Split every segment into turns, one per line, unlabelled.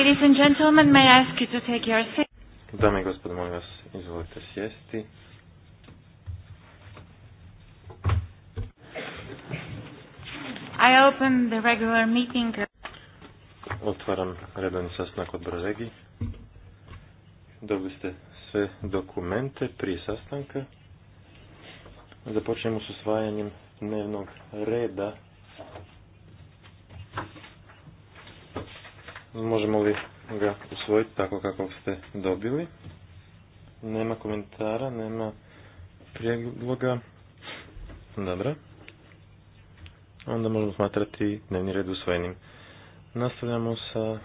Ladies and gentlemen, may I ask you to take your seat?
Dame i gospodo, molim vas, izvolite sjesti.
I open the regular meeting.
Otvaram redan sastanak od Regi. Dobili ste sve dokumente prije sastanka. Započnemo s osvajanjem dnevnog reda Možemo li ga usvojiti tako kako ste dobili? Nema komentara, nema prijedloga. Dobro. Onda možemo smatrati dnevni red usvojenim. Nastavljamo sa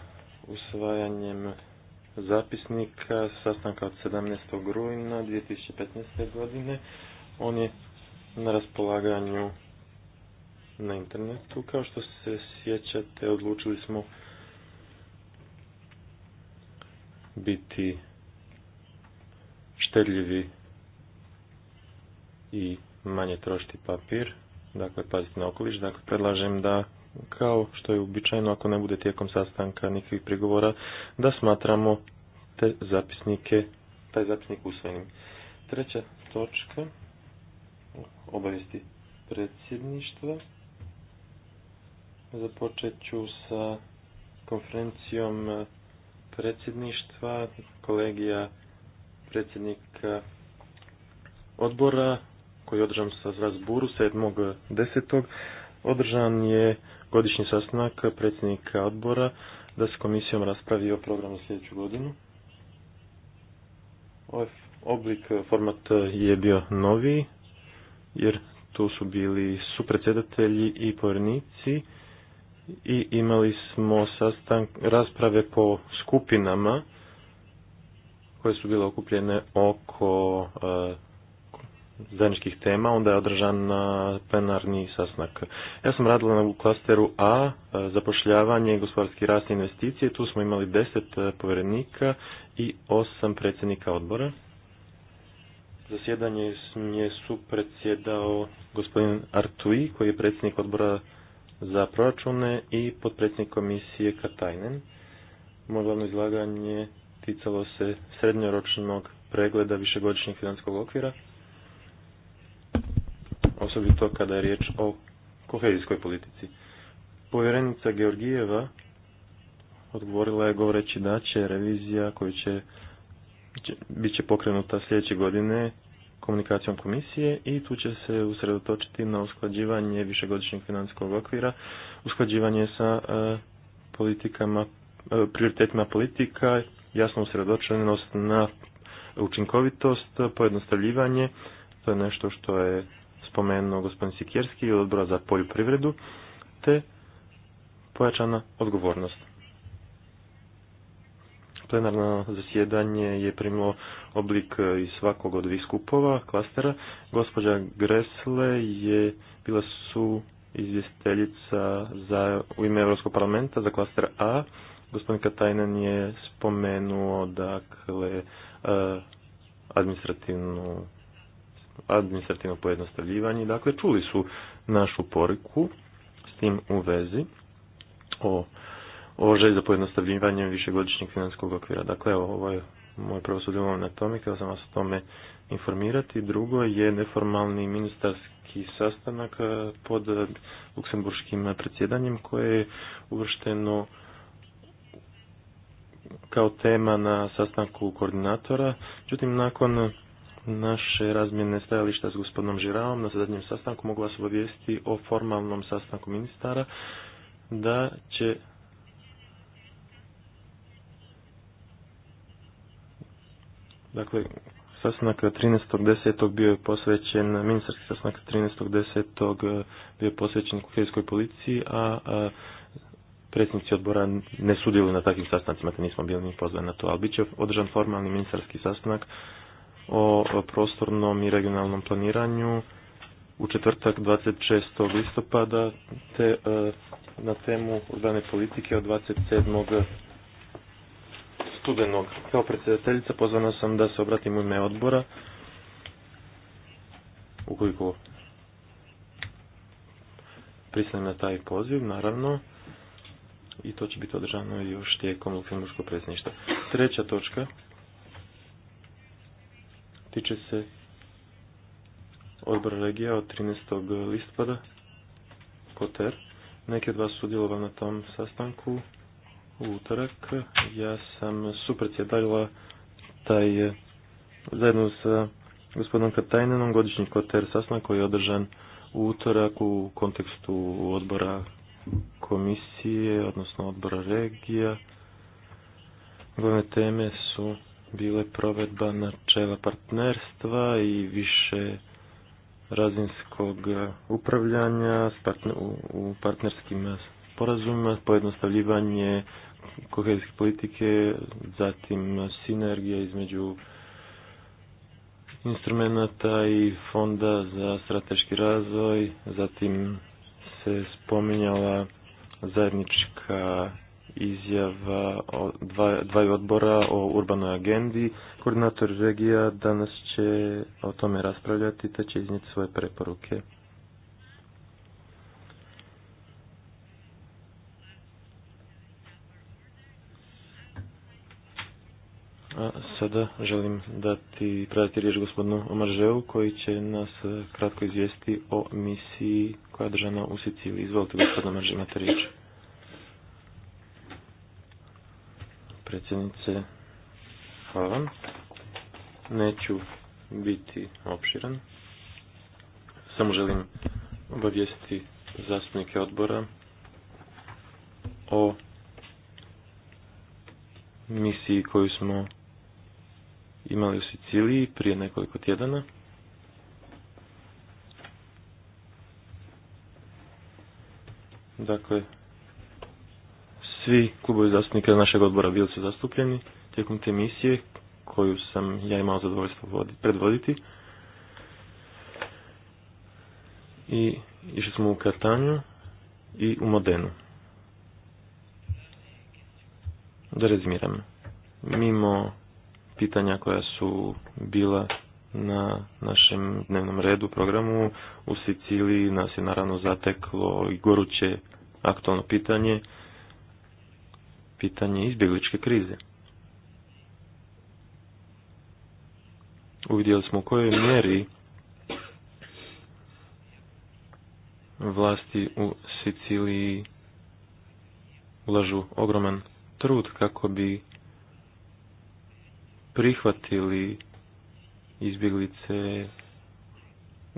usvajanjem zapisnika sastanka od 17. rujna 2015. godine. On je na raspolaganju na internetu. Kao što se sjećate, odlučili smo biti štedljivi i manje trošiti papir, dakle paziti na okoliš, dakle predlažem da kao što je uobičajeno ako ne bude tijekom sastanka nikakvih prigovora, da smatramo te zapisnike, taj zapisnik usvojenim. Treća točka, obavijesti predsjedništva. Započet ću sa konferencijom predsjedništva, kolegija predsjednika odbora koji je održan sa Zrazburu 7.10. Održan je godišnji sastanak predsjednika odbora da se komisijom raspravi o programu sljedeću godinu. Ovaj oblik, format je bio novi jer tu su bili supredsjedatelji i povjernici i imali smo sastan, rasprave po skupinama koje su bile okupljene oko e, zajedničkih tema, onda je održan e, plenarni sastanak. Ja sam radila na klasteru A, e, zapošljavanje, gospodarski rast i investicije, tu smo imali deset e, povjerenika i osam predsjednika odbora. Zasjedanje je su predsjedao gospodin Artui, koji je predsjednik odbora za proračune i potpredsjednik komisije Katajnen. Moje glavno izlaganje ticalo se srednjoročnog pregleda višegodišnjeg financijskog okvira, osobito kada je riječ o kohezijskoj politici. Povjerenica Georgijeva odgovorila je govoreći da će revizija koja će, će pokrenuta sljedeće godine komunikacijom komisije i tu će se usredotočiti na usklađivanje višegodišnjeg financijskog okvira, usklađivanje sa e, politikama, e, prioritetima politika, jasno usredočenost na učinkovitost, pojednostavljivanje, to je nešto što je spomenuo gospodin Sikjerski od odbora za poljoprivredu, te pojačana odgovornost. Plenarno zasjedanje je primilo oblik e, iz svakog od viskupova, skupova, klastera. Gospođa Gresle je bila su izvjesteljica za, u ime Europskog parlamenta za klaster A. Gospodin Katajnen je spomenuo dakle, e, administrativno pojednostavljivanje. Dakle, čuli su našu poriku s tim u vezi o, o želji za pojednostavljivanje višegodišnjeg financijskog okvira. Dakle, ovo je moj prvo sudjelovanje na tome, kada sam vas o tome informirati. Drugo je neformalni ministarski sastanak eh, pod luksemburškim predsjedanjem koje je uvršteno kao tema na sastanku koordinatora. Međutim, nakon naše razmjene stajališta s gospodinom Žiravom na zadnjem sastanku mogu vas obavijestiti o formalnom sastanku ministara da će Dakle, sastanak 13.10. bio je posvećen, ministarski sastanak 13.10. Eh, bio je posvećen kohezijskoj policiji, a, predsjednici odbora ne sudjeluju na takvim sastancima, te nismo bili ni pozvani na to, ali bit će održan formalni ministarski sastanak o prostornom i regionalnom planiranju u četvrtak 26. listopada te eh, na temu urbane politike od 27 studenog. Kao predsjedateljica pozvana sam da se obratim u ime odbora. Ukoliko pristajem na taj poziv, naravno, i to će biti održano još tijekom filmuško predsjedništva. Treća točka tiče se odbora regija od 13. listopada Koter. Neki od vas sudjelovali na tom sastanku u utorak. Ja sam supredsjedavila taj zajedno sa e, gospodinom Katajnenom godišnji koter sastanak koji je održan u utorak u kontekstu odbora komisije, odnosno odbora regija. Glavne teme su bile provedba načela partnerstva i više razinskog upravljanja u partnerskim sporazuma, pojednostavljivanje kohezijske politike, zatim sinergija između instrumenta i fonda za strateški razvoj, zatim se spominjala zajednička izjava o dva, dvaju odbora o urbanoj agendi. Koordinator regija danas će o tome raspravljati te će iznijeti svoje preporuke. A sada želim dati, predati riječ gospodinu Omarževu koji će nas e, kratko izvijesti o misiji koja je držana u Siciliji. Izvolite gospodinu Omarže, imate Predsjednice, hvala vam. Neću biti opširan. Samo želim obavijestiti zastupnike odbora o misiji koju smo imali u Siciliji prije nekoliko tjedana. Dakle, svi klubovi zastupnika našeg odbora bili su zastupljeni tijekom te misije koju sam ja imao zadovoljstvo predvoditi. I išli smo u Katanju i u Modenu. Da rezimiram. Mimo pitanja koja su bila na našem dnevnom redu programu. U Siciliji nas je naravno zateklo i goruće aktualno pitanje, pitanje izbjegličke krize. Uvidjeli smo u kojoj mjeri vlasti u Siciliji ulažu ogroman trud kako bi prihvatili izbjeglice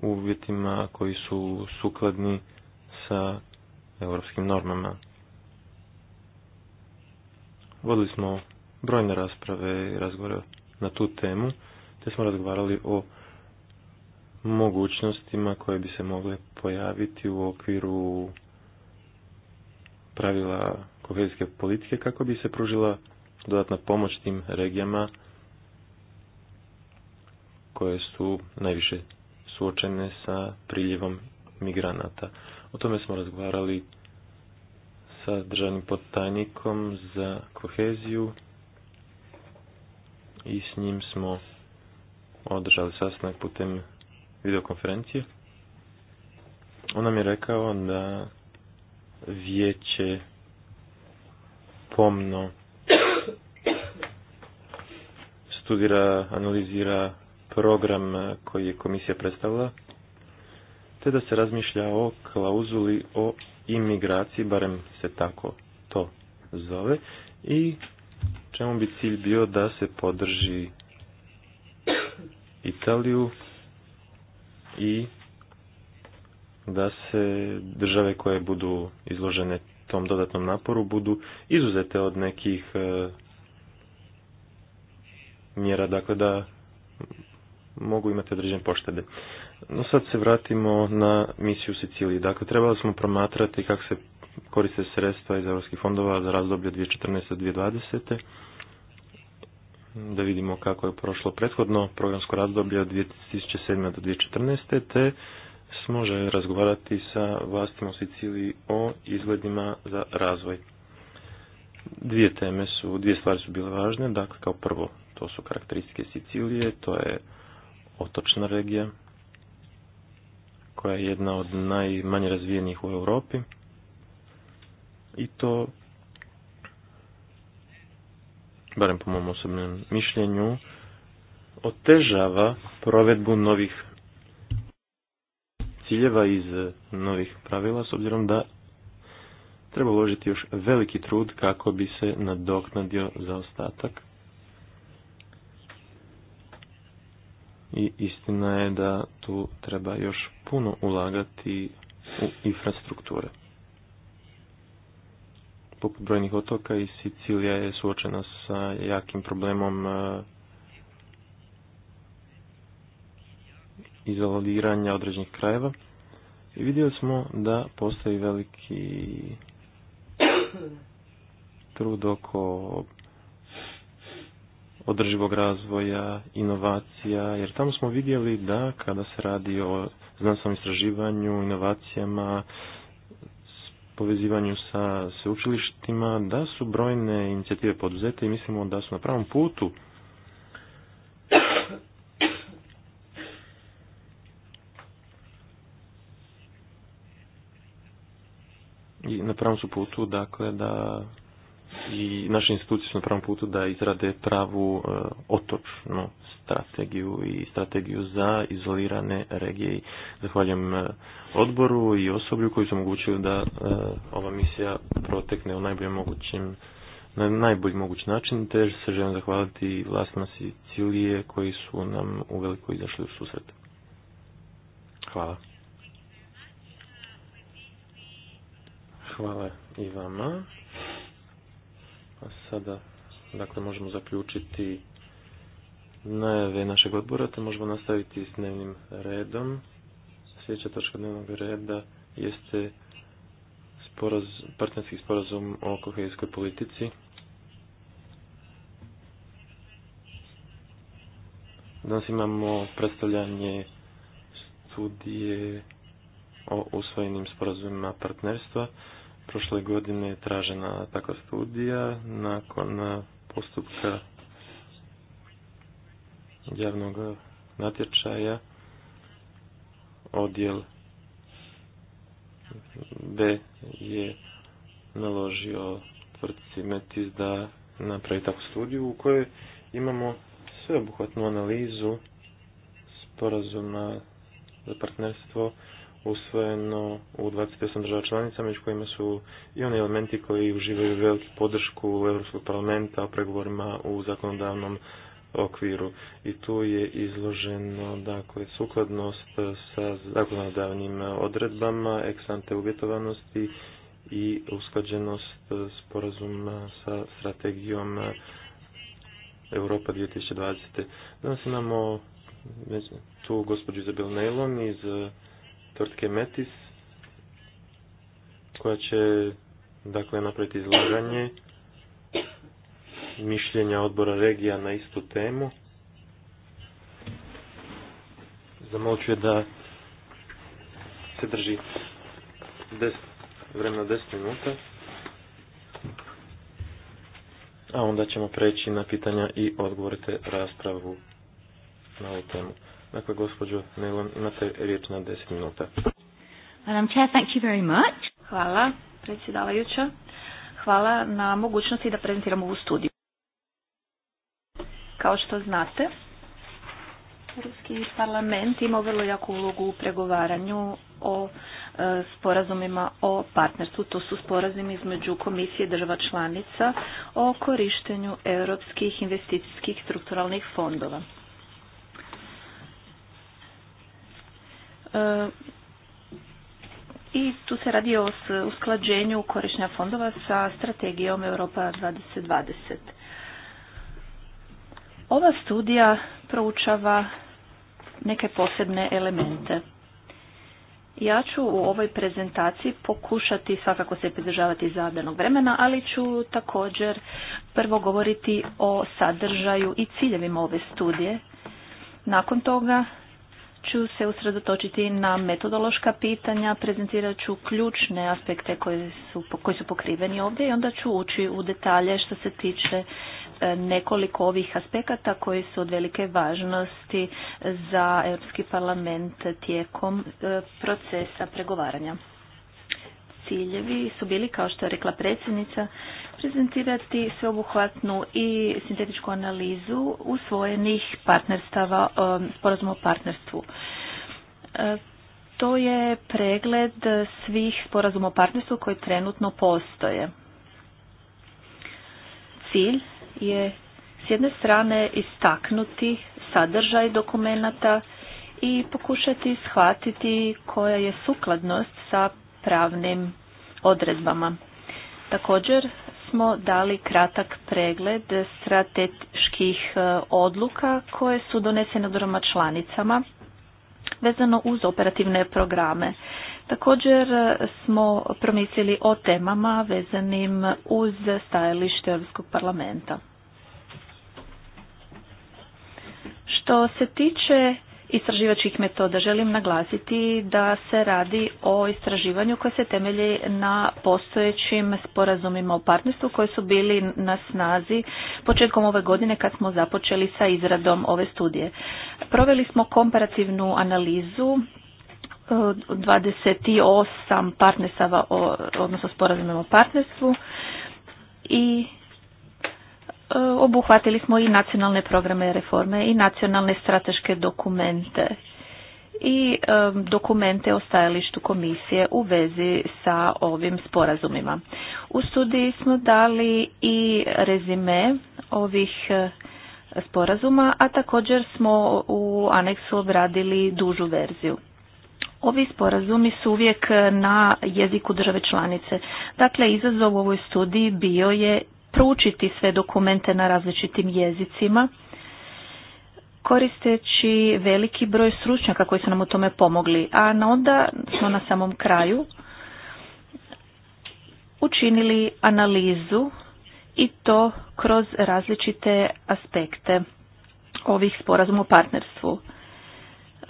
u uvjetima koji su sukladni sa europskim normama. Vodili smo brojne rasprave i razgovore na tu temu, te smo razgovarali o mogućnostima koje bi se mogle pojaviti u okviru pravila kohezijske politike kako bi se pružila dodatna pomoć tim regijama koje su najviše suočene sa priljevom migranata. O tome smo razgovarali sa državnim podtajnikom za koheziju i s njim smo održali sastanak putem videokonferencije. On nam je rekao da vijeće pomno studira, analizira program eh, koji je komisija predstavila, te da se razmišlja o klauzuli o imigraciji, barem se tako to zove, i čemu bi cilj bio da se podrži Italiju i da se države koje budu izložene tom dodatnom naporu budu izuzete od nekih eh, mjera, dakle da mogu imati određene poštede. No sad se vratimo na misiju u Siciliji. Dakle, trebali smo promatrati kako se koriste sredstva iz europskih fondova za razdoblje 2014-2020 da vidimo kako je prošlo prethodno programsko razdoblje od 2007. do 2014. te želi razgovarati sa vlastima u Siciliji o izgledima za razvoj. Dvije teme su, dvije stvari su bile važne, dakle kao prvo to su karakteristike Sicilije, to je otočna regija koja je jedna od najmanje razvijenih u Europi i to barem po mom osobnom mišljenju otežava provedbu novih ciljeva iz novih pravila s obzirom da treba uložiti još veliki trud kako bi se nadoknadio zaostatak i istina je da tu treba još puno ulagati u infrastrukture. Poput brojnih otoka i Sicilija je suočena sa jakim problemom e, izoliranja određenih krajeva i vidio smo da postoji veliki trud oko održivog razvoja, inovacija, jer tamo smo vidjeli da kada se radi o znanstvenom istraživanju, inovacijama, povezivanju sa sveučilištima, da su brojne inicijative poduzete i mislimo da su na pravom putu. I na pravom su putu, dakle, da i naše institucije na pravom putu da izrade pravu e, otočnu strategiju i strategiju za izolirane regije. Zahvaljujem e, odboru i osoblju koji su omogućili da e, ova misija protekne u najboljem mogućim na najbolji mogući način, te se želim zahvaliti vlastima Sicilije koji su nam uveliko izašli u susret. Hvala. Hvala i vama. A sada, dakle, možemo zaključiti najave našeg odbora, te možemo nastaviti s dnevnim redom. Sljedeća točka dnevnog reda jeste sporaz, partnerski sporazum o kohezijskoj politici. Danas imamo predstavljanje studije o usvojenim sporazumima partnerstva. Prošle godine je tražena takva studija nakon postupka javnog natječaja odjel B je naložio tvrtci Metis da napravi takvu studiju u kojoj imamo sveobuhvatnu analizu sporazuma za partnerstvo usvojeno u 28 država članica, među kojima su i oni elementi koji uživaju veliku podršku Europskog parlamenta o pregovorima u zakonodavnom okviru. I tu je izloženo dakle, sukladnost sa zakonodavnim odredbama, eksante uvjetovanosti i usklađenost sporazuma sa strategijom Europa 2020. Danas imamo tu gospođu Izabel Nelon iz tvrtke Metis koja će dakle napraviti izlaganje mišljenja odbora regija na istu temu. Zamoću je da se drži des, vremena 10 minuta. A onda ćemo preći na pitanja i odgovorite raspravu na ovu temu. Dakle, gospođo Nelan, imate riječ na 10 minuta.
Madam Chair, thank you
very much. Hvala, predsjedavajuća. Hvala na mogućnosti da prezentiramo ovu studiju. Kao što znate, Ruski parlament ima vrlo jaku ulogu u pregovaranju o e, sporazumima o partnerstvu. To su sporazumi između komisije država članica o korištenju europskih investicijskih strukturalnih fondova. E, i tu se radi o usklađenju korištenja fondova sa strategijom Europa 2020. Ova studija proučava neke posebne elemente. Ja ću u ovoj prezentaciji pokušati svakako se pridržavati zadanog vremena, ali ću također prvo govoriti o sadržaju i ciljevima ove studije. Nakon toga ću se usredotočiti na metodološka pitanja, prezentirat ću ključne aspekte koji su, koji su pokriveni ovdje i onda ću ući u detalje što se tiče e, nekoliko ovih aspekata koji su od velike važnosti za Europski parlament tijekom e, procesa pregovaranja. Ciljevi su bili, kao što je rekla predsjednica, prezentirati sveobuhvatnu i sintetičku analizu usvojenih partnerstava, e, sporazuma o partnerstvu. E, to je pregled svih sporazuma o partnerstvu koji trenutno postoje. Cilj je s jedne strane istaknuti sadržaj dokumenata i pokušati shvatiti koja je sukladnost sa pravnim odredbama. Također smo dali kratak pregled strateških e, odluka koje su donesene drugama članicama vezano uz operativne programe. Također e, smo promislili o temama vezanim uz stajalište Europskog parlamenta. Što se tiče istraživačkih metoda. Želim naglasiti da se radi o istraživanju koje se temelji na postojećim sporazumima o partnerstvu koji su bili na snazi početkom ove godine kad smo započeli sa izradom ove studije. Proveli smo komparativnu analizu 28 eh, partnerstava, odnosno sporazumima o partnerstvu i E, obuhvatili smo i nacionalne programe reforme i nacionalne strateške dokumente i e, dokumente o stajalištu komisije u vezi sa ovim sporazumima. U studiji smo dali i rezime ovih e, sporazuma, a također smo u aneksu obradili dužu verziju. Ovi sporazumi su uvijek na jeziku države članice. Dakle, izazov u ovoj studiji bio je proučiti sve dokumente na različitim jezicima koristeći veliki broj stručnjaka koji su nam u tome pomogli. A onda smo na samom kraju učinili analizu i to kroz različite aspekte ovih sporazuma o partnerstvu. E,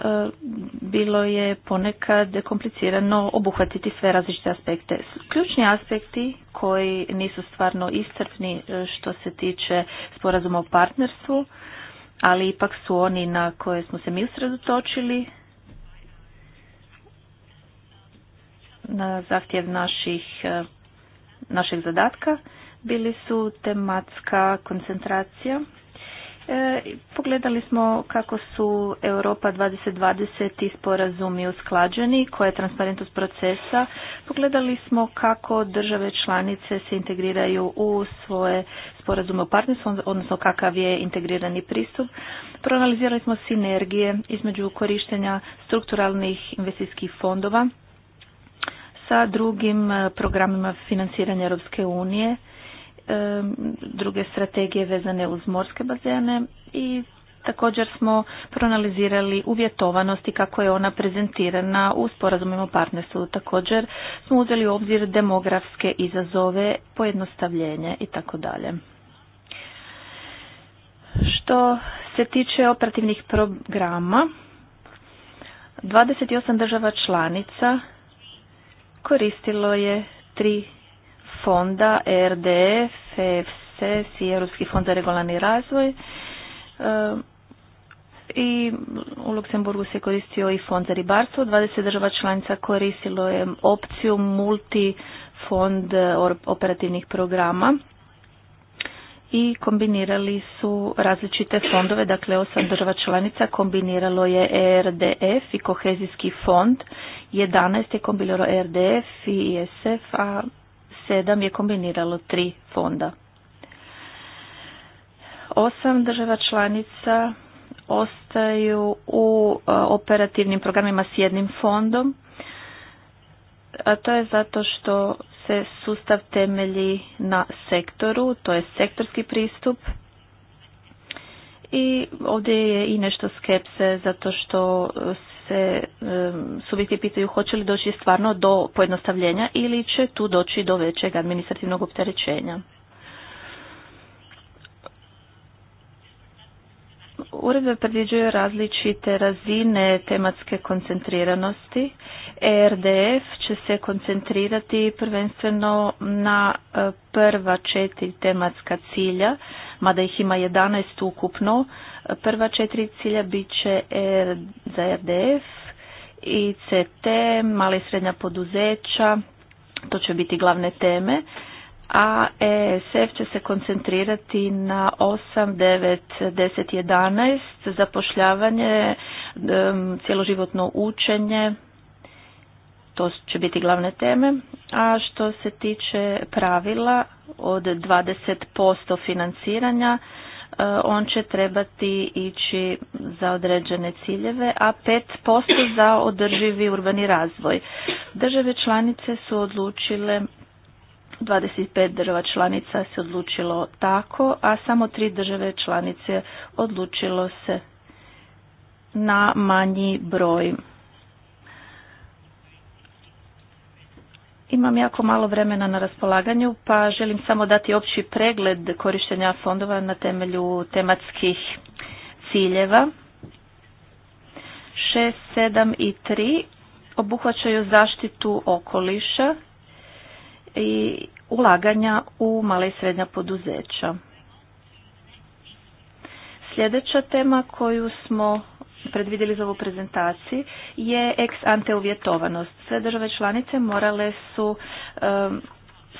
bilo je ponekad komplicirano obuhvatiti sve različite aspekte. Ključni aspekti koji nisu stvarno istrpni e, što se tiče sporazuma o partnerstvu, ali ipak su oni na koje smo se mi usredotočili na zahtjev naših, e, našeg zadatka bili su tematska koncentracija E, pogledali smo kako su Europa 2020 i sporazumi usklađeni, koja je transparentnost procesa. Pogledali smo kako države članice se integriraju u svoje sporazume o partnerstvu, odnosno kakav je integrirani pristup. Proanalizirali smo sinergije između korištenja strukturalnih investicijskih fondova sa drugim programima financiranja Europske unije druge strategije vezane uz morske bazene i također smo proanalizirali uvjetovanosti kako je ona prezentirana u sporazumima o partnerstvu. Također smo uzeli u obzir demografske izazove, pojednostavljenje i tako dalje. Što se tiče operativnih programa, 28 država članica koristilo je tri fonda rdf e, e fss e, i Europski fond za regularni razvoj. I u Luksemburgu se koristio i fond za ribarstvo. 20 država članica koristilo je opciju multifond operativnih programa i kombinirali su različite fondove, dakle osam država članica kombiniralo je ERDF i kohezijski fond, 11 je kombiniralo ERDF i ISF, a 7 je kombiniralo tri fonda. Osam država članica ostaju u operativnim programima s jednim fondom, a to je zato što se sustav temelji na sektoru, to je sektorski pristup. I ovdje je i nešto skepse zato što se subjekti pitaju hoće li doći stvarno do pojednostavljenja ili će tu doći do većeg administrativnog opterećenja. Uredbe predviđaju različite razine tematske koncentriranosti. ERDF će se koncentrirati prvenstveno na e, prva četiri tematska cilja, mada ih ima 11 ukupno, Prva četiri cilja bit će e R za RDF, ICT, mala i srednja poduzeća, to će biti glavne teme, a ESF će se koncentrirati na 8, 9, 10, 11, zapošljavanje, cjeloživotno učenje, to će biti glavne teme. A što se tiče pravila od 20% financiranja, E, on će trebati ići za određene ciljeve, a 5% za održivi urbani razvoj. Države članice su odlučile 25 država članica se odlučilo tako, a samo tri države članice odlučilo se na manji broj Imam jako malo vremena na raspolaganju, pa želim samo dati opći pregled korištenja fondova na temelju tematskih ciljeva. 6, 7 i 3 obuhvaćaju zaštitu okoliša i ulaganja u male i srednja poduzeća. Sljedeća tema koju smo predvidjeli za ovu prezentaciji, je ex ante uvjetovanost. Sve države članice morale su um,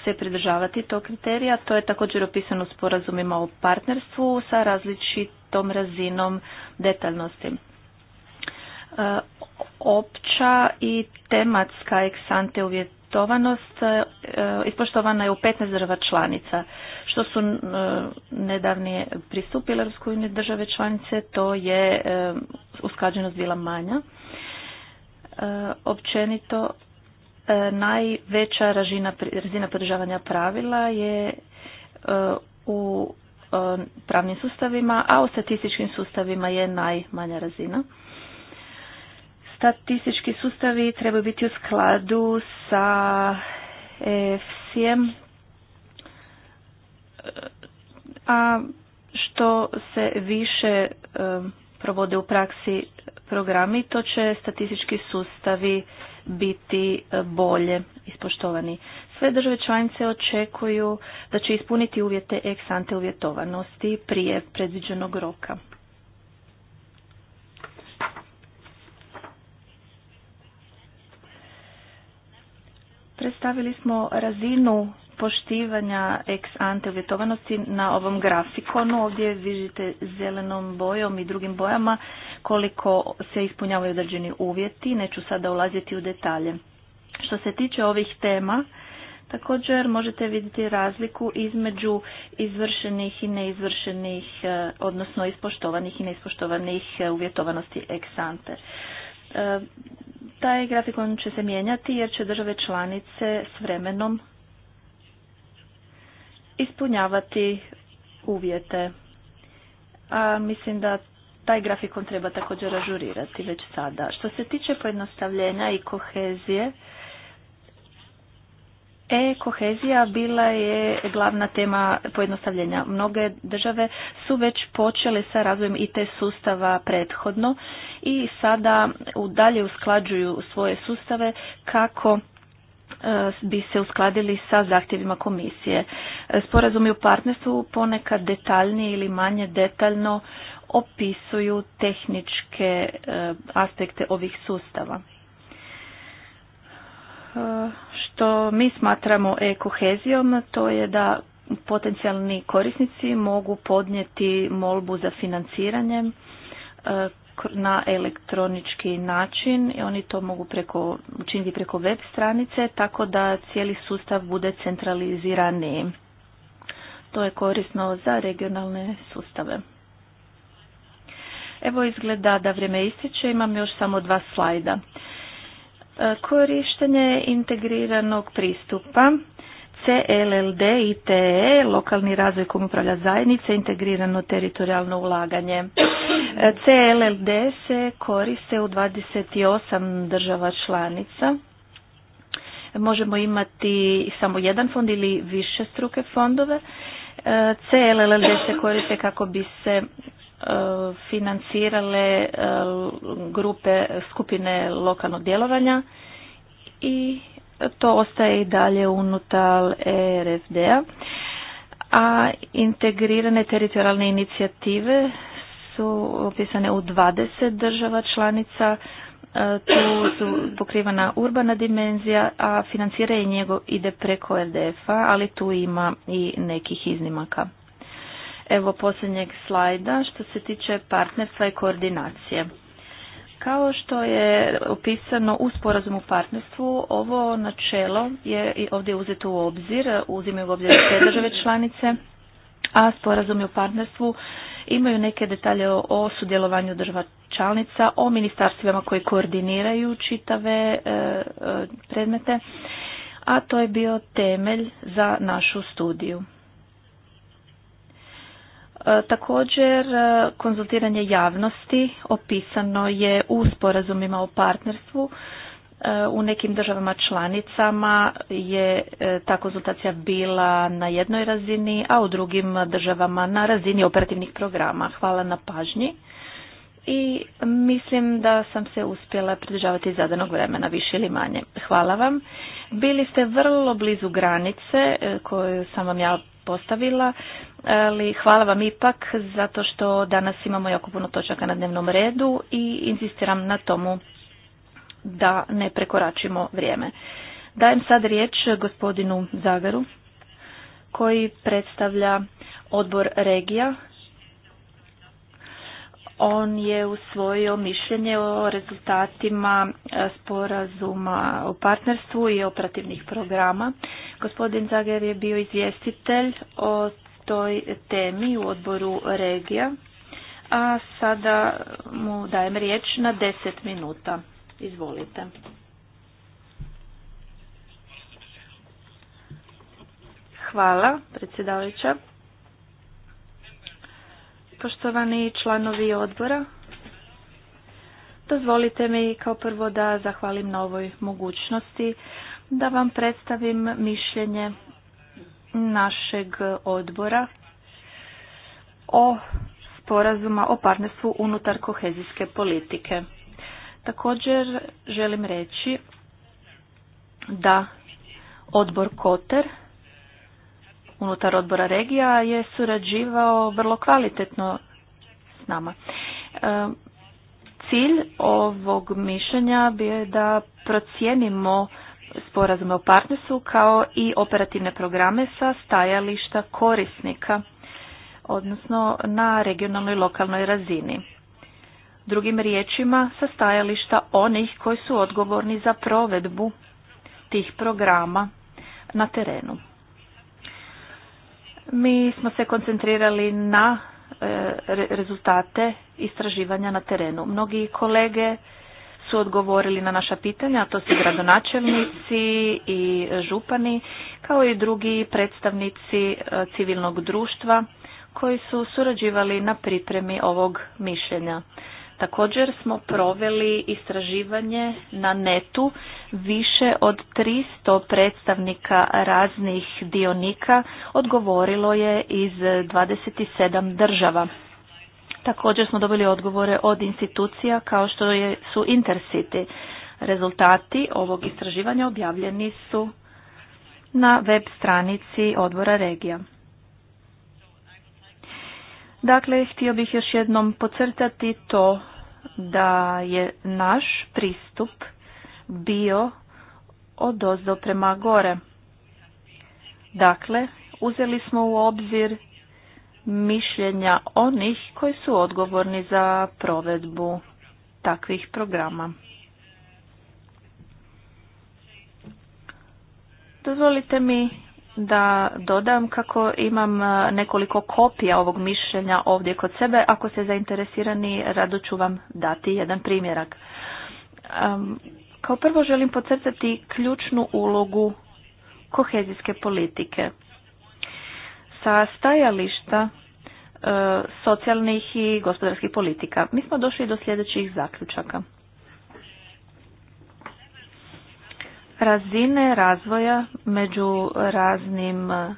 se pridržavati tog kriterija. To je također opisano u sporazumima o partnerstvu sa različitom razinom detaljnosti. Uh, opća i tematska ex ante uvjetovanost ispoštovanost e, ispoštovana je u 15 država članica. Što su e, nedavnije pristupile Europskoj države članice, to je e, usklađenost bila manja. Općenito najveća razina, razina podržavanja pravila je u pravnim sustavima, a u statističkim sustavima je najmanja razina. Statistički sustavi trebaju biti u skladu sa efsi a što se više e, provode u praksi programi, to će statistički sustavi biti e, bolje ispoštovani. Sve države članice očekuju da će ispuniti uvjete ex ante uvjetovanosti prije predviđenog roka. Stavili smo razinu poštivanja ex ante uvjetovanosti na ovom grafikonu. Ovdje vidite zelenom bojom i drugim bojama koliko se ispunjavaju određeni uvjeti. Neću sada ulaziti u detalje. Što se tiče ovih tema, također možete vidjeti razliku između izvršenih i neizvršenih, eh, odnosno ispoštovanih i neispoštovanih eh, uvjetovanosti ex ante. E, taj grafikon će se mijenjati jer će države članice s vremenom ispunjavati uvjete. A mislim da taj grafikon treba također ažurirati već sada. Što se tiče pojednostavljenja i kohezije, E-kohezija bila je glavna tema pojednostavljenja. Mnoge države su već počele sa razvojem IT sustava prethodno i sada dalje usklađuju svoje sustave kako e, bi se uskladili sa zahtjevima komisije. Sporazumi u partnerstvu ponekad detaljnije ili manje detaljno opisuju tehničke e, aspekte ovih sustava. E, što mi smatramo ekohezijom, to je da potencijalni korisnici mogu podnijeti molbu za financiranje e, na elektronički način i oni to mogu preko, učiniti preko web stranice tako da cijeli sustav bude centraliziraniji. To je korisno za regionalne sustave. Evo izgleda da vrijeme ističe, imam još samo dva slajda. Korištenje integriranog pristupa CLLD i TE, lokalni razvoj kom upravlja zajednice, integrirano teritorijalno ulaganje. CLLD se koriste u 28 država članica. Možemo imati samo jedan fond ili više struke fondove. CLLD se koriste kako bi se financirale e, grupe skupine lokalnog djelovanja i to ostaje i dalje unutar ERFD-a. A integrirane teritorijalne inicijative su opisane u 20 država članica. E, tu su pokrivana urbana dimenzija, a financiranje njegov ide preko RDF-a, ali tu ima i nekih iznimaka. Evo posljednjeg slajda što se tiče partnerstva i koordinacije. Kao što je opisano u sporazumu partnerstvu, ovo načelo je i ovdje uzeto u obzir, uzimaju u obzir sve države članice, a sporazumi u partnerstvu imaju neke detalje o sudjelovanju država članica, o ministarstvima koji koordiniraju čitave e, e, predmete, a to je bio temelj za našu studiju. E, također, e, konzultiranje javnosti opisano je u sporazumima o partnerstvu. E, u nekim državama članicama je ta konzultacija bila na jednoj razini, a u drugim državama na razini operativnih programa. Hvala na pažnji i mislim da sam se uspjela pridržavati zadanog vremena, više ili manje. Hvala vam. Bili ste vrlo blizu granice koju sam vam ja postavila ali hvala vam ipak zato što danas imamo jako puno točaka na dnevnom redu i insistiram na tomu da ne prekoračimo vrijeme. Dajem sad riječ gospodinu Zagaru koji predstavlja odbor regija. On je usvojio mišljenje o rezultatima e, sporazuma o partnerstvu i operativnih programa. Gospodin Zager je bio izvjestitelj o toj temi u odboru regija, a sada mu dajem riječ na deset minuta. Izvolite. Hvala, predsjedavajuća. Poštovani članovi odbora, dozvolite mi kao prvo da zahvalim na ovoj mogućnosti da vam predstavim mišljenje našeg odbora o sporazuma o partnerstvu unutar kohezijske politike. Također želim reći da odbor Koter unutar odbora regija je surađivao vrlo kvalitetno s nama. E, cilj ovog mišljenja bio je da procijenimo sporazume o partnersu kao i operativne programe sa stajališta korisnika, odnosno na regionalnoj i lokalnoj razini. Drugim riječima, sa stajališta onih koji su odgovorni za provedbu tih programa na terenu. Mi smo se koncentrirali na e, rezultate istraživanja na terenu. Mnogi kolege su odgovorili na naša pitanja, a to su gradonačelnici i župani, kao i drugi predstavnici e, civilnog društva koji su surađivali na pripremi ovog mišljenja. Također smo proveli istraživanje na netu više od 300 predstavnika raznih dionika odgovorilo je iz 27 država. Također smo dobili odgovore od institucija kao što je, su Intercity. Rezultati ovog istraživanja objavljeni su na web stranici odbora regija. Dakle, htio bih još jednom pocrtati to da je naš pristup bio od prema gore. Dakle, uzeli smo u obzir mišljenja onih koji su odgovorni za provedbu takvih programa. Dozvolite mi da dodam kako imam e, nekoliko kopija ovog mišljenja ovdje kod sebe. Ako ste zainteresirani, rado ću vam dati jedan primjerak. Kao prvo želim podcrtati ključnu ulogu kohezijske politike sa stajališta e, socijalnih i gospodarskih politika. Mi smo došli do sljedećih zaključaka. Razine razvoja među raznim e,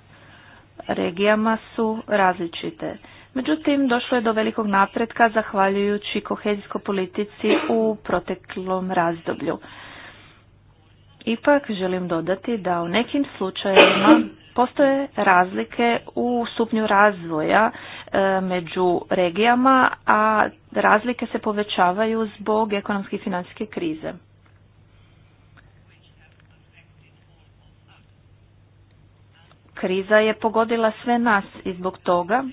regijama su različite. Međutim, došlo je do velikog napretka zahvaljujući kohezijskoj politici u proteklom razdoblju. Ipak želim dodati da u nekim slučajevima Postoje razlike u stupnju razvoja e, među regijama, a razlike se povećavaju zbog ekonomske i financijske krize. Kriza je pogodila sve nas i zbog toga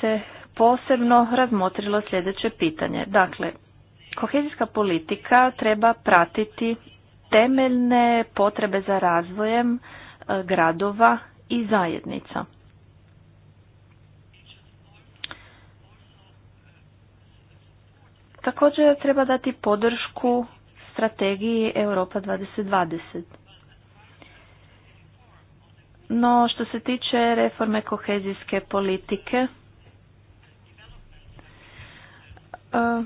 se posebno razmotrilo sljedeće pitanje. Dakle, kohezijska politika treba pratiti temeljne potrebe za razvojem e, gradova i zajednica. Također treba dati podršku strategiji Europa 2020. No što se tiče reforme kohezijske politike, e,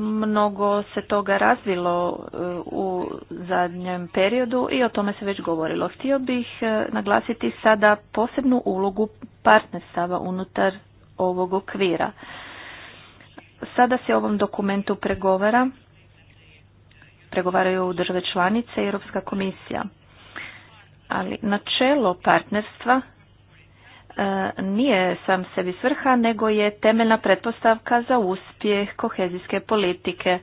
Mnogo se toga razvilo e, u zadnjem periodu i o tome se već govorilo. Htio bih e, naglasiti sada posebnu ulogu partnerstava unutar ovog okvira. Sada se ovom dokumentu pregovara, pregovaraju države članice i Europska komisija. Ali načelo partnerstva E, nije sam sebi svrha, nego je temeljna pretpostavka za uspjeh kohezijske politike.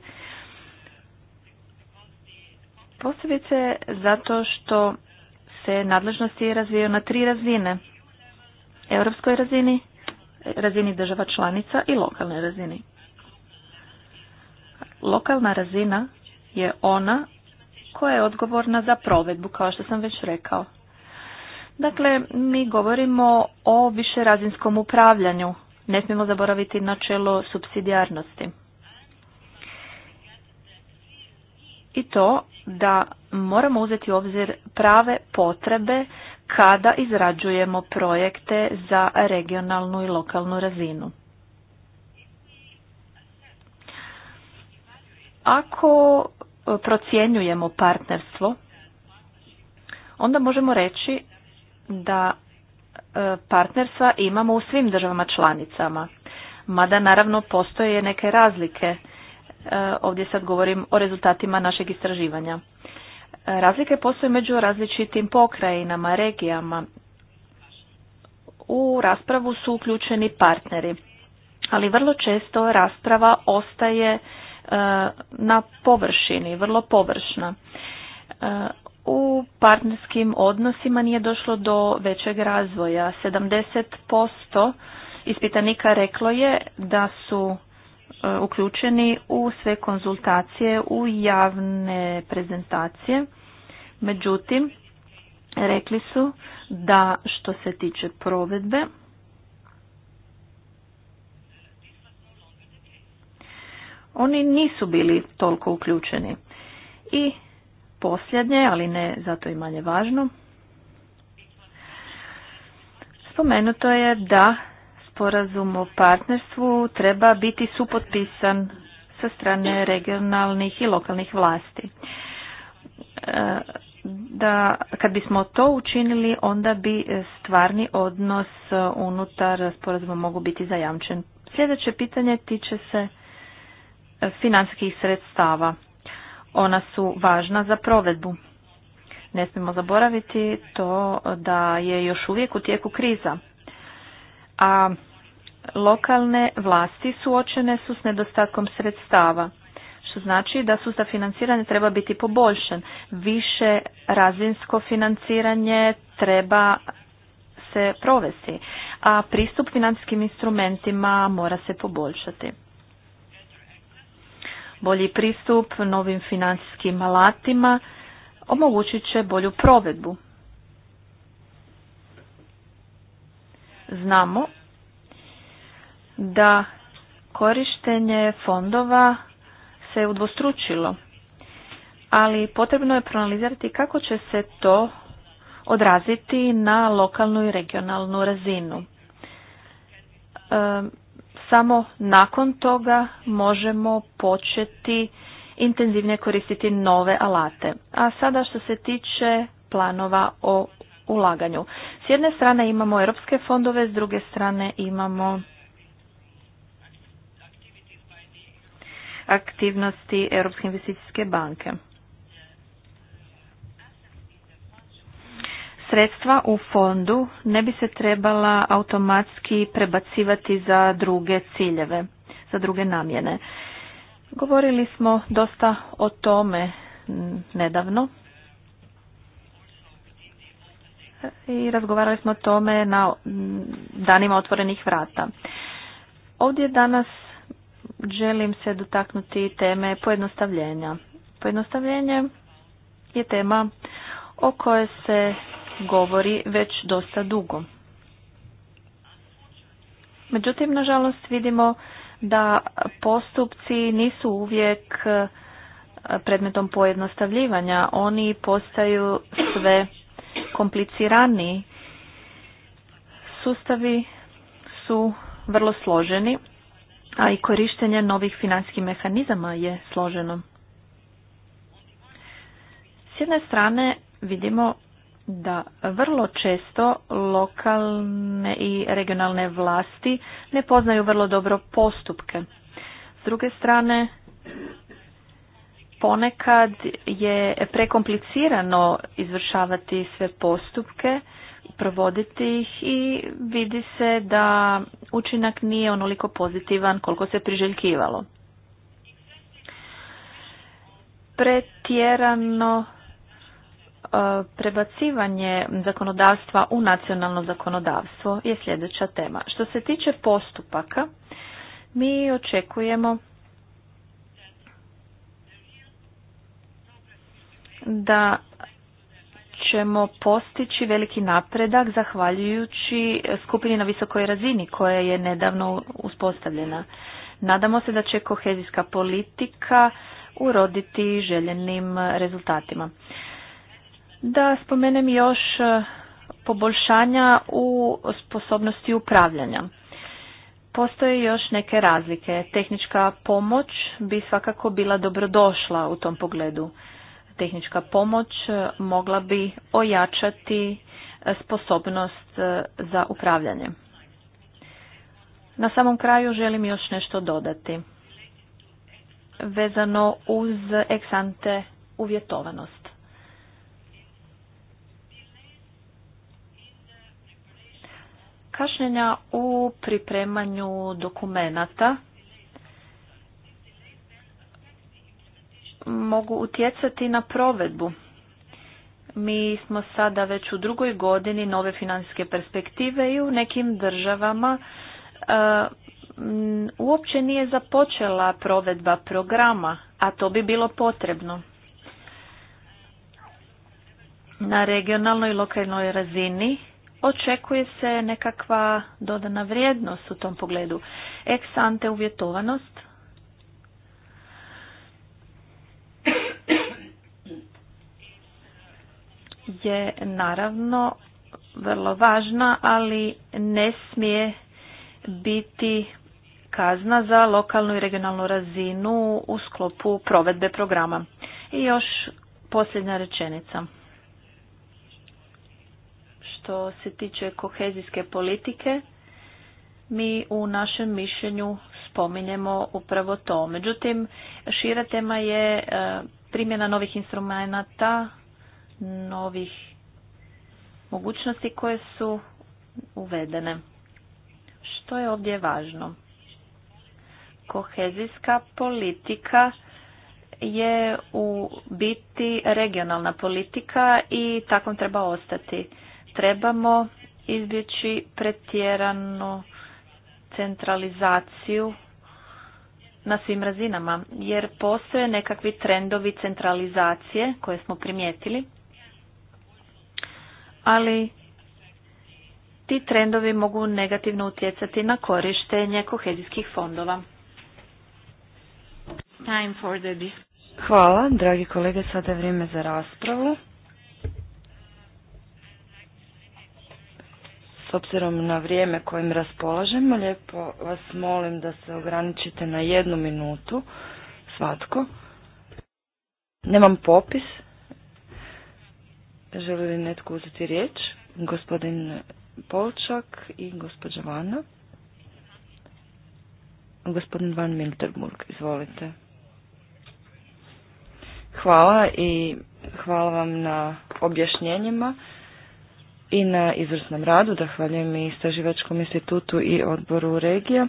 Posebice zato što se nadležnosti razvijaju na tri razine. Europskoj razini, razini država članica i lokalnoj razini. Lokalna razina je ona koja je odgovorna za provedbu, kao što sam već rekao. Dakle, mi govorimo o višerazinskom upravljanju. Ne smijemo zaboraviti načelo subsidijarnosti. I to da moramo uzeti u obzir prave potrebe kada izrađujemo projekte za regionalnu i lokalnu razinu. Ako procjenjujemo partnerstvo, onda možemo reći da e, partnerstva imamo u svim državama članicama. Mada naravno postoje neke razlike. E, ovdje sad govorim o rezultatima našeg istraživanja. E, razlike postoje među različitim pokrajinama, regijama. U raspravu su uključeni partneri, ali vrlo često rasprava ostaje na površini, vrlo površna u partnerskim odnosima nije došlo do većeg razvoja. 70% ispitanika reklo je da su e, uključeni u sve konzultacije, u javne prezentacije. Međutim, rekli su da što se tiče provedbe, oni nisu bili toliko uključeni. I posljednje, ali ne zato i manje važno. Spomenuto je da sporazum o partnerstvu treba biti supotpisan sa strane regionalnih i lokalnih vlasti. E, da, kad bismo to učinili, onda bi stvarni odnos unutar sporazuma mogu biti zajamčen. Sljedeće pitanje tiče se financijskih sredstava. Ona su važna za provedbu. Ne smijemo zaboraviti to da je još uvijek u tijeku kriza. A lokalne vlasti suočene su s nedostatkom sredstava što znači da sustav financiranja treba biti poboljšan. Više razinsko financiranje treba se provesti, a pristup financijskim instrumentima mora se poboljšati. Bolji pristup novim financijskim alatima omogućit će bolju provedbu. Znamo da korištenje fondova se udvostručilo, ali potrebno je proanalizirati kako će se to odraziti na lokalnu i regionalnu razinu. Ehm, samo nakon toga možemo početi intenzivnije koristiti nove alate. A sada što se tiče planova o ulaganju. S jedne strane imamo europske fondove, s druge strane imamo aktivnosti Europske investicijske banke. sredstva u fondu ne bi se trebala automatski prebacivati za druge ciljeve, za druge namjene. Govorili smo dosta o tome nedavno i razgovarali smo o tome na danima otvorenih vrata. Ovdje danas želim se dotaknuti teme pojednostavljenja. Pojednostavljenje je tema o kojoj se govori već dosta dugo. Međutim, nažalost, vidimo da postupci nisu uvijek e, predmetom pojednostavljivanja. Oni postaju sve kompliciraniji. Sustavi su vrlo složeni, a i korištenje novih financijskih mehanizama je složeno. S jedne strane vidimo da vrlo često lokalne i regionalne vlasti ne poznaju vrlo dobro postupke. S druge strane, ponekad je prekomplicirano izvršavati sve postupke, provoditi ih i vidi se da učinak nije onoliko pozitivan koliko se priželjkivalo. Pretjerano E, prebacivanje zakonodavstva u nacionalno zakonodavstvo je sljedeća tema. Što se tiče postupaka, mi očekujemo da ćemo postići veliki napredak zahvaljujući skupini na visokoj razini koja je nedavno uspostavljena. Nadamo se da će kohezijska politika uroditi željenim rezultatima da spomenem još e, poboljšanja u sposobnosti upravljanja. Postoje još neke razlike. Tehnička pomoć bi svakako bila dobrodošla u tom pogledu. Tehnička pomoć e, mogla bi ojačati e, sposobnost za upravljanje. Na samom kraju želim još nešto dodati vezano uz eksante uvjetovanost. kašnjenja u pripremanju dokumenata mogu utjecati na provedbu. Mi smo sada već u drugoj godini nove financijske perspektive i u nekim državama e, uopće nije započela provedba programa, a to bi bilo potrebno. Na regionalnoj i lokalnoj razini očekuje se nekakva dodana vrijednost u tom pogledu. Ex ante uvjetovanost. je naravno vrlo važna, ali ne smije biti kazna za lokalnu i regionalnu razinu u sklopu provedbe programa. I još posljednja rečenica što se tiče kohezijske politike, mi u našem mišljenju spominjemo upravo to. Međutim, šira tema je e, primjena novih instrumenata, novih mogućnosti koje su uvedene. Što je ovdje važno? Kohezijska politika je u biti regionalna politika i takvom treba ostati trebamo izbjeći pretjeranu centralizaciju na svim razinama, jer postoje nekakvi trendovi centralizacije koje smo primijetili, ali ti trendovi mogu negativno utjecati na korištenje kohezijskih fondova.
Hvala, dragi kolege, sada je vrijeme za
raspravu.
s obzirom na vrijeme kojim raspolažemo, lijepo vas molim da se ograničite na jednu minutu svatko. Nemam popis. Želi li netko uzeti riječ? Gospodin Polčak i gospođa Vana. Gospodin Van Milterburg, izvolite. Hvala i hvala vam na objašnjenjima i na izvrsnom radu. Zahvaljujem i Istraživačkom institutu i odboru regija.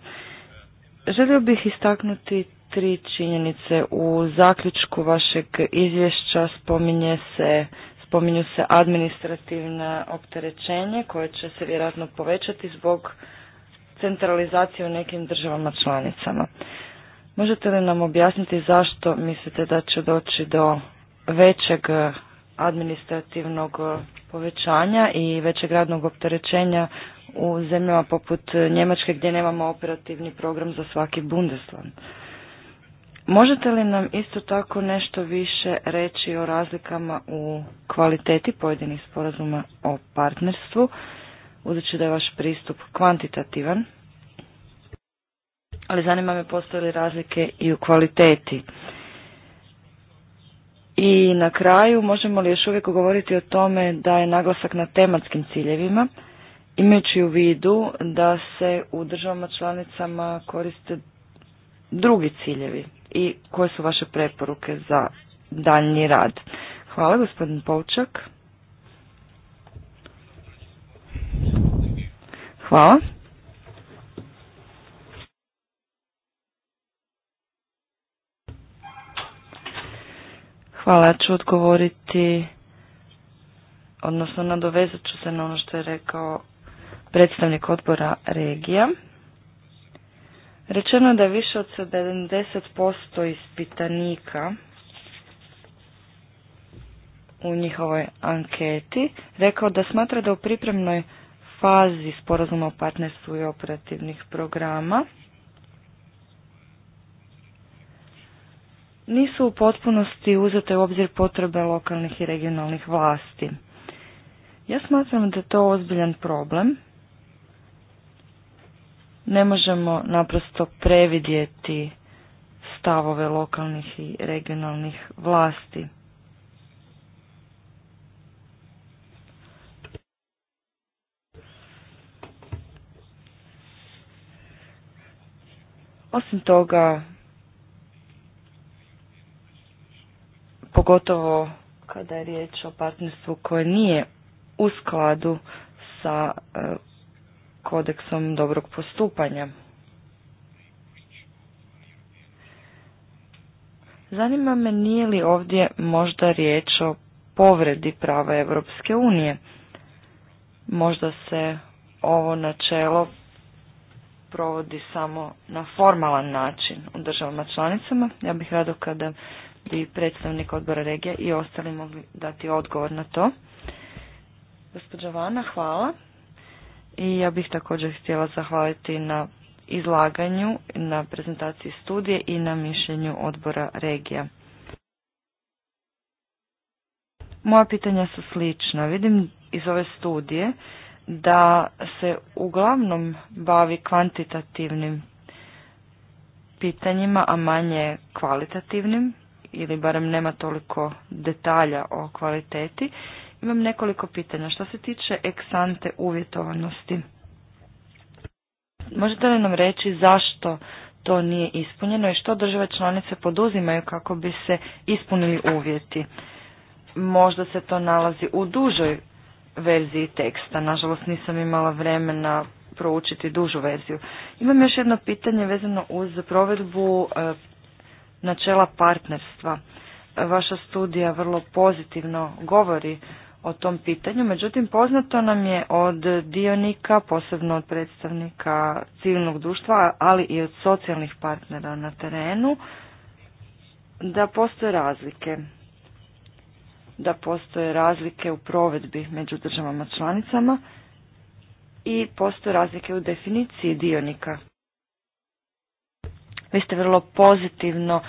Želio bih istaknuti tri činjenice. U zaključku vašeg izvješća spominje se spominju se administrativna opterećenje koje će se vjerojatno povećati zbog centralizacije u nekim državama članicama. Možete li nam objasniti zašto mislite da će doći do većeg administrativnog povećanja i većeg radnog opterećenja u zemljama poput Njemačke gdje nemamo operativni program za svaki Bundesland. Možete li nam isto tako nešto više reći o razlikama u kvaliteti pojedinih sporazuma o partnerstvu, budući da je vaš pristup kvantitativan, ali zanima me postoje razlike i u kvaliteti i na kraju možemo li još uvijek govoriti o tome da je naglasak na tematskim ciljevima, imajući u vidu da se u državama članicama koriste drugi ciljevi i koje su vaše preporuke za daljnji rad. Hvala gospodin Poučak. Hvala. Hvala, ja ću odgovoriti, odnosno nadovezat ću se na ono što je rekao predstavnik odbora regija. Rečeno je da više od 70% ispitanika u njihovoj anketi rekao da smatra da u pripremnoj fazi sporazuma o partnerstvu i operativnih programa nisu u potpunosti uzete u obzir potrebe lokalnih i regionalnih vlasti. Ja smatram da je to ozbiljan problem. Ne možemo naprosto previdjeti stavove lokalnih i regionalnih vlasti. Osim toga, pogotovo kada je riječ o partnerstvu koje nije u skladu sa e, kodeksom dobrog postupanja. Zanima me nije li ovdje možda riječ o povredi prava Europske unije. Možda se ovo načelo provodi samo na formalan način u državama članicama. Ja bih rado kada bi predstavnik odbora regija i ostali mogli dati odgovor na to. Gospođa Vana, hvala. I ja bih također htjela zahvaliti na izlaganju, na prezentaciji studije i na mišljenju odbora regija. Moja pitanja su slična. Vidim iz ove studije da se uglavnom bavi kvantitativnim pitanjima, a manje kvalitativnim ili barem nema toliko detalja o kvaliteti. Imam nekoliko pitanja. Što se tiče eksante uvjetovanosti, možete li nam reći zašto to nije ispunjeno i što države članice poduzimaju kako bi se ispunili uvjeti? Možda se to nalazi u dužoj verziji teksta. Nažalost nisam imala vremena proučiti dužu verziju. Imam još jedno pitanje vezano uz provedbu e, načela partnerstva. Vaša studija vrlo pozitivno govori o tom pitanju, međutim poznato nam je od dionika, posebno od predstavnika civilnog društva, ali i od socijalnih partnera na terenu, da postoje razlike. Da postoje razlike u provedbi među državama članicama i postoje razlike u definiciji dionika. Vi ste vrlo pozitivno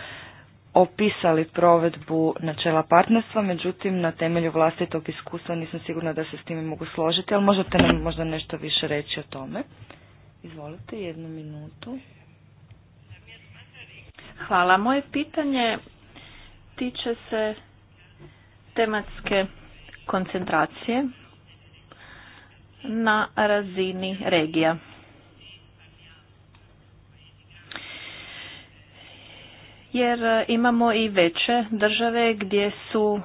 opisali provedbu načela partnerstva, međutim na temelju vlastitog iskustva nisam sigurna da se s time mogu složiti, ali možete nam možda nešto više reći o tome. Izvolite, jednu minutu. Hvala. Moje
pitanje tiče se tematske koncentracije na razini regija. jer e, imamo i veće države gdje su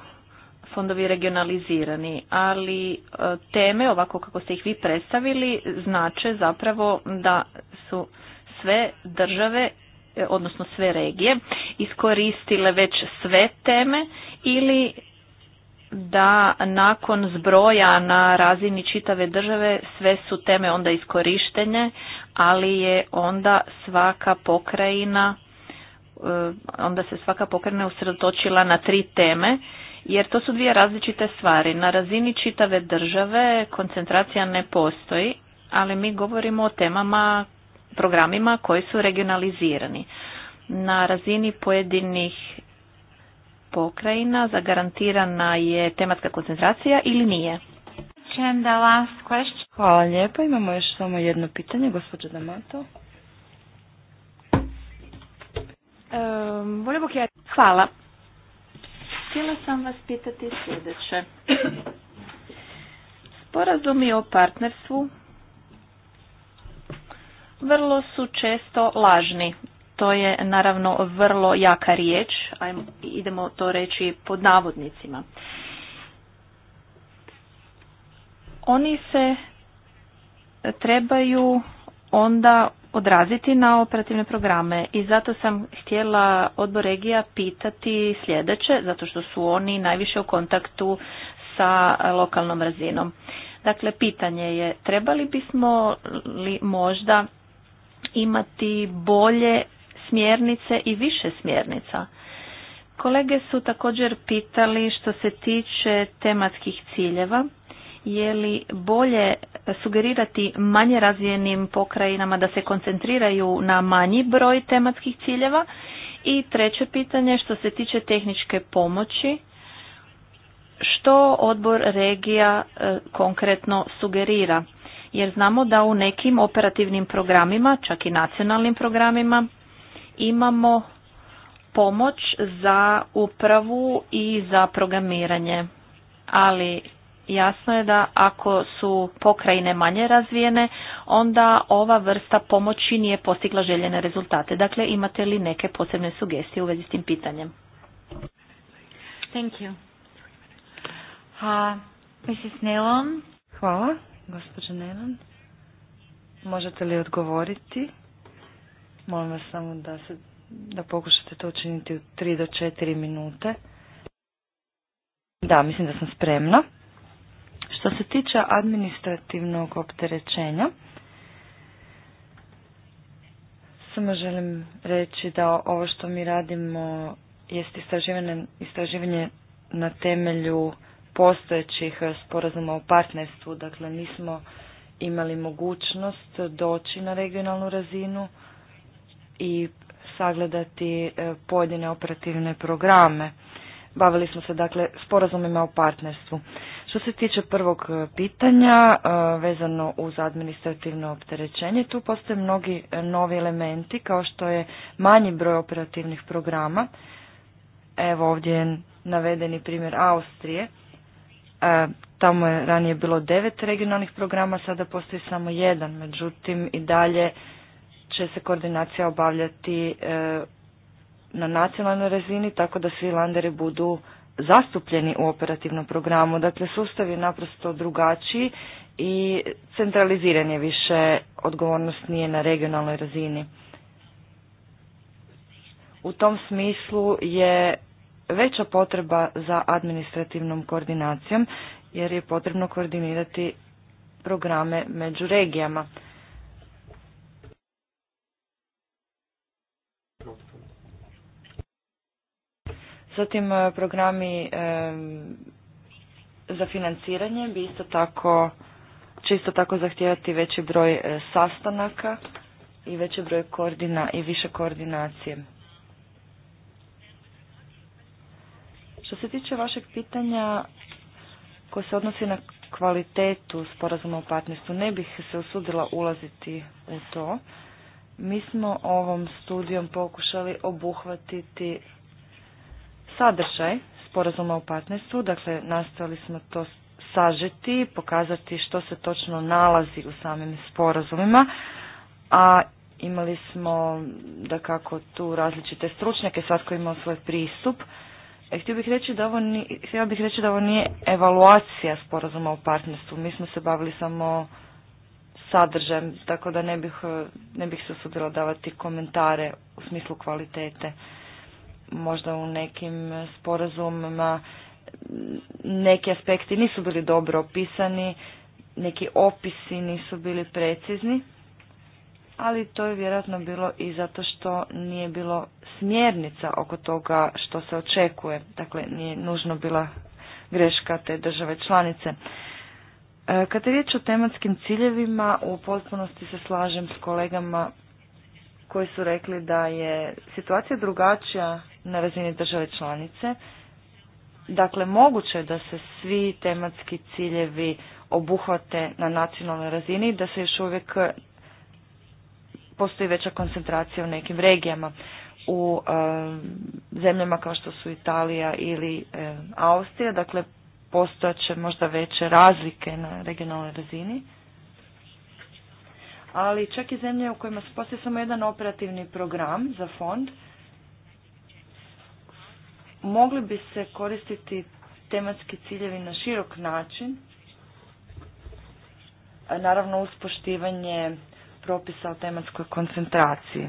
fondovi regionalizirani, ali e, teme ovako kako ste ih vi predstavili znače zapravo da su sve države e, odnosno sve regije iskoristile već sve teme ili da nakon zbroja na razini čitave države sve su teme onda iskorištene, ali je onda svaka pokrajina E, onda se svaka pokrene usredotočila na tri teme jer to su dvije različite stvari. Na razini čitave države koncentracija ne postoji, ali mi govorimo o temama, programima koji su regionalizirani. Na razini pojedinih pokrajina zagarantirana je tematska koncentracija
ili
nije? Hvala lijepo. Imamo još samo jedno pitanje, gospođa Damato.
Ehm,
Hvala. Htjela sam vas pitati sljedeće. Sporazumi o partnerstvu vrlo su često lažni. To je naravno vrlo jaka riječ, ajmo, idemo to reći pod navodnicima. Oni se trebaju onda odraziti na operativne programe i zato sam htjela odbor regija pitati sljedeće, zato što su oni najviše u kontaktu sa lokalnom razinom. Dakle, pitanje je trebali bismo li možda imati bolje smjernice i više smjernica? Kolege su također pitali što se tiče tematskih ciljeva je li bolje sugerirati manje razvijenim pokrajinama da se koncentriraju na manji broj tematskih ciljeva? I treće pitanje što se tiče tehničke pomoći, što odbor regija e, konkretno sugerira? Jer znamo da u nekim operativnim programima, čak i nacionalnim programima, imamo pomoć za upravu i za programiranje. Ali jasno je da ako su pokrajine manje razvijene, onda ova vrsta pomoći nije postigla željene rezultate. Dakle, imate li neke posebne sugestije u vezi s tim pitanjem?
Thank you. Mrs. Hvala, gospođa Nelon.
Možete li odgovoriti? Molim vas samo da, se, da pokušate to učiniti u 3 do 4 minute. Da, mislim da sam spremna. Što se tiče administrativnog opterećenja, samo želim reći da ovo što mi radimo jest istraživanje, istraživanje na temelju postojećih sporazuma o partnerstvu. Dakle, nismo imali mogućnost doći na regionalnu razinu i sagledati e, pojedine operativne programe. Bavili smo se dakle sporazumima o partnerstvu. Što se tiče prvog e, pitanja e, vezano uz administrativno opterećenje, tu postoje mnogi e, novi elementi kao što je manji broj operativnih programa. Evo ovdje je navedeni primjer Austrije. Tamo je ranije bilo devet regionalnih programa, sada postoji samo jedan. Međutim, i dalje će se koordinacija obavljati na nacionalnoj razini tako da svi landeri budu zastupljeni u operativnom programu. Dakle, sustav je naprosto drugačiji i centraliziran je više, odgovornost nije na regionalnoj razini. U tom smislu je veća potreba za administrativnom koordinacijom jer je potrebno koordinirati programe među regijama. Zatim e, programi e, za financiranje bi isto tako, će isto tako zahtijevati veći broj e, sastanaka i veći broj koordina i više koordinacije. Što se tiče vašeg pitanja koje se odnosi na kvalitetu sporazuma u partnerstvu, ne bih se usudila ulaziti u to. Mi smo ovom studijom pokušali obuhvatiti sadržaj sporazuma o partnerstvu, dakle nastojali smo to sažeti, pokazati što se točno nalazi u samim sporazumima, a imali smo da kako tu različite stručnjake, svatko imao svoj pristup. E, htio bih reći da ovo nije, htio bih reći da ovo nije evaluacija sporazuma o partnerstvu. Mi smo se bavili samo sadržajem, tako da ne bih, ne bih se usudila davati komentare u smislu kvalitete možda u nekim sporazumima neki aspekti nisu bili dobro opisani, neki opisi nisu bili precizni, ali to je vjerojatno bilo i zato što nije bilo smjernica oko toga što se očekuje. Dakle, nije nužno bila greška te države članice. E, kad je riječ o tematskim ciljevima, u potpunosti se slažem s kolegama koji su rekli da je situacija drugačija na razini države članice. Dakle, moguće je da se svi tematski ciljevi obuhvate na nacionalnoj razini da se još uvijek postoji veća koncentracija u nekim regijama. U zemljama kao što su Italija ili Austrija, dakle, postojaće možda veće razlike na regionalnoj razini. Ali čak i zemlje u kojima se postoji samo jedan operativni program za fond, mogli bi se koristiti tematski ciljevi na širok način, naravno uz poštivanje propisa o tematskoj koncentraciji.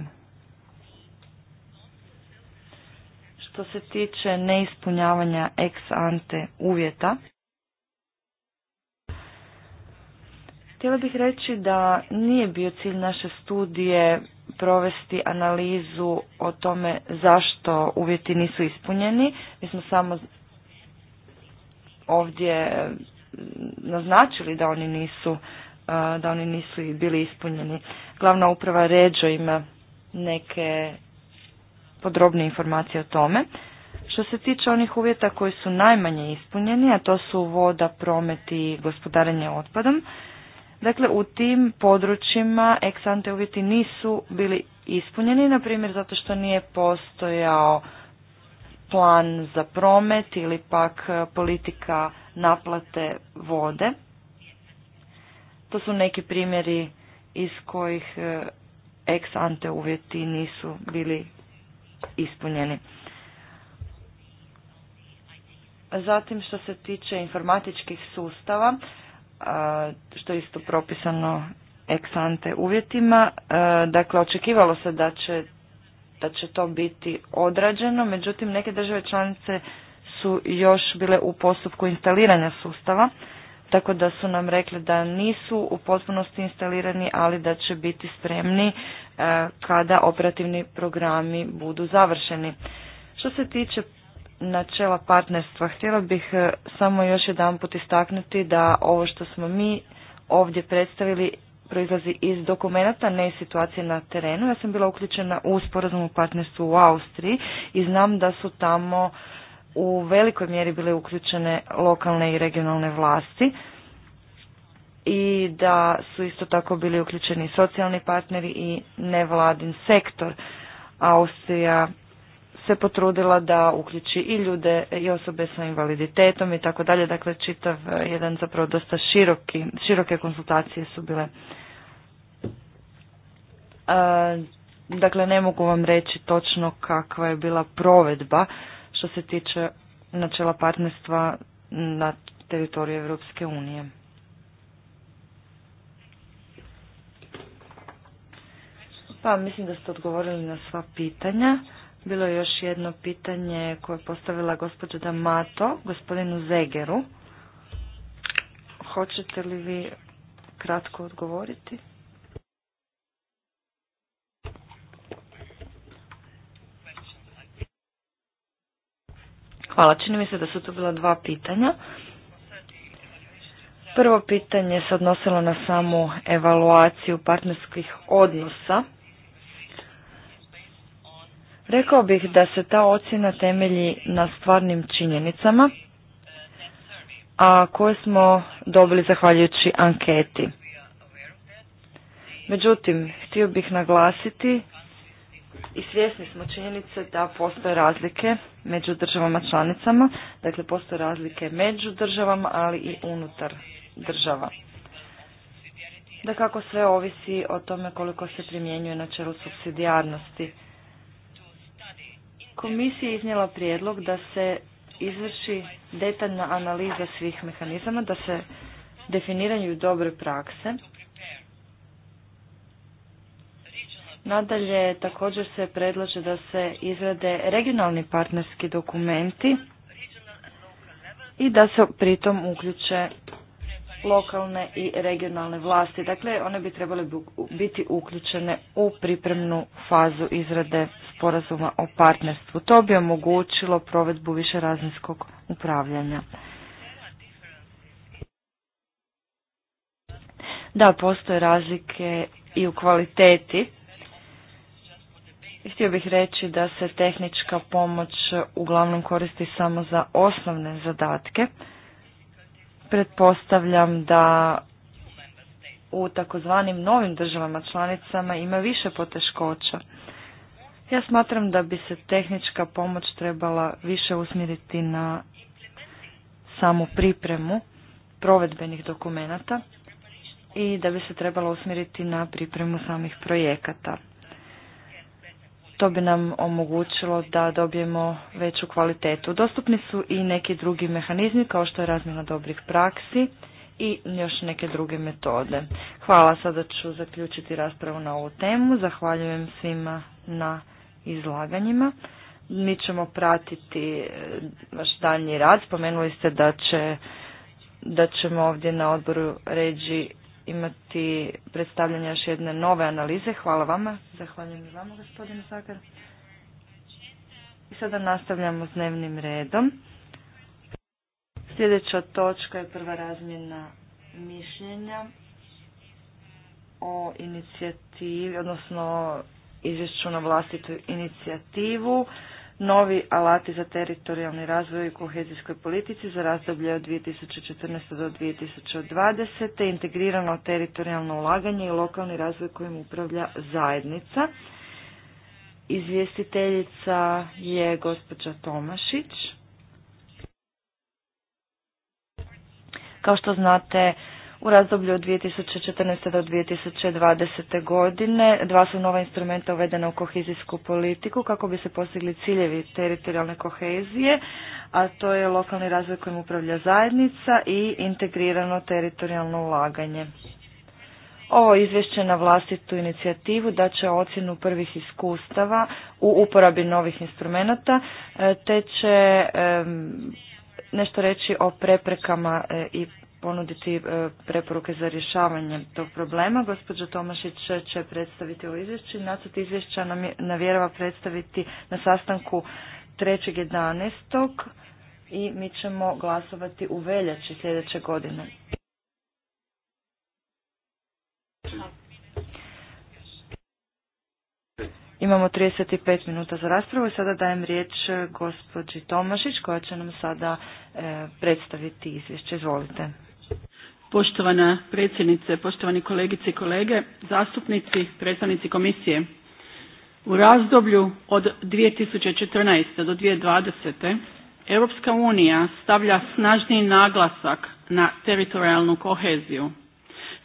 Što se tiče neispunjavanja ex ante uvjeta, Htjela bih reći da nije bio cilj naše studije provesti analizu o tome zašto uvjeti nisu ispunjeni. Mi smo samo ovdje e, naznačili da oni nisu e, da oni nisu bili ispunjeni. Glavna uprava Ređo ima neke podrobne informacije o tome. Što se tiče onih uvjeta koji su najmanje ispunjeni, a to su voda, promet i gospodarenje otpadom, Dakle, u tim područjima ex ante uvjeti nisu bili ispunjeni, na primjer zato što nije postojao plan za promet ili pak e, politika naplate vode. To su neki primjeri iz kojih e, ex ante uvjeti nisu bili ispunjeni. Zatim što se tiče informatičkih sustava, što je isto propisano ante uvjetima. E, dakle, očekivalo se da će, da će to biti odrađeno, međutim neke države članice su još bile u postupku instaliranja sustava, tako da su nam rekli da nisu u potpunosti instalirani, ali da će biti spremni e, kada operativni programi budu završeni. Što se tiče načela partnerstva. Htjela bih e, samo još jedan put istaknuti da ovo što smo mi ovdje predstavili proizlazi iz dokumenata, ne iz situacije na terenu. Ja sam bila uključena u sporazum o partnerstvu u Austriji i znam da su tamo u velikoj mjeri bile uključene lokalne i regionalne vlasti i da su isto tako bili uključeni socijalni partneri i nevladin sektor. Austrija se potrudila da uključi i ljude i osobe sa invaliditetom i tako dalje. Dakle, čitav e, jedan zapravo dosta široki, široke konsultacije su bile. E, dakle, ne mogu vam reći točno kakva je bila provedba što se tiče načela partnerstva na teritoriju Europske unije. Pa mislim da ste odgovorili na sva pitanja. Bilo je još jedno pitanje koje je postavila gospođa D'Amato, gospodinu Zegeru. Hoćete li vi kratko odgovoriti? Hvala. Čini mi se da su to bila dva pitanja. Prvo pitanje se odnosilo na samu evaluaciju partnerskih odnosa Rekao bih da se ta ocjena temelji na stvarnim činjenicama, a koje smo dobili zahvaljujući anketi. Međutim, htio bih naglasiti i svjesni smo činjenice da postoje razlike među državama članicama, dakle postoje razlike među državama, ali i unutar država. Da kako sve ovisi o tome koliko se primjenjuje načelo subsidijarnosti. Komisija je iznijela prijedlog da se izvrši detaljna analiza svih mehanizama, da se definiraju dobre prakse. Nadalje, također se predlaže da se izrade regionalni partnerski dokumenti i da se pritom uključe lokalne i regionalne vlasti. Dakle, one bi trebale biti uključene u pripremnu fazu izrade sporazuma o partnerstvu. To bi omogućilo provedbu višerazinskog upravljanja. Da, postoje razlike i u kvaliteti. Htio bih reći da se tehnička pomoć uglavnom koristi samo za osnovne zadatke. Pretpostavljam da u takozvanim novim državama članicama ima više poteškoća ja smatram da bi se tehnička pomoć trebala više usmjeriti na samu pripremu provedbenih dokumenata i da bi se trebala usmjeriti na pripremu samih projekata. To bi nam omogućilo da dobijemo veću kvalitetu. Dostupni su i neki drugi mehanizmi kao što je razmjena dobrih praksi i još neke druge metode. Hvala, sada ću zaključiti raspravu na ovu temu. Zahvaljujem svima na izlaganjima. Mi ćemo pratiti e, vaš daljnji rad. Spomenuli ste da, će, da ćemo ovdje na odboru ređi imati predstavljanje još jedne nove analize. Hvala vama. Zahvaljujem i vama, gospodine Zakar. I sada nastavljamo s dnevnim redom. Sljedeća točka je prva razmjena mišljenja o inicijativi, odnosno izvješću na vlastitu inicijativu novi alati za teritorijalni razvoj u kohezijskoj politici za razdoblje od 2014. do 2020. integrirano teritorijalno ulaganje i lokalni razvoj kojim upravlja zajednica. Izvjestiteljica je gospođa Tomašić. Kao što znate, u razdoblju od 2014. do 2020. godine. Dva su nova instrumenta uvedena u kohezijsku politiku kako bi se postigli ciljevi teritorijalne kohezije, a to je lokalni razvoj kojim upravlja zajednica i integrirano teritorijalno ulaganje. Ovo izvješće na vlastitu inicijativu da će ocjenu prvih iskustava u uporabi novih instrumenata e, te će nešto reći o preprekama e, i ponuditi e, preporuke za rješavanje tog problema. Gospođa Tomašić će predstaviti ovo izvješće. Nacrt izvješća nam navjerava predstaviti na sastanku 3.11. i mi ćemo glasovati u veljači sljedeće godine. Imamo 35 minuta za raspravu i sada dajem riječ eh, gospođi Tomašić koja će nam sada eh, predstaviti izvješće. Izvolite. Poštovana predsjednice, poštovani kolegice i kolege, zastupnici,
predstavnici komisije. U razdoblju od 2014. do 2020. Europska unija stavlja snažniji naglasak na teritorijalnu koheziju.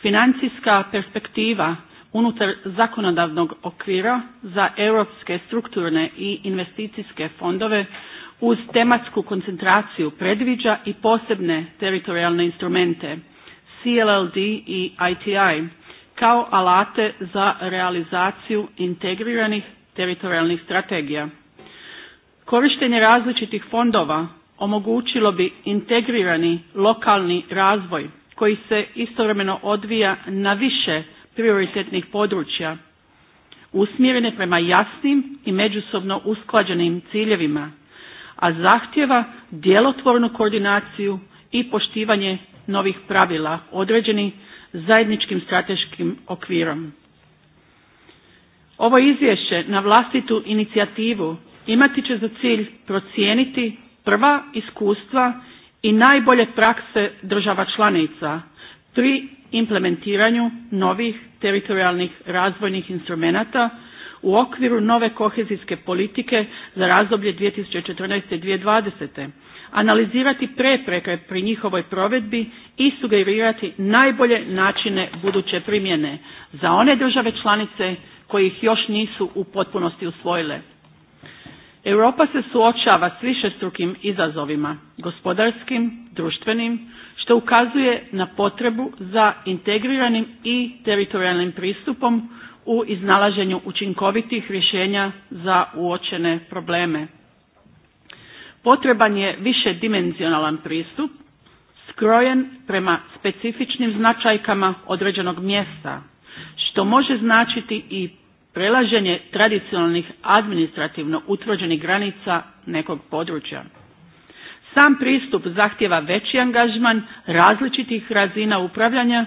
Financijska perspektiva unutar zakonodavnog okvira za europske strukturne i investicijske fondove uz tematsku koncentraciju predviđa i posebne teritorijalne instrumente CLLD i ITI kao alate za realizaciju integriranih teritorijalnih strategija. Korištenje različitih fondova omogućilo bi integrirani lokalni razvoj koji se istovremeno odvija na više prioritetnih područja usmjerene prema jasnim i međusobno usklađenim ciljevima, a zahtjeva djelotvornu koordinaciju i poštivanje novih pravila određeni zajedničkim strateškim okvirom. Ovo izvješće na vlastitu inicijativu imati će za cilj procijeniti prva iskustva i najbolje prakse država članica tri implementiranju novih teritorijalnih razvojnih instrumenata u okviru nove kohezijske politike za razdoblje 2014-2020. Analizirati prepreke pri njihovoj provedbi i sugerirati najbolje načine buduće primjene za one države članice koje ih još nisu u potpunosti usvojile. Europa se suočava s višestrukim izazovima, gospodarskim, društvenim, što ukazuje na potrebu za integriranim i teritorijalnim pristupom u iznalaženju učinkovitih rješenja za uočene probleme. Potreban je višedimenzionalan pristup skrojen prema specifičnim značajkama određenog mjesta, što može značiti i prelaženje tradicionalnih administrativno utvrđenih granica nekog područja. Sam pristup zahtjeva veći angažman različitih razina upravljanja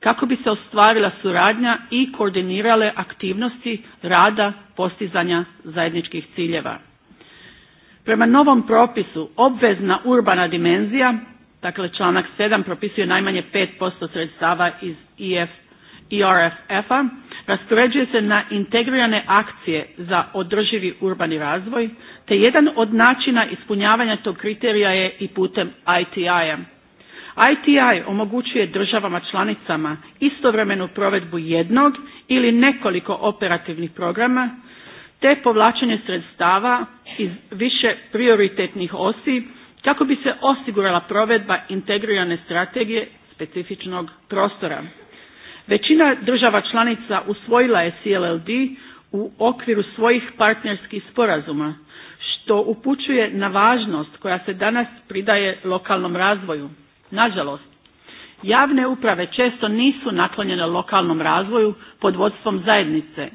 kako bi se ostvarila suradnja i koordinirale aktivnosti rada postizanja zajedničkih ciljeva. Prema novom propisu obvezna urbana dimenzija, dakle članak 7 propisuje najmanje 5% sredstava iz ERFF-a, raspoređuje se na integrirane akcije za održivi urbani razvoj, te jedan od načina ispunjavanja tog kriterija je i putem ITI-a. ITI omogućuje državama članicama istovremenu provedbu jednog ili nekoliko operativnih programa, te povlačenje sredstava iz više prioritetnih osi kako bi se osigurala provedba integrirane strategije specifičnog prostora. Većina država članica usvojila je CLLD u okviru svojih partnerskih sporazuma, što upućuje na važnost koja se danas pridaje lokalnom razvoju. Nažalost, javne uprave često nisu naklonjene lokalnom razvoju pod vodstvom zajednice,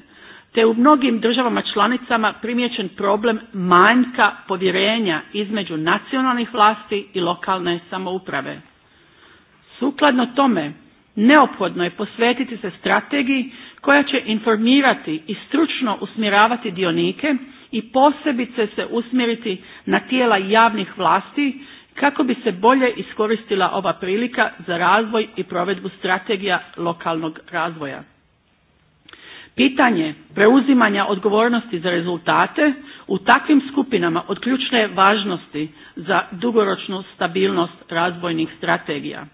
te u mnogim državama članicama primijećen problem manjka povjerenja između nacionalnih vlasti i lokalne samouprave. Sukladno tome, neophodno je posvetiti se strategiji koja će informirati i stručno usmjeravati dionike i posebice se usmjeriti na tijela javnih vlasti kako bi se bolje iskoristila ova prilika za razvoj i provedbu strategija lokalnog razvoja. Pitanje preuzimanja odgovornosti za rezultate u takvim skupinama od ključne važnosti za dugoročnu stabilnost razvojnih strategija.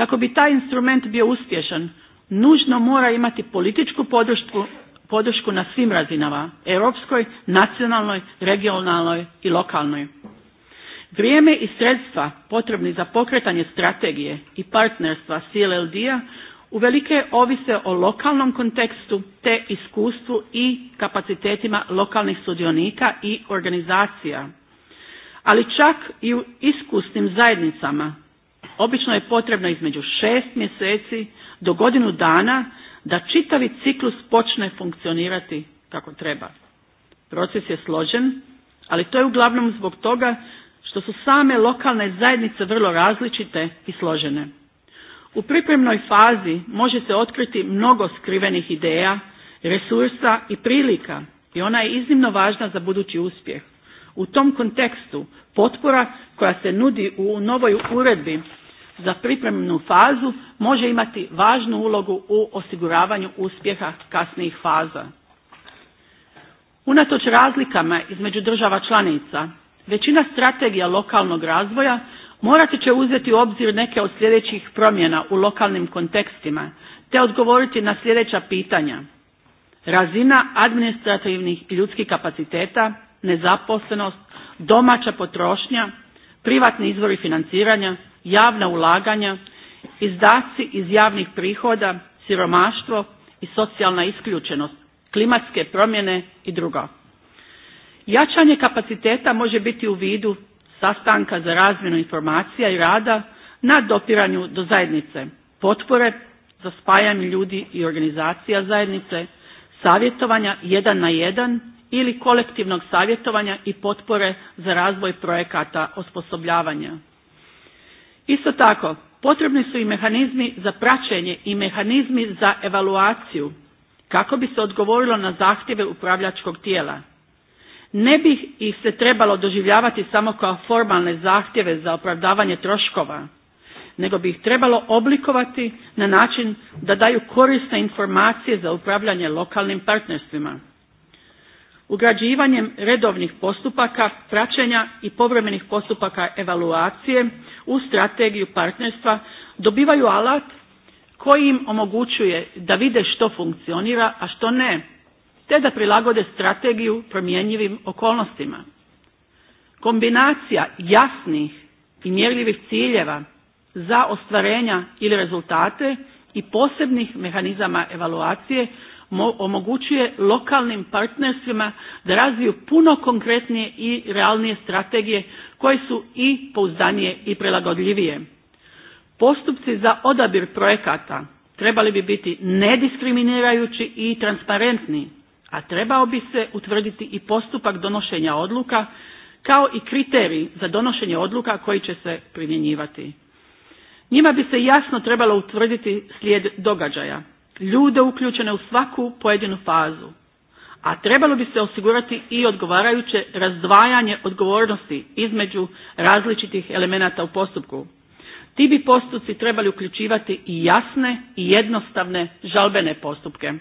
Kako bi taj instrument bio uspješan, nužno mora imati političku podršku, podršku na svim razinama, europskoj, nacionalnoj, regionalnoj i lokalnoj. Vrijeme i sredstva potrebni za pokretanje strategije i partnerstva CLLD-a uvelike ovise o lokalnom kontekstu te iskustvu i kapacitetima lokalnih sudionika i organizacija. Ali čak i u iskusnim zajednicama obično je potrebno između šest mjeseci do godinu dana da čitavi ciklus počne funkcionirati kako treba. Proces je složen, ali to je uglavnom zbog toga što su same lokalne zajednice vrlo različite i složene. U pripremnoj fazi može se otkriti mnogo skrivenih ideja, resursa i prilika i ona je iznimno važna za budući uspjeh. U tom kontekstu potpora koja se nudi u novoj uredbi za pripremnu fazu može imati važnu ulogu u osiguravanju uspjeha kasnijih faza. Unatoč razlikama između država članica, većina strategija lokalnog razvoja morati će uzeti u obzir neke od sljedećih promjena u lokalnim kontekstima, te odgovoriti na sljedeća pitanja. Razina administrativnih i ljudskih kapaciteta, nezaposlenost, domaća potrošnja, privatni izvori financiranja, javna ulaganja, izdaci iz javnih prihoda, siromaštvo i socijalna isključenost, klimatske promjene i drugo. Jačanje kapaciteta može biti u vidu sastanka za razmjenu informacija i rada na dopiranju do zajednice, potpore za spajanje ljudi i organizacija zajednice, savjetovanja jedan na jedan ili kolektivnog savjetovanja i potpore za razvoj projekata osposobljavanja. Isto tako, potrebni su i mehanizmi za praćenje i mehanizmi za evaluaciju kako bi se odgovorilo na zahtjeve upravljačkog tijela. Ne bi ih se trebalo doživljavati samo kao formalne zahtjeve za opravdavanje troškova, nego bi ih trebalo oblikovati na način da daju korisne informacije za upravljanje lokalnim partnerstvima ugrađivanjem redovnih postupaka praćenja i povremenih postupaka evaluacije u strategiju partnerstva dobivaju alat koji im omogućuje da vide što funkcionira, a što ne, te da prilagode strategiju promjenjivim okolnostima. Kombinacija jasnih i mjerljivih ciljeva za ostvarenja ili rezultate i posebnih mehanizama evaluacije omogućuje lokalnim partnerstvima da razviju puno konkretnije i realnije strategije koje su i pouzdanije i prilagodljivije. Postupci za odabir projekata trebali bi biti nediskriminirajući i transparentni, a trebao bi se utvrditi i postupak donošenja odluka kao i kriteriji za donošenje odluka koji će se primjenjivati. Njima bi se jasno trebalo utvrditi slijed događaja, ljude uključene u svaku pojedinu fazu, a trebalo bi se osigurati i odgovarajuće razdvajanje odgovornosti između različitih elemenata u postupku. Ti bi postupci trebali uključivati i jasne i jednostavne žalbene postupke.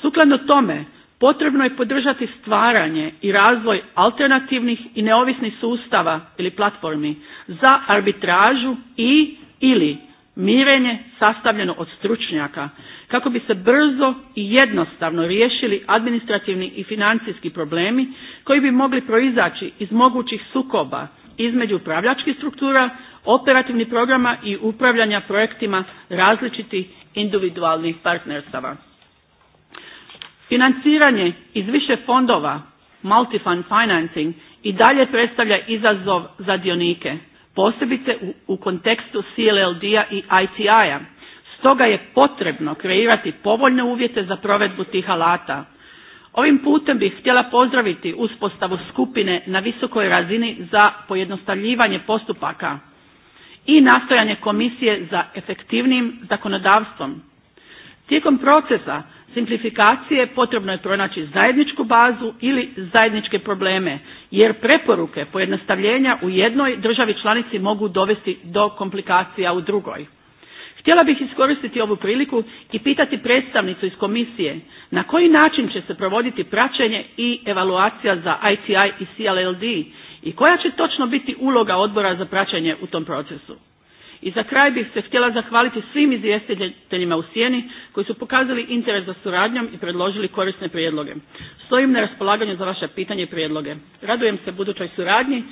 Sukladno tome, potrebno je podržati stvaranje i razvoj alternativnih i neovisnih sustava ili platformi za arbitražu i ili mirenje sastavljeno od stručnjaka kako bi se brzo i jednostavno riješili administrativni i financijski problemi koji bi mogli proizaći iz mogućih sukoba između upravljačkih struktura, operativnih programa i upravljanja projektima različitih individualnih partnerstava. Financiranje iz više fondova, multifund financing, i dalje predstavlja izazov za dionike posebice u, kontekstu CLLD-a i ITI-a. Stoga je potrebno kreirati povoljne uvjete za provedbu tih alata. Ovim putem bih htjela pozdraviti uspostavu skupine na visokoj razini za pojednostavljivanje postupaka i nastojanje komisije za efektivnim zakonodavstvom. Tijekom procesa simplifikacije potrebno je pronaći zajedničku bazu ili zajedničke probleme jer preporuke pojednostavljenja u jednoj državi članici mogu dovesti do komplikacija u drugoj. Htjela bih iskoristiti ovu priliku i pitati predstavnicu iz komisije na koji način će se provoditi praćenje i evaluacija za ITI i CLLD i koja će točno biti uloga odbora za praćenje u tom procesu. I za kraj bih se htjela zahvaliti svim izvjestiteljima u sjeni koji su pokazali interes za suradnjom i predložili korisne prijedloge. Stojim na raspolaganju za vaše pitanje i prijedloge. Radujem se budućoj suradnji,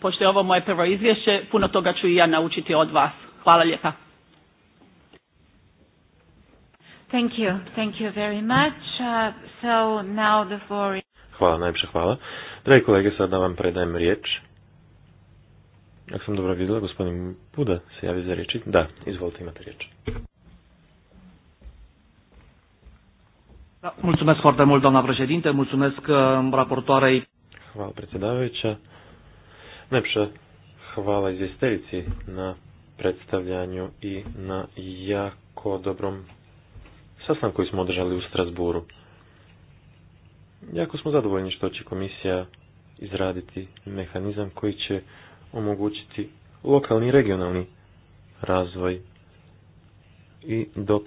pošto je ovo moje prvo izvješće, puno toga ću i ja naučiti od vas. Hvala lijepa.
Hvala, najviše hvala. Dragi kolege, sada vam predajem riječ. Ako sam dobro vidjela, gospodin Buda se javi za riječi. Da, izvolite, imate riječ.
Da, mulțumesc foarte mult, președinte, uh, Hvala predsjedavajuća.
Najpša hvala izvjestiteljici na predstavljanju i na jako dobrom sastanku koji smo održali u Strasburu. Jako smo zadovoljni što će komisija izraditi mehanizam koji će omogućiti lokalni i regionalni razvoj. I dok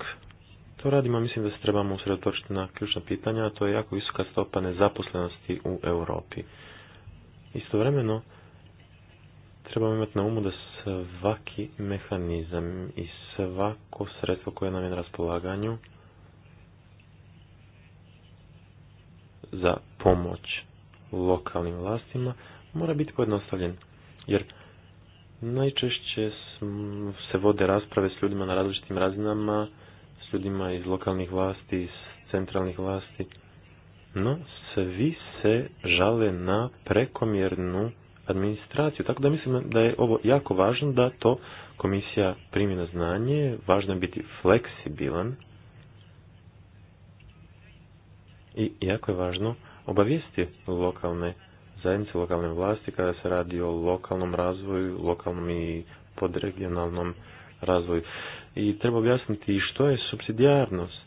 to radimo, mislim da se trebamo usredotočiti na ključna pitanja, a to je jako visoka stopa nezaposlenosti u Europi. Istovremeno, trebamo imati na umu da svaki mehanizam i svako sredstvo koje nam je na raspolaganju za pomoć lokalnim vlastima mora biti pojednostavljen. Jer najčešće se vode rasprave s ljudima na različitim razinama, s ljudima iz lokalnih vlasti, iz centralnih vlasti. No, svi se žale na prekomjernu administraciju. Tako da mislim da je ovo jako važno da to komisija primi na znanje. Važno je biti fleksibilan. I jako je važno obavijesti lokalne zajednice, lokalne vlasti, kada se radi o lokalnom razvoju, lokalnom i podregionalnom razvoju. I treba objasniti što je subsidijarnost.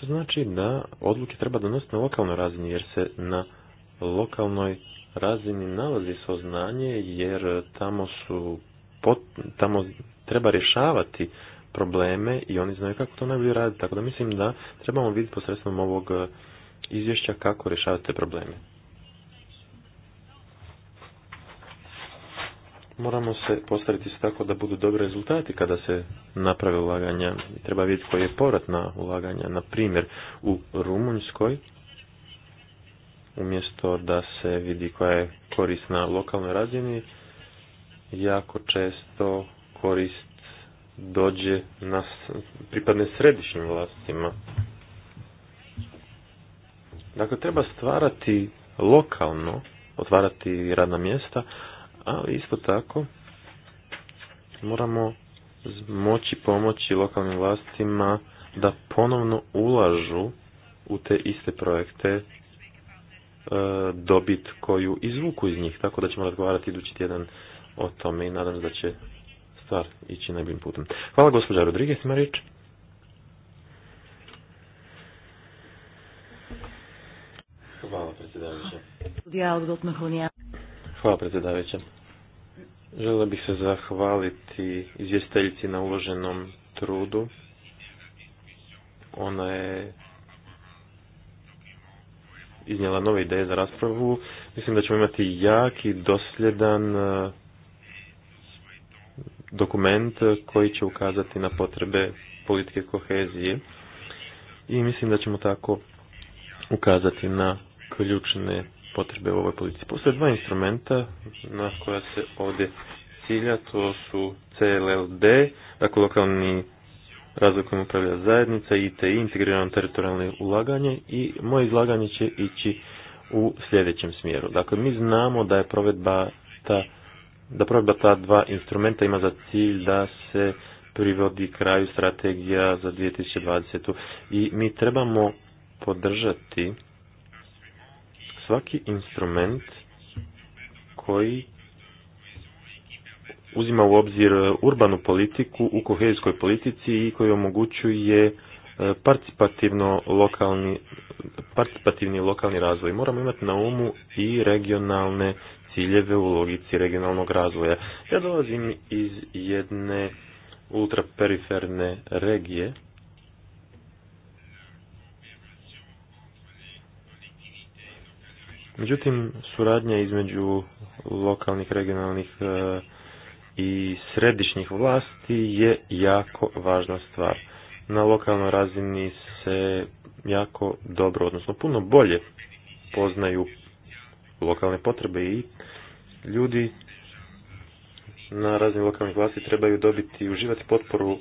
To znači da odluke treba donositi na lokalnoj razini, jer se na lokalnoj razini nalazi saznanje, jer tamo su tamo treba rješavati probleme i oni znaju kako to najbolje raditi. Tako da mislim da trebamo vidjeti posredstvom ovog izvješća kako rješavate probleme. Moramo se postaviti se tako da budu dobri rezultati kada se naprave ulaganja. Treba vidjeti koji je povrat na ulaganja. Na primjer, u Rumunjskoj, umjesto da se vidi koja je korist na lokalnoj razini, jako često korist dođe na pripadne središnjim vlastima. Dakle, treba stvarati lokalno, otvarati radna mjesta, ali isto tako moramo moći pomoći lokalnim vlastima da ponovno ulažu u te iste projekte e, dobit koju izvuku iz njih, tako da ćemo razgovarati idući tjedan o tome i nadam se da će stvar ići najboljim putem. Hvala gospođa Rodriguez, ima Hvala predsjedavajuća. Hvala predsjedavajuća. Želio bih se zahvaliti izvjestiteljici na uloženom trudu. Ona je iznijela nove ideje za raspravu. Mislim da ćemo imati jak i dosljedan e, dokument koji će ukazati na potrebe politike kohezije i mislim da ćemo tako ukazati na ključne potrebe u ovoj politici. Postoje dva instrumenta na koja se ovdje cilja, to su CLLD, dakle lokalni razvoj kojim upravlja zajednica, ITI, integrirano teritorijalno ulaganje i moje izlaganje će ići u sljedećem smjeru. Dakle, mi znamo da je provedba ta, da provedba ta dva instrumenta ima za cilj da se privodi kraju strategija za 2020. I mi trebamo podržati svaki instrument koji uzima u obzir e, urbanu politiku u kohezijskoj politici i koji omogućuje e, participativno lokalni, participativni lokalni razvoj. Moramo imati na umu i regionalne ciljeve u logici regionalnog razvoja. Ja dolazim iz jedne ultraperiferne regije Međutim, suradnja između lokalnih, regionalnih e, i središnjih vlasti je jako važna stvar. Na lokalnoj razini se jako dobro, odnosno puno bolje poznaju lokalne potrebe i ljudi na razini lokalnih vlasti trebaju dobiti i uživati potporu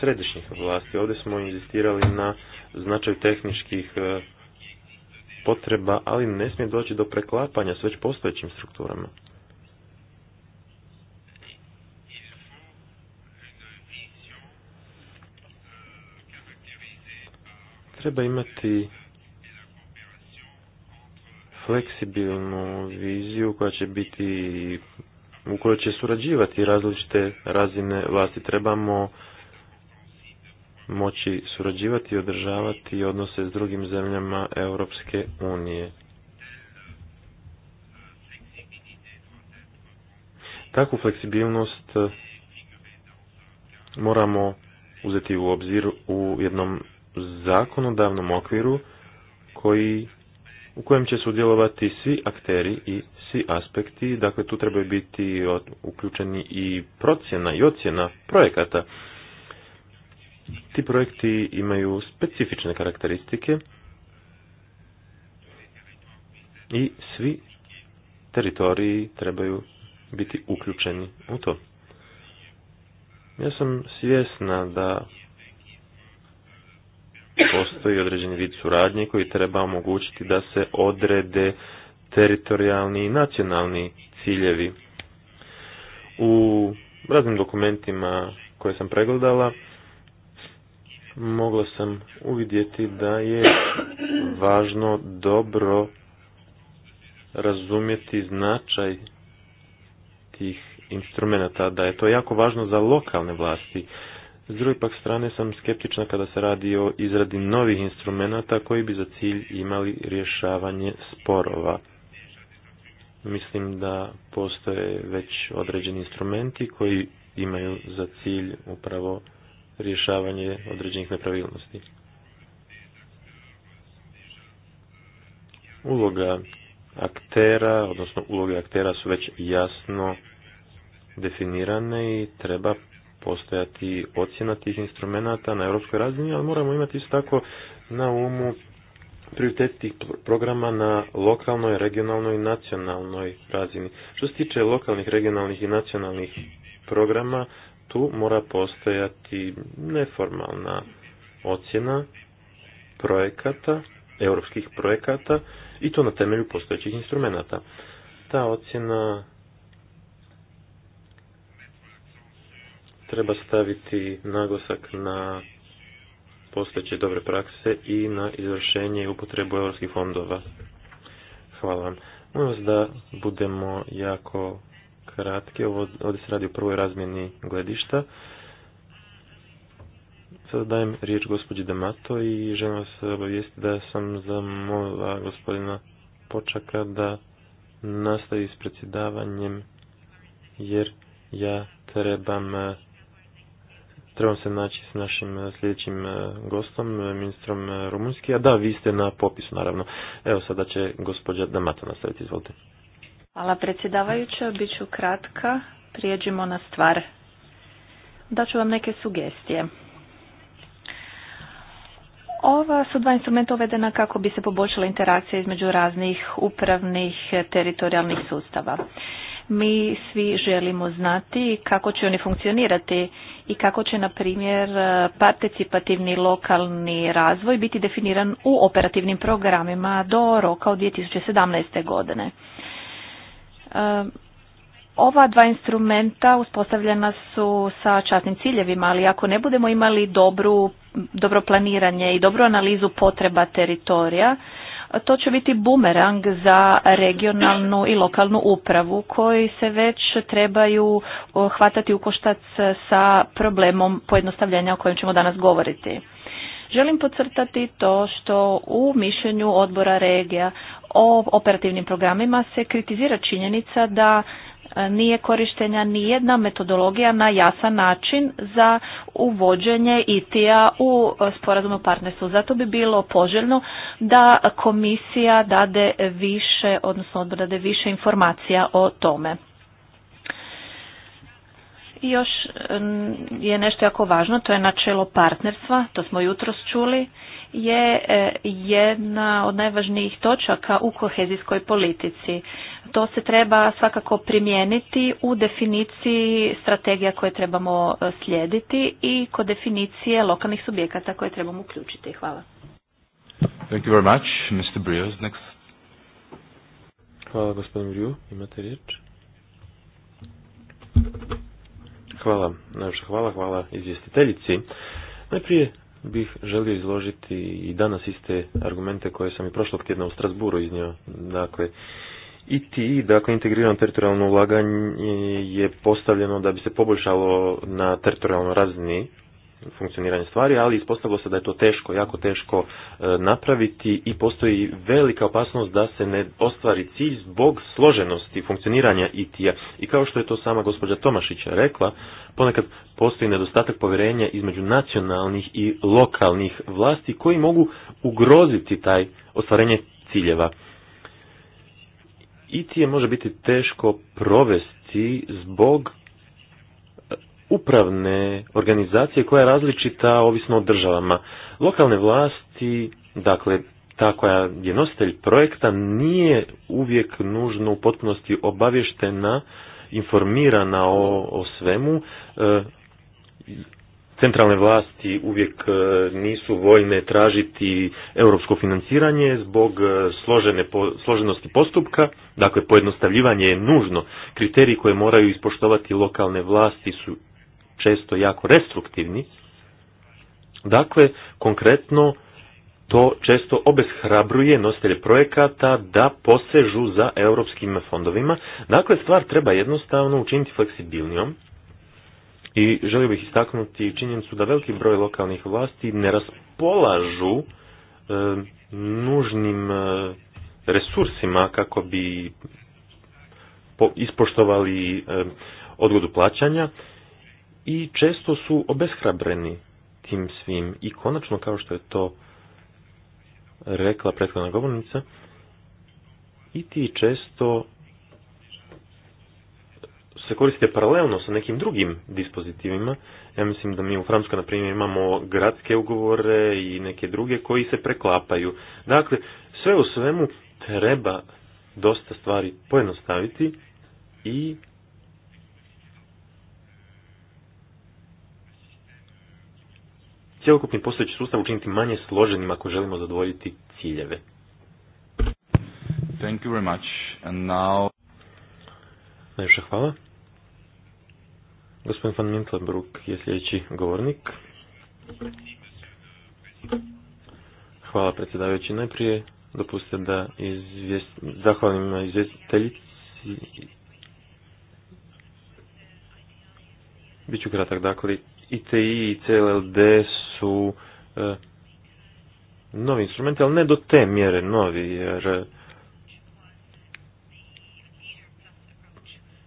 središnjih vlasti. Ovdje smo inzistirali na značaju tehničkih e, potreba, ali ne smije doći do preklapanja s već postojećim strukturama. Treba imati fleksibilnu viziju koja će biti u kojoj će surađivati različite razine vlasti. Trebamo moći surađivati i održavati odnose s drugim zemljama Europske unije. Takvu fleksibilnost moramo uzeti u obzir u jednom zakonodavnom okviru koji, u kojem će sudjelovati svi akteri i svi aspekti, dakle tu treba biti uključeni i procjena i ocjena projekata ti projekti imaju specifične karakteristike i svi teritoriji trebaju biti uključeni u to. Ja sam svjesna da postoji određeni vid suradnje koji treba omogućiti da se odrede teritorijalni i nacionalni ciljevi. U raznim dokumentima koje sam pregledala mogla sam uvidjeti da je važno dobro razumjeti značaj tih instrumenta, da je to jako važno za lokalne vlasti. S druge pak strane sam skeptična kada se radi o izradi novih instrumenta koji bi za cilj imali rješavanje sporova. Mislim da postoje već određeni instrumenti koji imaju za cilj upravo rješavanje određenih nepravilnosti. Uloga aktera, odnosno uloge aktera su već jasno definirane i treba postojati ocjena tih instrumenata na europskoj razini, ali moramo imati isto tako na umu prioritet programa na lokalnoj, regionalnoj i nacionalnoj razini. Što se tiče lokalnih, regionalnih i nacionalnih programa, tu mora postojati neformalna ocjena projekata, europskih projekata i to na temelju postojećih instrumenata. Ta ocjena treba staviti naglasak na postojeće dobre prakse i na izvršenje i upotrebu europskih fondova. Hvala vam. Molim da budemo jako kratke. Ovo, ovdje se radi o prvoj razmjeni gledišta. Sada dajem riječ gospođi Damato i želim vas obavijestiti da sam zamolila gospodina Počaka da nastavi s predsjedavanjem jer ja trebam trebam se naći s našim sljedećim gostom, ministrom Rumunjski, a da, vi ste na popisu, naravno. Evo, sada će gospođa Damato nastaviti, izvolite.
Hvala predsjedavajuća, bit ću kratka, prijeđimo na stvar. Daću vam neke sugestije. Ova su dva instrumenta uvedena kako bi se poboljšala interakcija između raznih upravnih teritorijalnih sustava. Mi svi želimo znati kako će oni funkcionirati i kako će, na primjer, participativni lokalni razvoj biti definiran u operativnim programima do roka od 2017. godine. Ova dva instrumenta uspostavljena su sa časnim ciljevima, ali ako ne budemo imali dobru, dobro planiranje i dobru analizu potreba teritorija, to će biti bumerang za regionalnu i lokalnu upravu koji se već trebaju eh, hvatati u koštac sa problemom pojednostavljenja o kojem ćemo danas govoriti. Želim podcrtati to što u mišljenju odbora regija o operativnim programima se kritizira činjenica da e, nije korištenja nijedna metodologija na jasan način za uvođenje IT-a u e, sporazumno partnerstvo. Zato bi bilo poželjno da komisija dade više, odnosno odbor dade više informacija o tome još je nešto jako važno, to je načelo partnerstva, to smo jutros čuli, je e, jedna od najvažnijih točaka u kohezijskoj politici. To se treba svakako primijeniti u definiciji strategija koje trebamo e, slijediti i kod definicije lokalnih subjekata koje trebamo uključiti. Hvala.
Thank you very much. Mr. Brios, next. Hvala Hvala,
najviše hvala, hvala izvjestiteljici. Najprije bih želio izložiti i danas iste argumente koje sam i prošlog tjedna u Strasburu iznio. Dakle, ITI, dakle integrirano teritorijalno ulaganje je postavljeno da bi se poboljšalo na teritorijalnoj razini funkcioniranje stvari, ali ispostavilo se da je to teško, jako teško e, napraviti i postoji velika opasnost da se ne ostvari cilj zbog složenosti funkcioniranja IT-a. I kao što je to sama gospođa Tomašića rekla, ponekad postoji nedostatak povjerenja između nacionalnih i lokalnih vlasti koji mogu ugroziti taj ostvarenje ciljeva. IT je može biti teško provesti zbog upravne organizacije koja je različita ovisno o državama. Lokalne vlasti, dakle ta koja je nositelj projekta, nije uvijek nužno u potpunosti obavještena, informirana o, svemu. E, centralne vlasti uvijek e, nisu voljne tražiti europsko financiranje zbog e, složene, složenosti postupka, dakle pojednostavljivanje je nužno. Kriteriji koje moraju ispoštovati lokalne vlasti su često jako restruktivni. Dakle, konkretno to često obeshrabruje nositelje projekata da posežu za europskim fondovima. Dakle, stvar treba jednostavno učiniti fleksibilnijom i želio bih istaknuti činjenicu da veliki broj lokalnih vlasti ne raspolažu e, nužnim e, resursima kako bi ispoštovali e, odgodu plaćanja i često su obeshrabreni tim svim. I konačno, kao što je to rekla prethodna govornica, i ti često se koriste paralelno sa nekim drugim dispozitivima. Ja mislim da mi u Francuskoj, na primjer, imamo gradske ugovore i neke druge koji se preklapaju. Dakle, sve u svemu treba dosta stvari pojednostaviti i cjelokupni postojeći sustav učiniti manje složenim ako želimo zadovoljiti
ciljeve. Thank you very much. And now... Najviše hvala.
Gospodin van je sljedeći govornik. Hvala predsjedavajući. Najprije dopustite da zahvalim zahvalim izvjestiteljici. Biću kratak, dakle, ITI i CLLD su e, novi instrumenti, ali ne do te mjere novi, jer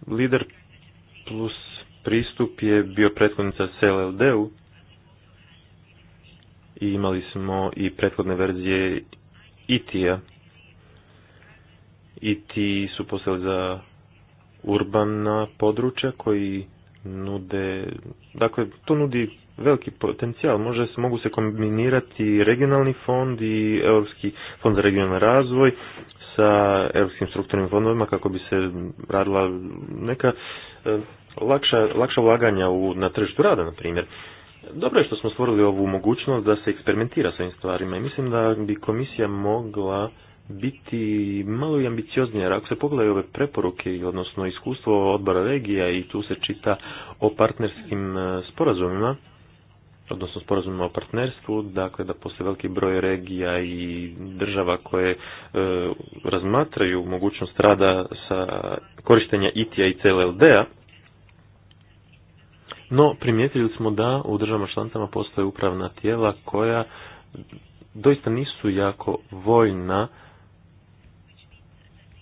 lider plus pristup je bio prethodnica CLLD-u i imali smo i prethodne verzije IT-a. IT su postali za urbana područja koji nude, dakle, to nudi veliki potencijal. Može se, mogu se kombinirati regionalni fond i Europski fond za regionalni razvoj sa Europskim strukturnim fondovima kako bi se radila neka e, lakša, lakša ulaganja u, na tržištu rada, na primjer. Dobro je što smo stvorili ovu mogućnost da se eksperimentira s ovim stvarima i mislim da bi komisija mogla biti malo i ambicioznija. jer ako se pogledaju ove preporuke, odnosno iskustvo odbora regija i tu se čita o partnerskim e, sporazumima, odnosno sporazumima o partnerstvu, dakle da postoje veliki broj regija i država koje e, razmatraju mogućnost rada sa korištenja IT-a i CLLD-a, no primijetili smo da u državama članicama postoje upravna tijela koja doista nisu jako vojna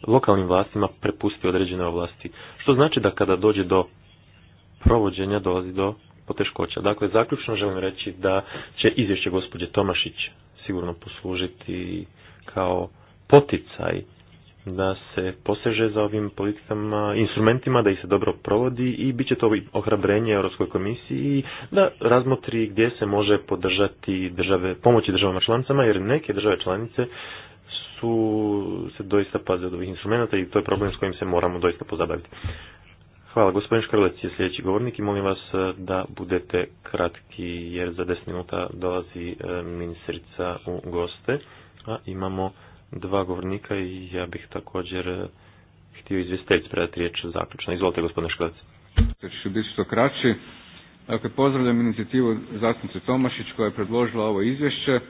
lokalnim vlastima prepusti određene ovlasti. Što znači da kada dođe do provođenja dolazi do poteškoća. Dakle, zaključno želim reći da će izvješće gospođe Tomašić sigurno poslužiti kao poticaj da se poseže za ovim politikama, instrumentima, da ih se dobro provodi i bit će to ohrabrenje Europskoj komisiji da razmotri gdje se može podržati države, pomoći državama članicama, jer neke države članice su se doista paze od ovih instrumenta i to je problem s kojim se moramo doista pozabaviti. Hvala, gospodin Škrlec je sljedeći govornik i molim vas e, da budete kratki jer za deset minuta dolazi e, ministrica u goste, a imamo dva govornika i ja bih također e, htio
izvjestiti predati riječ zaključno. Izvolite gospodine Škrlec. Ću biti što kraći. Dakle, pozdravljam inicijativu zastupnice Tomašić koja je predložila ovo izvješće.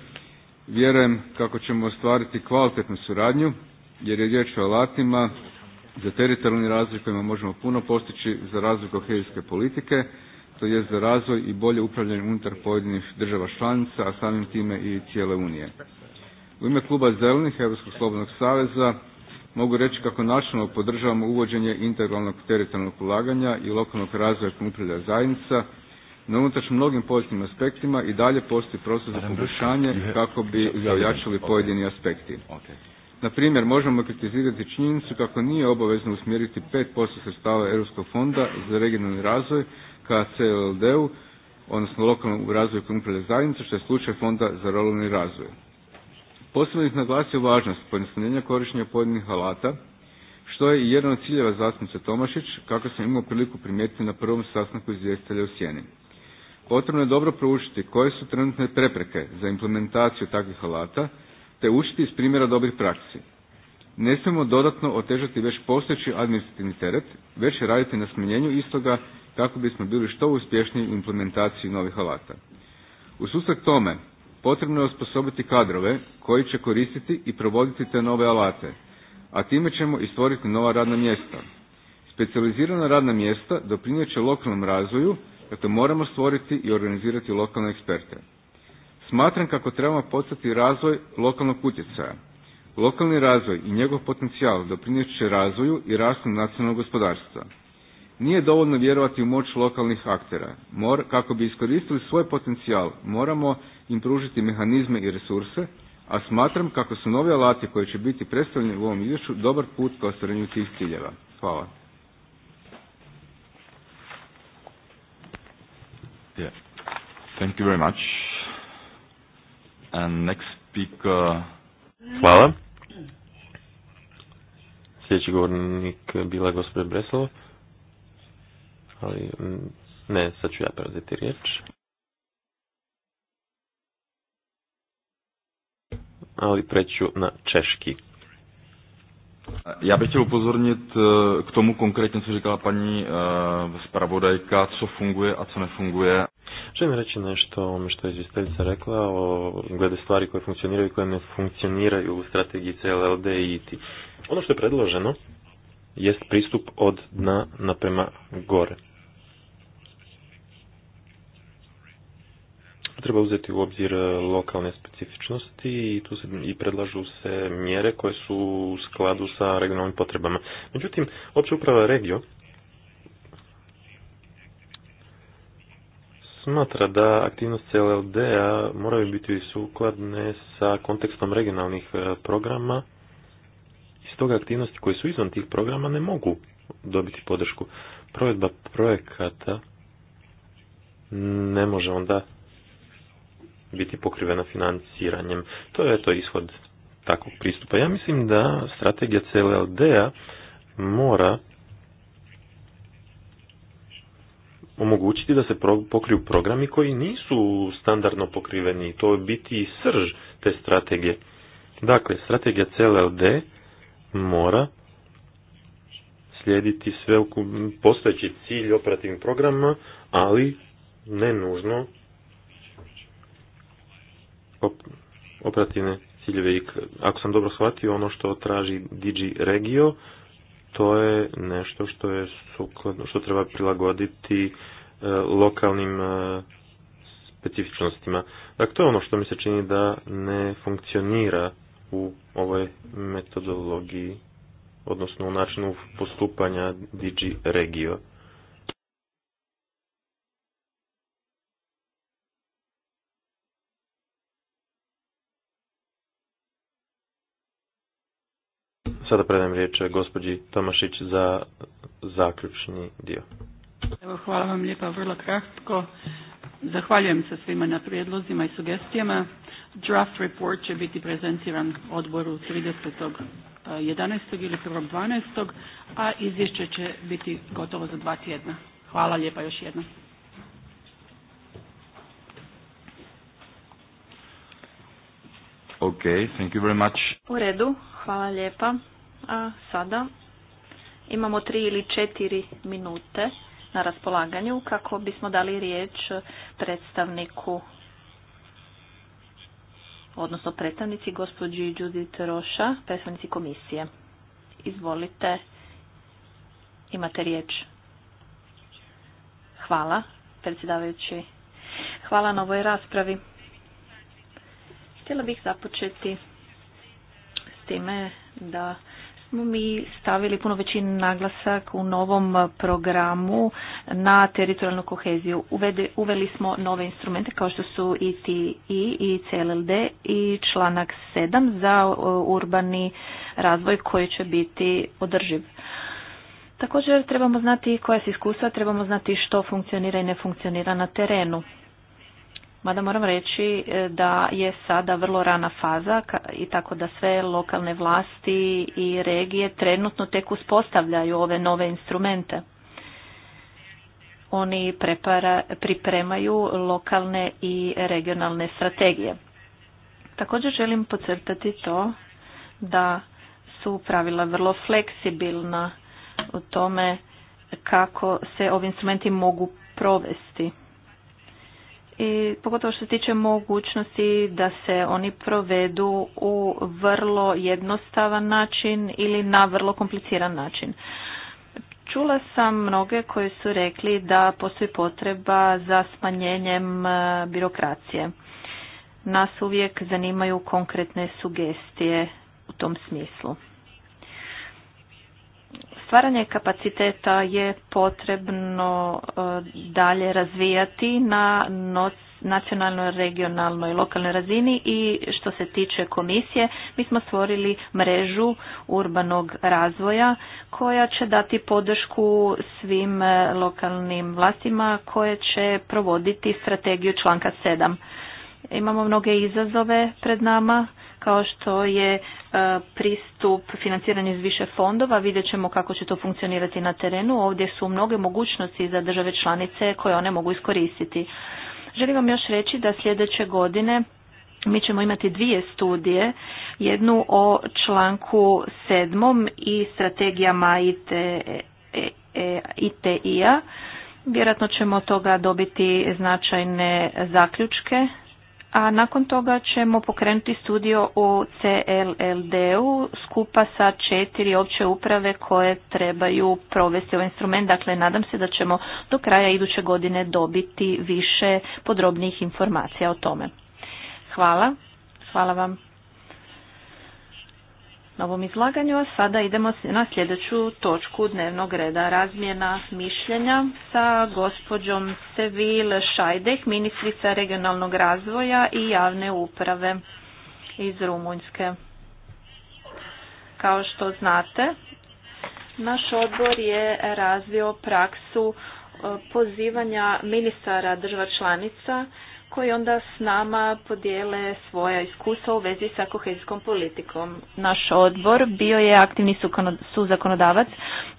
Vjerujem kako ćemo ostvariti kvalitetnu suradnju jer je riječ o alatima za teritorijalni razvoj kojima možemo puno postići za razvoj kohezijske politike, to je za razvoj i bolje upravljanje unutar pojedinih država članica, a samim time i cijele Unije. U ime Kluba zelenih Europskog slobodnog saveza mogu reći kako načelno podržavamo uvođenje integralnog teritorijalnog ulaganja i lokalnog razvoja kojim upravlja zajednica, no unutar mnogim pozitivnim aspektima i dalje postoji proces za poboljšanje kako bi zajačali pojedini aspekti. Na primjer, možemo kritizirati činjenicu kako nije obavezno usmjeriti 5% sredstava Europskog fonda za regionalni razvoj ka CLD-u, odnosno lokalnom razvoju kompletne zajednice, što je slučaj Fonda za ruralni razvoj. Posebno ih naglasio važnost pojednostavljenja korištenja pojedinih alata, što je i jedan od ciljeva zastupnice Tomašić, kako sam imao priliku primijetiti na prvom sastanku izvjestitelja u Sjeni. Potrebno je dobro proučiti koje su trenutne prepreke za implementaciju takvih alata, te učiti iz primjera dobrih praksi. Ne smijemo dodatno otežati već postojeći administrativni teret, već raditi na smanjenju istoga kako bismo bili što uspješniji u implementaciji novih alata. U susret tome potrebno je osposobiti kadrove koji će koristiti i provoditi te nove alate, a time ćemo i stvoriti nova radna mjesta. Specijalizirana radna mjesta doprinjeće lokalnom razvoju, dakle moramo stvoriti i organizirati lokalne eksperte. Smatram kako trebamo postati razvoj lokalnog utjecaja. Lokalni razvoj i njegov potencijal doprinijet će razvoju i rastu nacionalnog gospodarstva. Nije dovoljno vjerovati u moć lokalnih aktera. Mor, kako bi iskoristili svoj potencijal, moramo im pružiti mehanizme i resurse, a smatram kako su novi alati koji će biti predstavljeni u ovom izvješću dobar put ka ostvarenju tih ciljeva. Hvala. Thank you very much next speaker... Hvala. Sljedeći govornik
bila gospodin Breslova. Ali ne, sad ću ja preuzeti riječ. Ali preću na češki. Já bych chtěl upozornit e,
k tomu konkrétně, co říkala paní e, zpravodajka, co funguje a co nefunguje.
Želim reći nešto o što je izvjestiteljica rekla, o glede stvari koje funkcioniraju i koje ne funkcioniraju u strategiji CLLD i IT. Ono što je predloženo jest pristup od dna naprema gore. Treba uzeti u obzir e, lokalne specifičnosti i tu se i predlažu se mjere koje su u skladu sa regionalnim potrebama. Međutim, opća uprava regio smatra da aktivnost CLLD-a moraju biti sukladne sa kontekstom regionalnih e, programa i stoga aktivnosti koje su izvan tih programa ne mogu dobiti podršku. Provedba projekata ne može onda biti pokrivena financiranjem. To je to ishod takvog pristupa. Ja mislim da strategija CLLD-a mora omogućiti da se pokriju programi koji nisu standardno pokriveni. To je biti srž te strategije. Dakle, strategija CLLD mora slijediti sve postojeći cilj operativnih programa, ali ne nužno operativne ciljeve. Ako sam dobro shvatio, ono što traži DG Regio to je nešto što je sukladno, što treba prilagoditi e, lokalnim e, specifičnostima. Dakle, to je ono što mi se čini da ne funkcionira u ovoj metodologiji, odnosno u načinu postupanja DG regio. Sada predajem riječ gospođi Tomašić za zaključni dio.
Evo, hvala vam lijepa, vrlo kratko. Zahvaljujem se svima na prijedlozima i sugestijama. Draft report će biti prezentiran odboru 30.11. ili 1.12. a izvješće će biti gotovo za dva tjedna. Hvala lijepa još jednom.
Ok, thank you very much.
U redu, hvala lijepa a sada imamo tri ili četiri minute na raspolaganju kako bismo dali riječ predstavniku odnosno predstavnici gospođi Judith Roša, predstavnici komisije. Izvolite, imate riječ. Hvala, predsjedavajući. Hvala na ovoj raspravi. Htjela bih započeti s time da mi stavili puno većinu naglasak u novom programu na teritorijalnu koheziju. uveli smo nove instrumente kao što su ITI e e i CLLD i članak 7 za e, urbani razvoj koji će biti održiv. Također trebamo znati koja se iskustva, trebamo znati što funkcionira i ne funkcionira na terenu mada moram reći e, da je sada vrlo rana faza i tako da sve lokalne vlasti i regije trenutno tek uspostavljaju ove nove instrumente. Oni pripremaju lokalne i regionalne strategije. Također želim podcrtati to da su pravila vrlo fleksibilna u tome kako se ovi instrumenti mogu provesti i pogotovo što se tiče mogućnosti da se oni provedu u vrlo jednostavan način ili na vrlo kompliciran način. Čula sam mnoge koji su rekli da postoji potreba za smanjenjem e, birokracije. Nas uvijek zanimaju konkretne sugestije u tom smislu. Stvaranje kapaciteta je potrebno e, dalje razvijati na nacionalnoj, regionalnoj i lokalnoj razini i što se tiče komisije, mi smo stvorili mrežu urbanog razvoja koja će dati podršku svim e, lokalnim vlastima koje će provoditi strategiju članka 7. Imamo mnoge izazove pred nama kao što je e, pristup financiranju iz više fondova. Vidjet ćemo kako će to funkcionirati na terenu. Ovdje su mnoge mogućnosti za države članice koje one mogu iskoristiti. Želim vam još reći da sljedeće godine mi ćemo imati dvije studije, jednu o članku sedmom i strategijama ITI-a. E, e, Vjerojatno ćemo od toga dobiti značajne zaključke a nakon toga ćemo pokrenuti studio u CLLD-u skupa sa četiri opće uprave koje trebaju provesti ovaj instrument. Dakle, nadam se da ćemo do kraja iduće godine dobiti više podrobnijih informacija o tome. Hvala. Hvala vam na ovom izlaganju, sada idemo na sljedeću točku dnevnog reda. Razmjena mišljenja sa gospođom Sevil Šajdek, ministrica regionalnog razvoja i javne uprave iz Rumunjske. Kao što znate, naš odbor je razvio praksu e, pozivanja ministara država članica koji onda s nama podijele svoja iskustva u vezi sa kohezijskom politikom. Naš odbor bio je aktivni suzakonodavac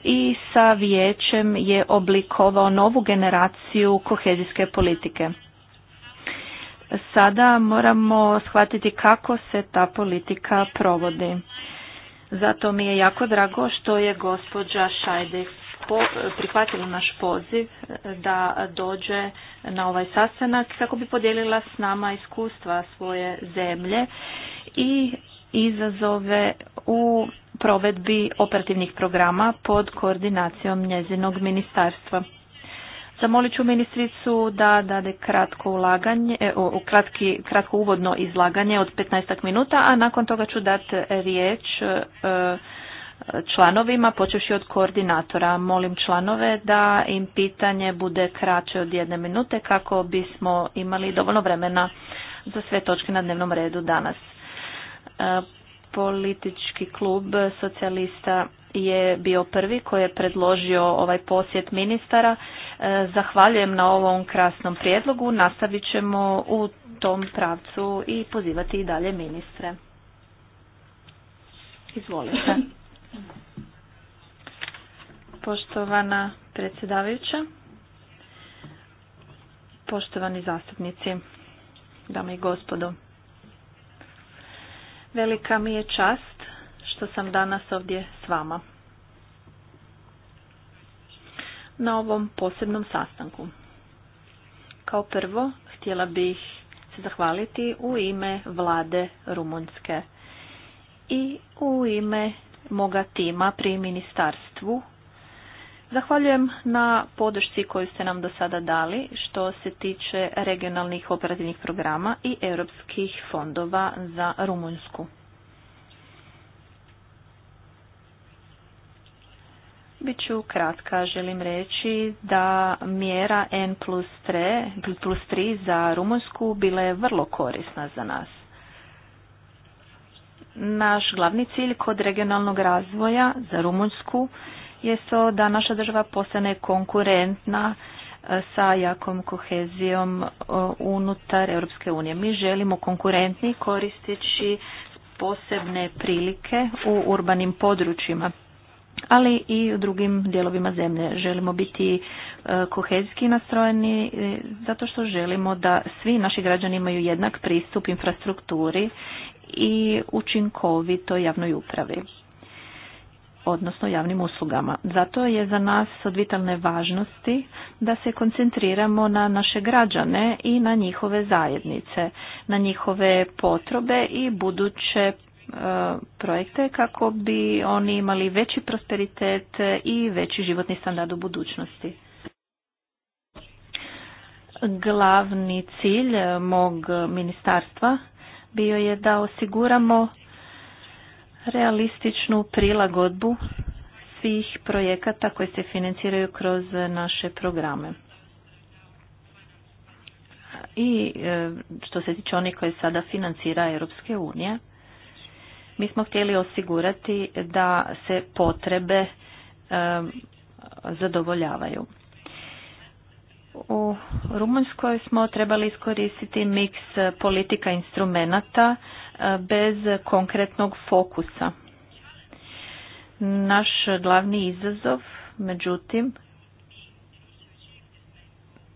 i sa vijećem je oblikovao novu generaciju kohezijske politike. Sada moramo shvatiti kako se ta politika provodi. Zato mi je jako drago što je gospođa Šajdeh prihvatila naš poziv e, da dođe na ovaj sastanak kako bi podijelila s nama iskustva svoje zemlje i izazove u provedbi operativnih programa pod koordinacijom njezinog ministarstva. Zamolit ću ministricu da dade kratko ulaganje, e, kratki, kratko uvodno izlaganje od 15 minuta, a nakon toga ću dati riječ e, članovima, počevši od koordinatora. Molim članove da im pitanje bude kraće od jedne minute kako bismo imali dovoljno vremena za sve točke na dnevnom redu danas. E, politički klub socijalista je bio prvi koji je predložio ovaj posjet ministara. E, zahvaljujem na ovom krasnom prijedlogu. Nastavit ćemo u tom pravcu i pozivati i dalje ministre. Izvolite. Poštovana predsjedavajuća, poštovani zastupnici, dame i gospodo. Velika mi je čast što sam danas ovdje s vama. Na ovom posebnom sastanku. Kao prvo, htjela bih se zahvaliti u ime vlade Rumunjske i u ime moga tima pri ministarstvu. Zahvaljujem na podršci koju ste nam do sada dali što se tiče regionalnih operativnih programa i europskih fondova za Rumunjsku. Biću kratka, želim reći da mjera N plus 3, za Rumunjsku bila je vrlo korisna za nas. Naš glavni cilj kod regionalnog razvoja za Rumunjsku je to da naša država postane konkurentna e, sa jakom kohezijom e, unutar Europske unije. Mi želimo konkurentni koristeći posebne prilike u urbanim područjima, ali i u drugim dijelovima zemlje. Želimo biti e, kohezijski nastrojeni zato što želimo da svi naši građani imaju jednak pristup infrastrukturi i učinkovito javnoj upravi odnosno javnim uslugama. Zato je za nas od vitalne važnosti da se koncentriramo na naše građane i na njihove zajednice, na njihove potrobe i buduće e, projekte kako bi oni imali veći prosperitet i veći životni standard u budućnosti. Glavni cilj e, mog ministarstva bio je da osiguramo realističnu prilagodbu svih projekata koji se financiraju kroz naše programe. I e, što se tiče onih koje sada financira Europske unije, mi smo htjeli osigurati da se potrebe e, zadovoljavaju. U Rumunjskoj smo trebali iskoristiti miks politika instrumenata e, bez konkretnog fokusa. Naš glavni izazov, međutim,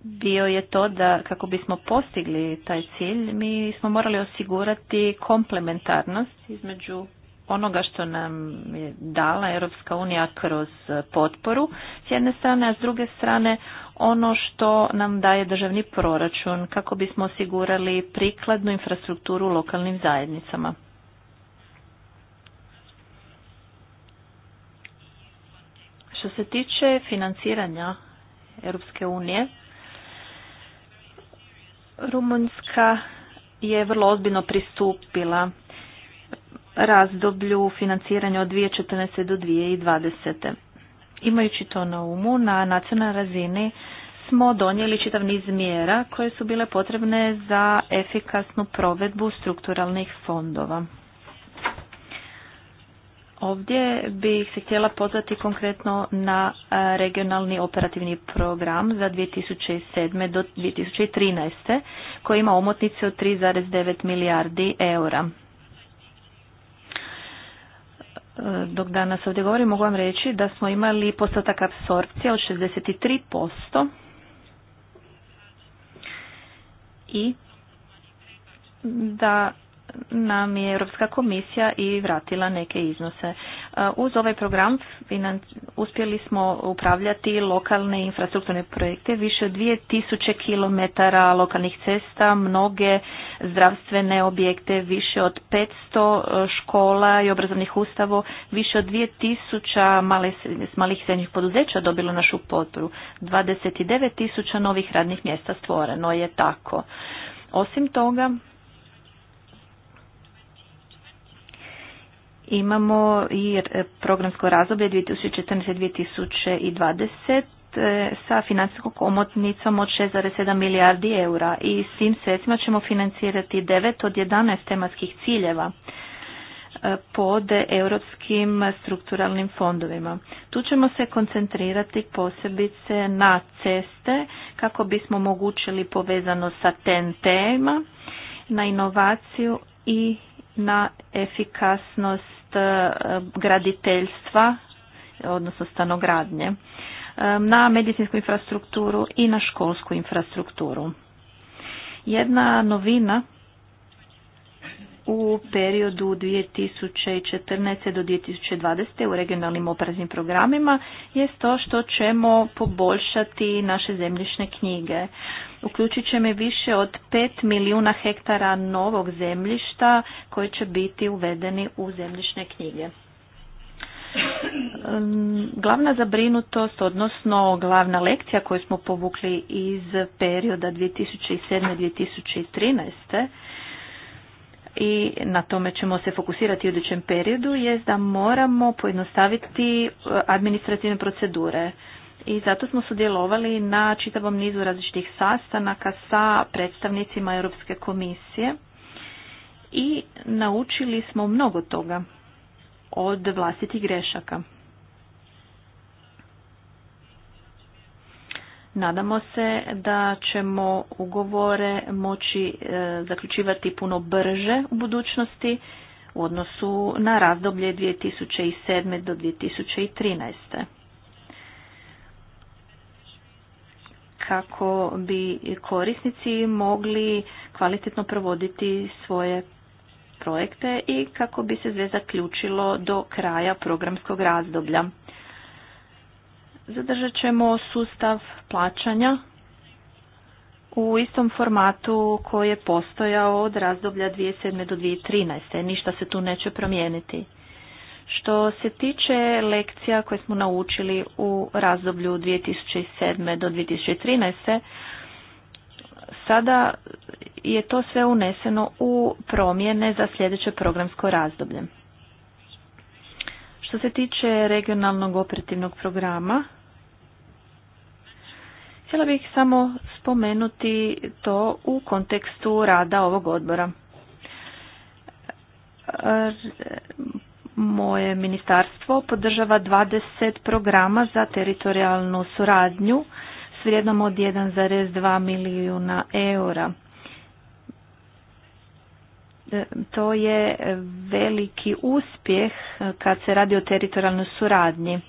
bio je to da kako bismo postigli taj cilj, mi smo morali osigurati komplementarnost između onoga što nam je dala Europska unija kroz potporu s jedne strane, a s druge strane ono što nam daje državni proračun kako bismo osigurali prikladnu infrastrukturu lokalnim zajednicama. Što se tiče financiranja Europske unije, Rumunjska je vrlo ozbiljno pristupila razdoblju financiranja od 2014. do 2020. Imajući to na umu, na nacionalnoj razini smo donijeli čitav niz mjera koje su bile potrebne za efikasnu provedbu strukturalnih fondova. Ovdje bih se htjela pozvati konkretno na e, regionalni operativni program za 2007. do 2013. koji ima omotnice od 3,9 milijardi eura. E, dok danas ovdje govorim, mogu vam reći da smo imali postotak apsorpcije od 63% i da nam je Europska komisija i vratila neke iznose. E, uz ovaj program uspjeli smo upravljati lokalne infrastrukturne projekte, više od 2000 km lokalnih cesta, mnoge zdravstvene objekte, više od 500 e, škola i obrazovnih ustavo, više od 2000 malih srednjih poduzeća dobilo našu potporu. 29.000 tisuća novih radnih mjesta stvoreno je tako. Osim toga, Imamo i e, programsko razdoblje 2014-2020 e, sa financijskom omotnicom od 6,7 milijardi eura i s tim sredstvima ćemo financirati 9 od 11 tematskih ciljeva e, pod europskim strukturalnim fondovima. Tu ćemo se koncentrirati posebice na ceste kako bismo omogućili povezano sa ten tema na inovaciju i na efikasnost E, graditeljstva, odnosno stanogradnje, e, na medicinsku infrastrukturu i na školsku infrastrukturu. Jedna novina u periodu 2014. do 2020. u regionalnim operaznim programima je to što ćemo poboljšati naše zemljišne knjige uključit će mi više od 5 milijuna hektara novog zemljišta koji će biti uvedeni u zemljišne knjige. Glavna zabrinutost, odnosno glavna lekcija koju smo povukli iz perioda 2007-2013 i na tome ćemo se fokusirati u idućem periodu, je da moramo pojednostaviti e, administrativne procedure i zato smo sudjelovali na čitavom nizu različitih sastanaka sa predstavnicima Europske komisije i naučili smo mnogo toga od vlastitih grešaka. Nadamo se da ćemo ugovore moći e, zaključivati puno brže u budućnosti u odnosu na razdoblje 2007. do 2013. kako bi korisnici mogli kvalitetno provoditi svoje projekte i kako bi se sve zaključilo do kraja programskog razdoblja. Zadržat ćemo sustav plaćanja u istom formatu koji je postojao od razdoblja 2007. do 2013. Ništa se tu neće promijeniti. Što se tiče lekcija koje smo naučili u razdoblju 2007. do 2013. Sada je to sve uneseno u promjene za sljedeće programsko razdoblje. Što se tiče regionalnog operativnog programa, htjela bih samo spomenuti to u kontekstu rada ovog odbora moje ministarstvo podržava 20 programa za teritorijalnu suradnju s vrijednom od 1,2 milijuna eura. E, to je veliki uspjeh e, kad se radi o teritorijalnoj suradnji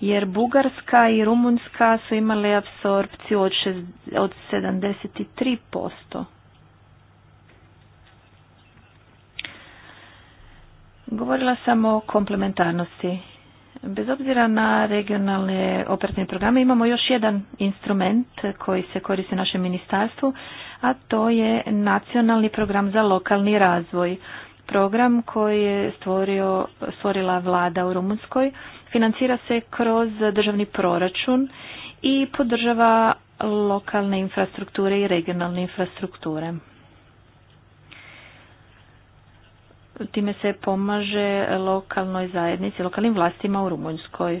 jer Bugarska i Rumunjska su imale apsorpciju od 73%. Govorila sam o komplementarnosti. Bez obzira na regionalne operativne programe imamo još jedan instrument koji se koristi našem ministarstvu, a to je nacionalni program za lokalni razvoj. Program koji je stvorio, stvorila vlada u Rumunskoj financira se kroz državni proračun i podržava lokalne infrastrukture i regionalne infrastrukture. time se pomaže lokalnoj zajednici, lokalnim vlastima u Rumunjskoj. E,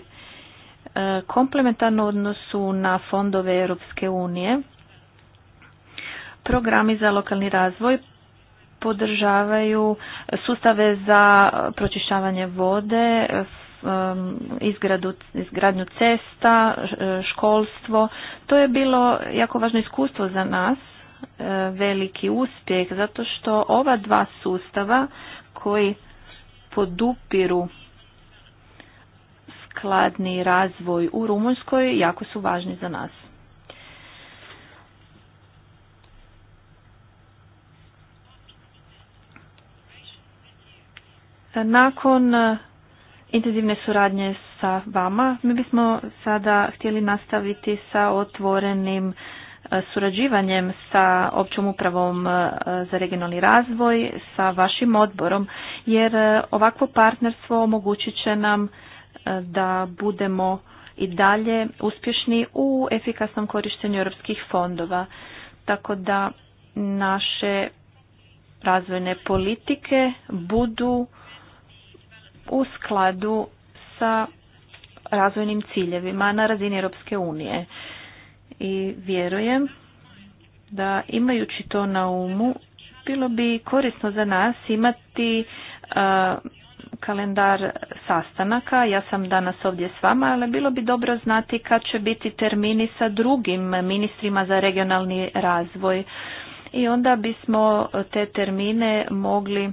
komplementarno odnosu na fondove Europske unije, programi za lokalni razvoj podržavaju sustave za pročišćavanje vode, izgradu, izgradnju cesta, e, školstvo. To je bilo jako važno iskustvo za nas, e, veliki uspjeh, zato što ova dva sustava koji podupiru skladni razvoj u Rumunjskoj jako su važni za nas. Nakon e, intenzivne suradnje sa vama, mi bismo sada htjeli nastaviti sa otvorenim surađivanjem sa općom upravom e, za regionalni razvoj, sa vašim odborom, jer e, ovakvo partnerstvo omogućit će nam e, da budemo i dalje uspješni u efikasnom korištenju europskih fondova. Tako da naše razvojne politike budu u skladu sa razvojnim ciljevima na razini Europske unije i vjerujem da imajući to na umu bilo bi korisno za nas imati kalendar sastanaka. Ja sam danas ovdje s vama, ali bilo bi dobro znati kad će biti termini sa drugim ministrima za regionalni razvoj. I onda bismo te termine mogli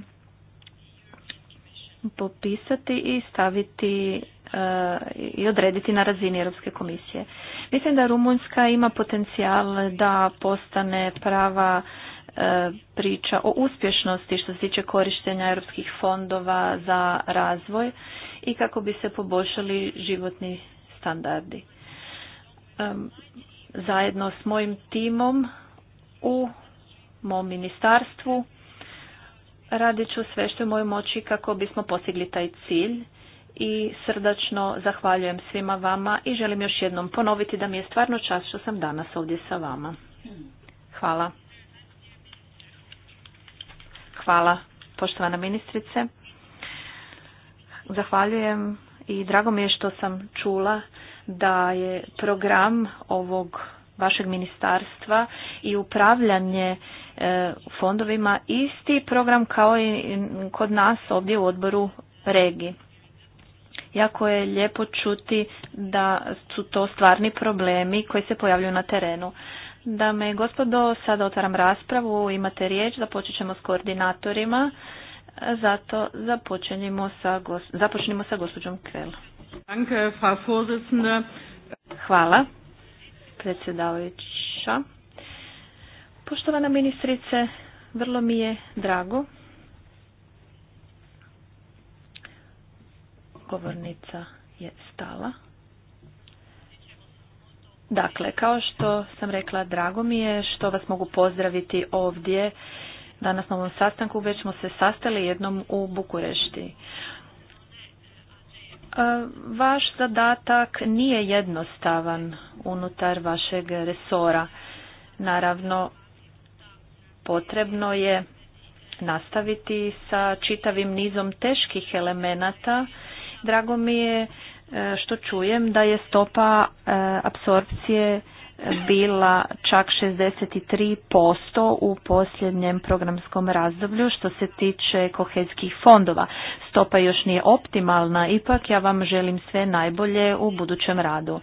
popisati i staviti i odrediti na razini Europske komisije. Mislim da Rumunjska ima potencijal da postane prava e, priča o uspješnosti što se tiče korištenja europskih fondova za razvoj i kako bi se poboljšali životni standardi. E, zajedno s mojim timom u mom ministarstvu radit ću sve što je u mojoj moći kako bismo postigli taj cilj i srdačno zahvaljujem svima vama i želim još jednom ponoviti da mi je stvarno čast što sam danas ovdje sa vama. Hvala. Hvala, poštovana ministrice. Zahvaljujem i drago mi je što sam čula da je program ovog vašeg ministarstva i upravljanje e, fondovima isti program kao i kod nas ovdje u odboru regiji. Jako je lijepo čuti da su to stvarni problemi koji se pojavljuju na terenu. Dame i gospodo, sada otvaram raspravu, imate riječ, započet ćemo s koordinatorima, zato sa, započnimo sa gospođom Krel. Hvala, predsjedavajuća. Poštovana ministrice, vrlo mi je drago govornica je stala. Dakle, kao što sam rekla, drago mi je što vas mogu pozdraviti ovdje. Danas na ovom sastanku već smo se sastali jednom u Bukurešti. E, vaš zadatak nije jednostavan unutar vašeg resora. Naravno, potrebno je nastaviti sa čitavim nizom teških elemenata Drago mi je e, što čujem da je stopa e, apsorpcije e, bila čak 63% u posljednjem programskom razdoblju što se tiče kohezijskih fondova. Stopa još nije optimalna, ipak ja vam želim sve najbolje u budućem radu.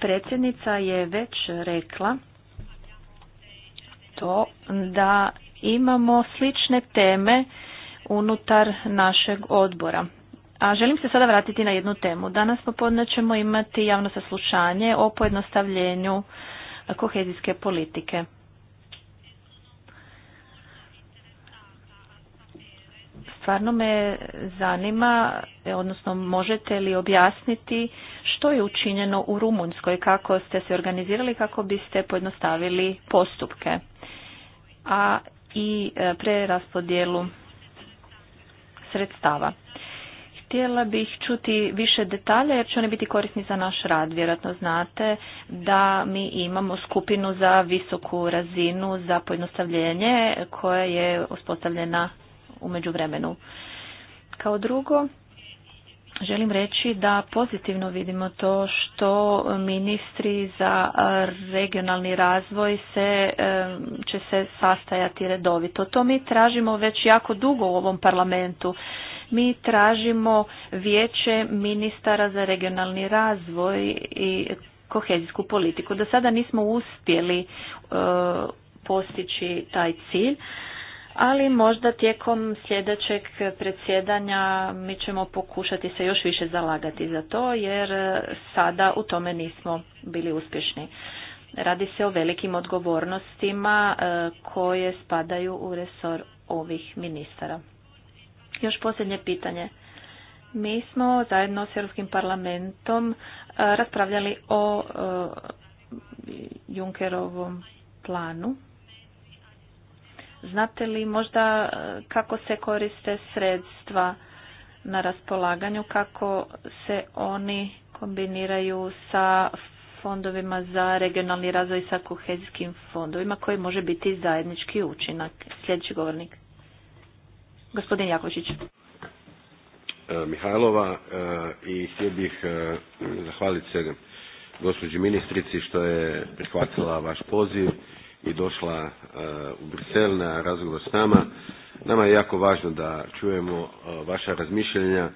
Predsjednica je već rekla to da imamo slične teme unutar našeg odbora. A želim se sada vratiti na jednu temu. Danas popodne ćemo imati javno saslušanje o pojednostavljenju kohezijske politike. Stvarno me zanima, odnosno možete li objasniti što je učinjeno u Rumunjskoj, kako ste se organizirali, kako biste pojednostavili postupke, a i e, preraspodjelu sredstava. Htjela bih čuti više detalja jer će oni biti korisni za naš rad. Vjerojatno znate da mi imamo skupinu za visoku razinu za pojednostavljenje koja je uspostavljena u međuvremenu. Kao drugo, želim reći da pozitivno vidimo to što ministri za regionalni razvoj se, e, će se sastajati redovito. To mi tražimo već jako dugo u ovom parlamentu. Mi tražimo vijeće ministara za regionalni razvoj i kohezijsku politiku. Do sada nismo uspjeli e, postići taj cilj, ali možda tijekom sljedećeg predsjedanja mi ćemo pokušati se još više zalagati za to, jer sada u tome nismo bili uspješni. Radi se o velikim odgovornostima e, koje spadaju u resor ovih ministara. Još posljednje pitanje. Mi smo zajedno s Europskim parlamentom e, raspravljali o e, Junkerovom planu. Znate li možda e, kako se koriste sredstva na raspolaganju, kako se oni kombiniraju sa fondovima za regionalni razvoj sa kohezijskim fondovima koji može biti zajednički učinak. Sljedeći govornik. Gospodin Jakošić. E,
Mihajlova e, i htio bih e, zahvaliti se gospođi ministrici što je prihvatila vaš poziv i došla u Brisel na razgovor s nama. Nama je jako važno da čujemo vaša razmišljenja,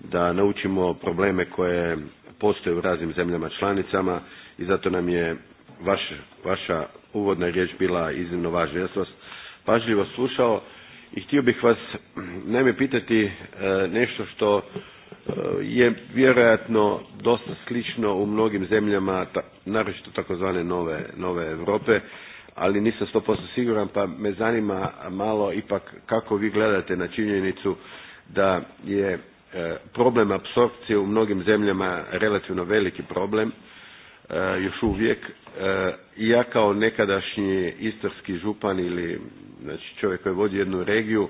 da naučimo probleme koje postoje u raznim zemljama članicama i zato nam je vaša uvodna riječ bila iznimno važna. Ja sam vas pažljivo slušao i htio bih vas naime pitati e, nešto što e, je vjerojatno dosta slično u mnogim zemljama, naročito takozvane nove, nove Europe, ali nisam 100% siguran pa me zanima malo ipak kako vi gledate na činjenicu da je e, problem apsorpcije u mnogim zemljama relativno veliki problem Eh, još uvijek eh, i ja kao nekadašnji istarski župan ili znači čovjek koji vodi jednu regiju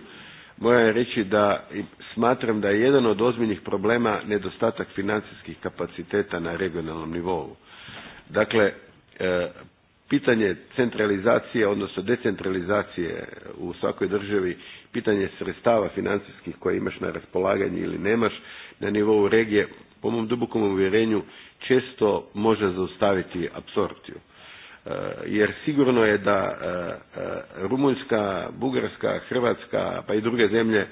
moram reći da smatram da je jedan od ozbiljnih problema nedostatak financijskih kapaciteta na regionalnom nivou. Dakle, eh, pitanje centralizacije, odnosno decentralizacije u svakoj državi, pitanje sredstava financijskih koje imaš na raspolaganju ili nemaš na nivou regije, po mom dubokom uvjerenju često može zaustaviti apsorpciju. E, jer sigurno je da e, e, Rumunjska, Bugarska, Hrvatska pa i druge zemlje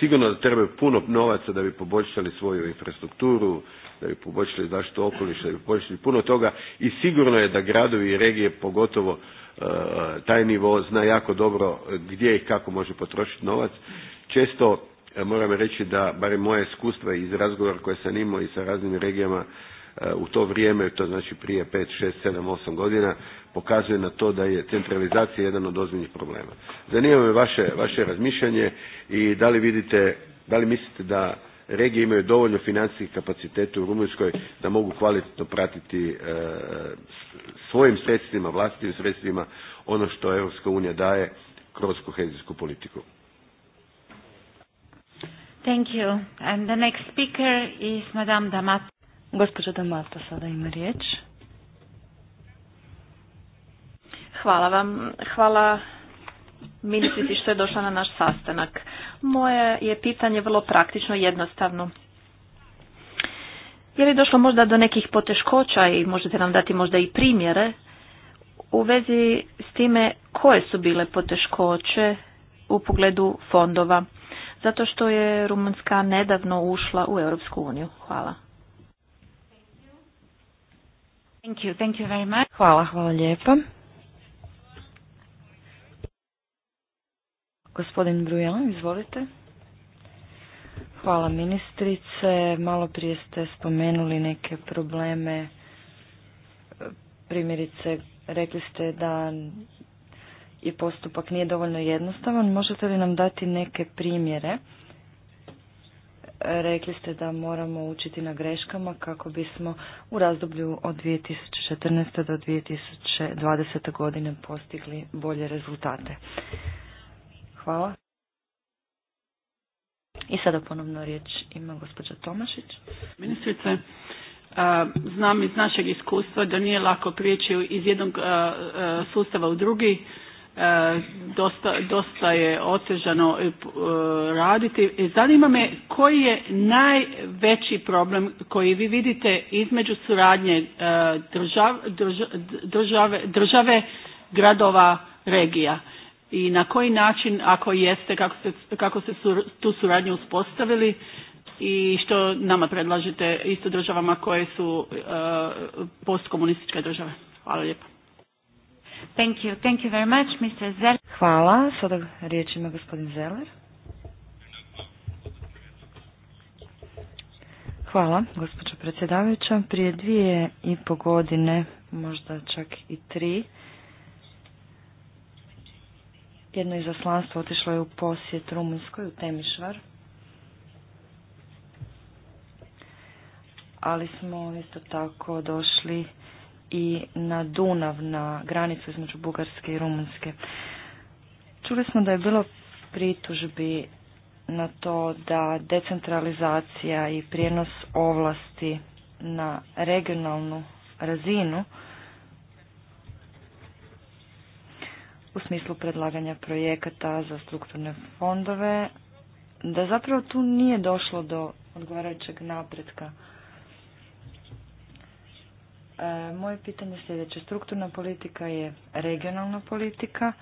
sigurno da trebaju puno novaca da bi poboljšali svoju infrastrukturu, da bi poboljšali zaštitu okoliša, da bi poboljšali puno toga i sigurno je da gradovi i regije pogotovo taj nivo zna jako dobro gdje i kako može potrošiti novac. Često E, moram reći da barem moje iskustva iz razgovora koje sam imao i sa raznim regijama e, u to vrijeme, to znači prije 5, 6, 7, 8 godina, pokazuje na to da je centralizacija jedan od ozbiljnih problema. Zanima me vaše, vaše razmišljanje i da li vidite, da li mislite da regije imaju dovoljno financijskih kapaciteta u Rumunjskoj da mogu kvalitetno pratiti e, svojim sredstvima, vlastitim sredstvima ono što Europska unija daje kroz kohezijsku politiku.
Thank you. And the next speaker is Madame D'Amato. Gospođa D'Amato sada ima riječ. Hvala vam.
Hvala ministrici što je došla na naš sastanak. Moje je pitanje vrlo praktično jednostavno. Je li došlo možda do nekih poteškoća i možete nam dati možda i primjere u vezi s time koje su bile poteškoće u pogledu fondova? zato što je Rumunjska nedavno ušla u Europsku uniju. Hvala.
Thank you. Thank you very much. Hvala, hvala lijepa. Gospodin Brujan, izvolite.
Hvala ministrice. Malo prije ste spomenuli neke probleme. Primjerice, rekli ste da i postupak nije dovoljno jednostavan. Možete li nam dati neke primjere? Rekli ste da moramo učiti na greškama kako bismo u razdoblju od 2014. do 2020. godine postigli bolje rezultate. Hvala. I sada ponovno riječ ima gospođa Tomašić. Ministrice, znam
iz našeg iskustva da nije lako prijeći iz jednog sustava u drugi, E, dosta, dosta je otežano e, e, raditi. Zanima me koji je najveći problem koji vi vidite između suradnje držav, države, države, gradova, regija i na koji način, ako jeste, kako ste, kako tu suradnju uspostavili i što nama predlažete isto državama koje su postkomunističke države. Hvala lijepa.
Thank you. Thank you very much, Mr. Zeller. Hvala. Sada riječ ima gospodin Zeller.
Hvala, gospođo predsjedavajuća. Prije dvije i po godine, možda čak i tri, jedno izaslanstvo otišlo je u posjet Rumunjskoj, u Temišvar. Ali smo isto tako došli i na Dunav, na granicu između Bugarske i Rumunske. Čuli smo da je bilo pritužbi na to da decentralizacija i prijenos ovlasti na regionalnu razinu u smislu predlaganja projekata za strukturne fondove, da zapravo tu nije došlo do odgovarajućeg napretka. E, moje pitanje je sljedeće. Strukturna politika je regionalna politika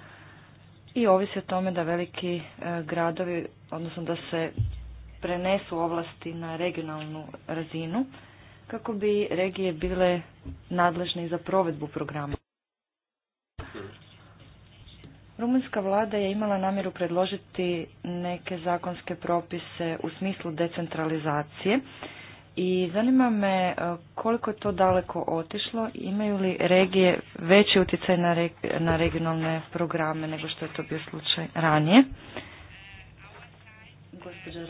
i ovisi o tome da veliki e, gradovi, odnosno da se prenesu ovlasti na regionalnu razinu kako bi regije bile nadležne za provedbu programa. Rumunjska vlada je imala namjeru predložiti neke zakonske propise u smislu decentralizacije i zanima me e, koliko je to daleko otišlo, imaju li regije veći utjecaj na, na regionalne programe nego što je to bio slučaj ranije? Gospođa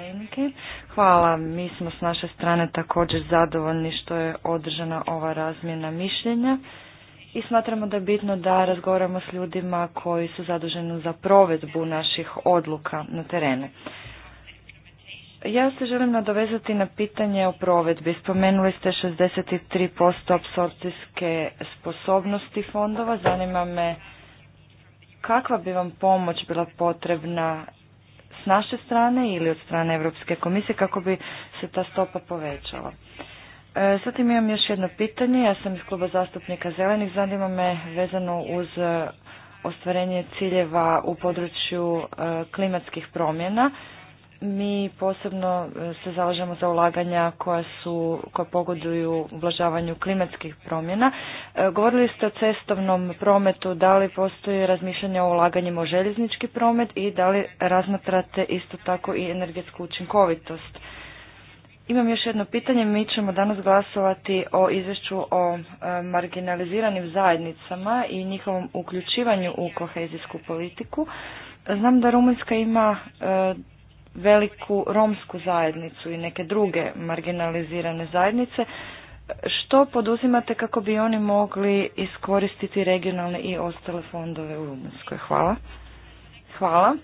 hvala. Mi smo s naše strane također zadovoljni što je održana ova razmjena mišljenja i smatramo da je bitno da razgovaramo s ljudima koji su zaduženi za provedbu naših odluka na terene. Ja se želim nadovezati na pitanje o provedbi. Spomenuli ste 63% apsorpcijske sposobnosti fondova. Zanima me kakva bi vam pomoć bila potrebna s naše strane ili od strane Europske komisije kako bi se ta stopa povećala. E, zatim imam još jedno pitanje. Ja sam iz kluba zastupnika Zelenih. Zanima me vezano uz e, ostvarenje ciljeva u području e, klimatskih promjena. Mi posebno e, se zalažemo za ulaganja koja su, koja pogoduju ublažavanju klimatskih promjena. E, govorili ste o cestovnom prometu, da li postoji razmišljanje o ulaganjima u željeznički promet i da li razmatrate isto tako i energetsku učinkovitost? Imam još jedno pitanje, mi ćemo danas glasovati o izvješću o e, marginaliziranim zajednicama i njihovom uključivanju u kohezijsku politiku. Znam da Rumunjska ima veliku romsku zajednicu i neke druge marginalizirane zajednice. Što poduzimate kako bi oni mogli iskoristiti regionalne i ostale fondove u Rumunjskoj? Hvala. Hvala.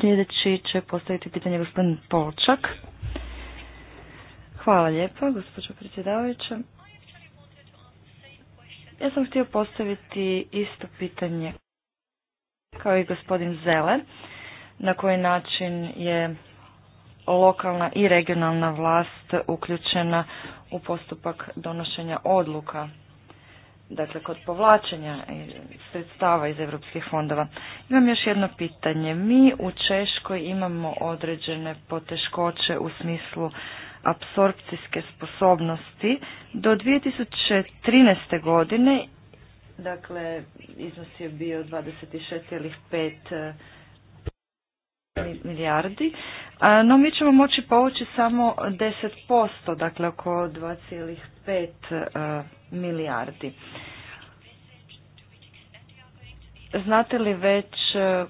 Sljedeći će postaviti pitanje gospodin Polčak. Hvala lijepa, gospođo predsjedavajuća. Ja sam htio postaviti isto pitanje kao i gospodin Zele na koji način je lokalna i regionalna vlast uključena u postupak donošenja odluka, dakle kod povlačenja sredstava iz europskih fondova. Imam još jedno pitanje. Mi u Češkoj imamo određene poteškoće u smislu apsorpcijske sposobnosti. Do 2013. godine, dakle, iznos je bio 26,5 milijardi, no mi ćemo moći povući samo 10%, dakle oko 2,5 e, milijardi. Znate li već e,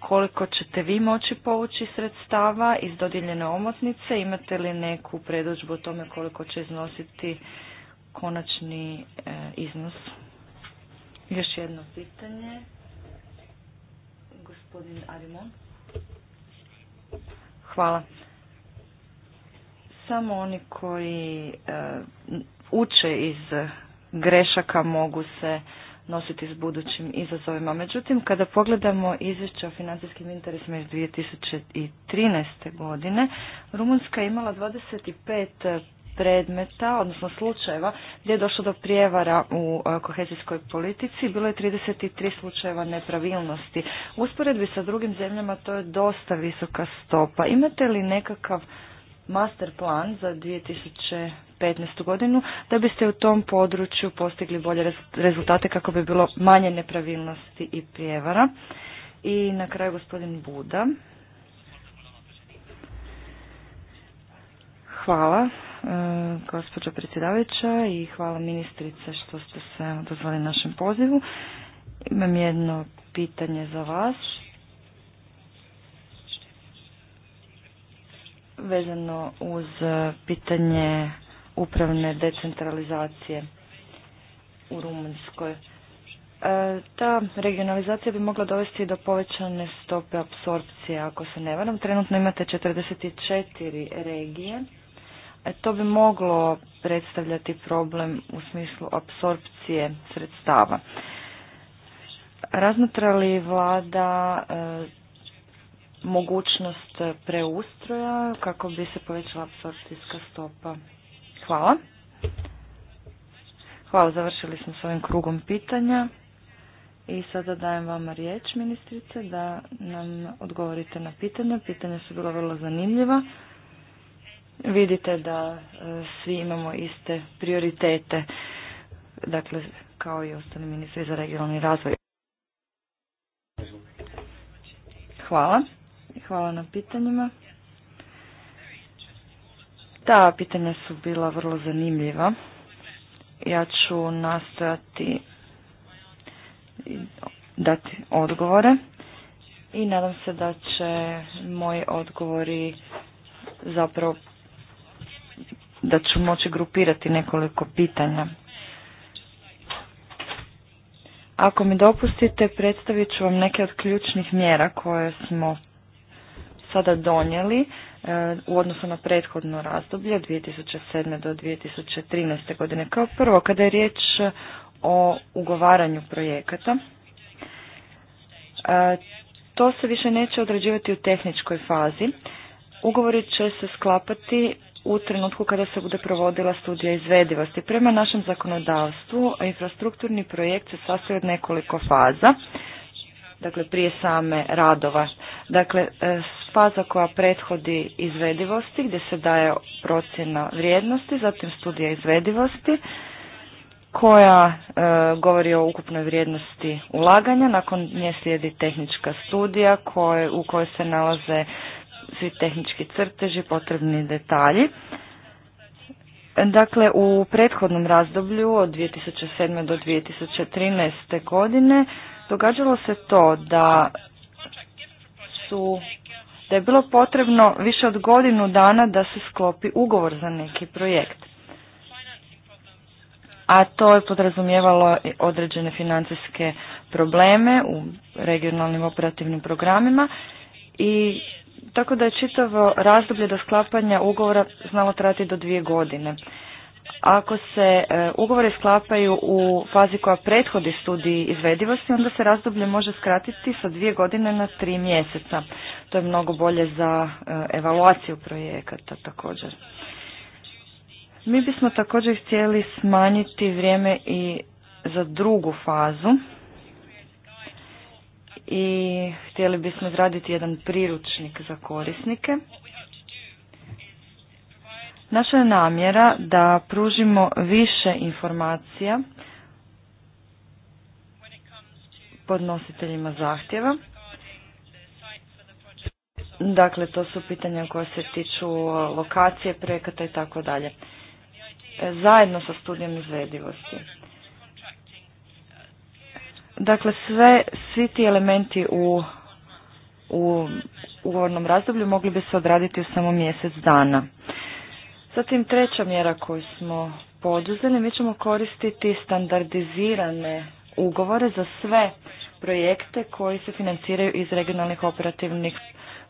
koliko ćete vi moći povući sredstava iz dodijeljene omotnice? Imate li neku predođbu o tome koliko će iznositi konačni e, iznos? Još jedno pitanje. Gospodin Arimont. Hvala. Samo oni koji e, uče iz grešaka mogu se nositi s budućim izazovima. Međutim, kada pogledamo izvješće o financijskim interesima iz 2013. godine, Rumunska je imala 25 predmeta, odnosno slučajeva gdje je došlo do prijevara u e, kohezijskoj politici, bilo je 33 slučajeva nepravilnosti. U usporedbi sa drugim zemljama to je dosta visoka stopa. Imate li nekakav master plan za 2015. godinu da biste u tom području postigli bolje rezultate kako bi bilo manje nepravilnosti i prijevara? I na kraju gospodin Buda. Hvala. E, gospođo predsjedavajuća i hvala ministrice što ste se dozvali našem pozivu. Imam jedno pitanje za vas. Vezano uz pitanje upravne decentralizacije u Rumunjskoj. E, ta regionalizacija bi mogla dovesti do povećane stope apsorpcije, ako se ne varam. Trenutno imate 44 regije E, to bi moglo predstavljati problem u smislu apsorpcije sredstava. Razmatra li vlada e, mogućnost preustroja kako bi se povećala apsorpcijska stopa? Hvala. Hvala, završili smo s ovim krugom pitanja. I sada dajem vama riječ, ministrice, da nam odgovorite na pitanja. Pitanja su bila vrlo zanimljiva vidite da e, svi imamo iste prioritete, dakle kao i ostali ministri za regionalni razvoj. Hvala. Hvala na pitanjima. Ta pitanja su bila vrlo zanimljiva. Ja ću nastojati dati odgovore i nadam se da će moji odgovori zapravo da ću moći grupirati nekoliko pitanja. Ako mi dopustite, predstavit ću vam neke od ključnih mjera koje smo sada donijeli e, u odnosu na prethodno razdoblje od 2007. do 2013. godine. Kao prvo, kada je riječ o ugovaranju projekata, e, to se više neće odrađivati u tehničkoj fazi, Ugovori će se sklapati u trenutku kada se bude provodila studija izvedivosti. Prema našem zakonodavstvu infrastrukturni projekt se sastoji od nekoliko faza, dakle prije same radova. Dakle, e, faza koja prethodi izvedivosti gdje se daje procjena vrijednosti, zatim studija izvedivosti koja e, govori o ukupnoj vrijednosti ulaganja, nakon nje slijedi tehnička studija koje, u kojoj se nalaze svi tehnički crteži, potrebni detalji. Dakle, u prethodnom razdoblju od 2007. do 2013. godine događalo se to da su da je bilo potrebno više od godinu dana da se sklopi ugovor za neki projekt. A to je podrazumijevalo određene financijske probleme u regionalnim operativnim programima i tako da je čitavo razdoblje do sklapanja ugovora znalo trati do dvije godine. Ako se e, ugovori sklapaju u fazi koja prethodi studiji izvedivosti, onda se razdoblje može skratiti sa dvije godine na tri mjeseca. To je mnogo bolje za e, evaluaciju projekata također. Mi bismo također htjeli smanjiti vrijeme i za drugu fazu i htjeli bismo izraditi jedan priručnik za korisnike. Naša je namjera da pružimo više informacija podnositeljima zahtjeva. Dakle, to su pitanja koja se tiču lokacije, projekata i tako dalje. Zajedno sa studijom izvedivosti. Dakle, sve, svi ti elementi u, u ugovornom razdoblju mogli bi se odraditi u samo mjesec dana. Zatim treća mjera koju smo poduzeli, mi ćemo koristiti standardizirane ugovore za sve projekte koji se financiraju iz regionalnih operativnih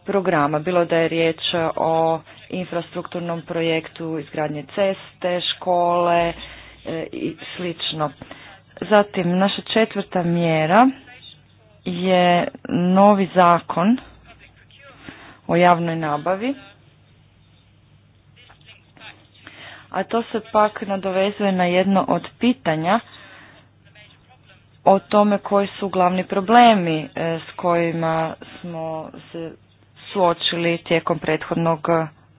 programa, bilo da je riječ o infrastrukturnom projektu izgradnje ceste, škole e, i slično. Zatim, naša četvrta mjera je novi zakon o javnoj nabavi. A to se pak nadovezuje na jedno od pitanja o tome koji su glavni problemi e, s kojima smo se suočili tijekom prethodnog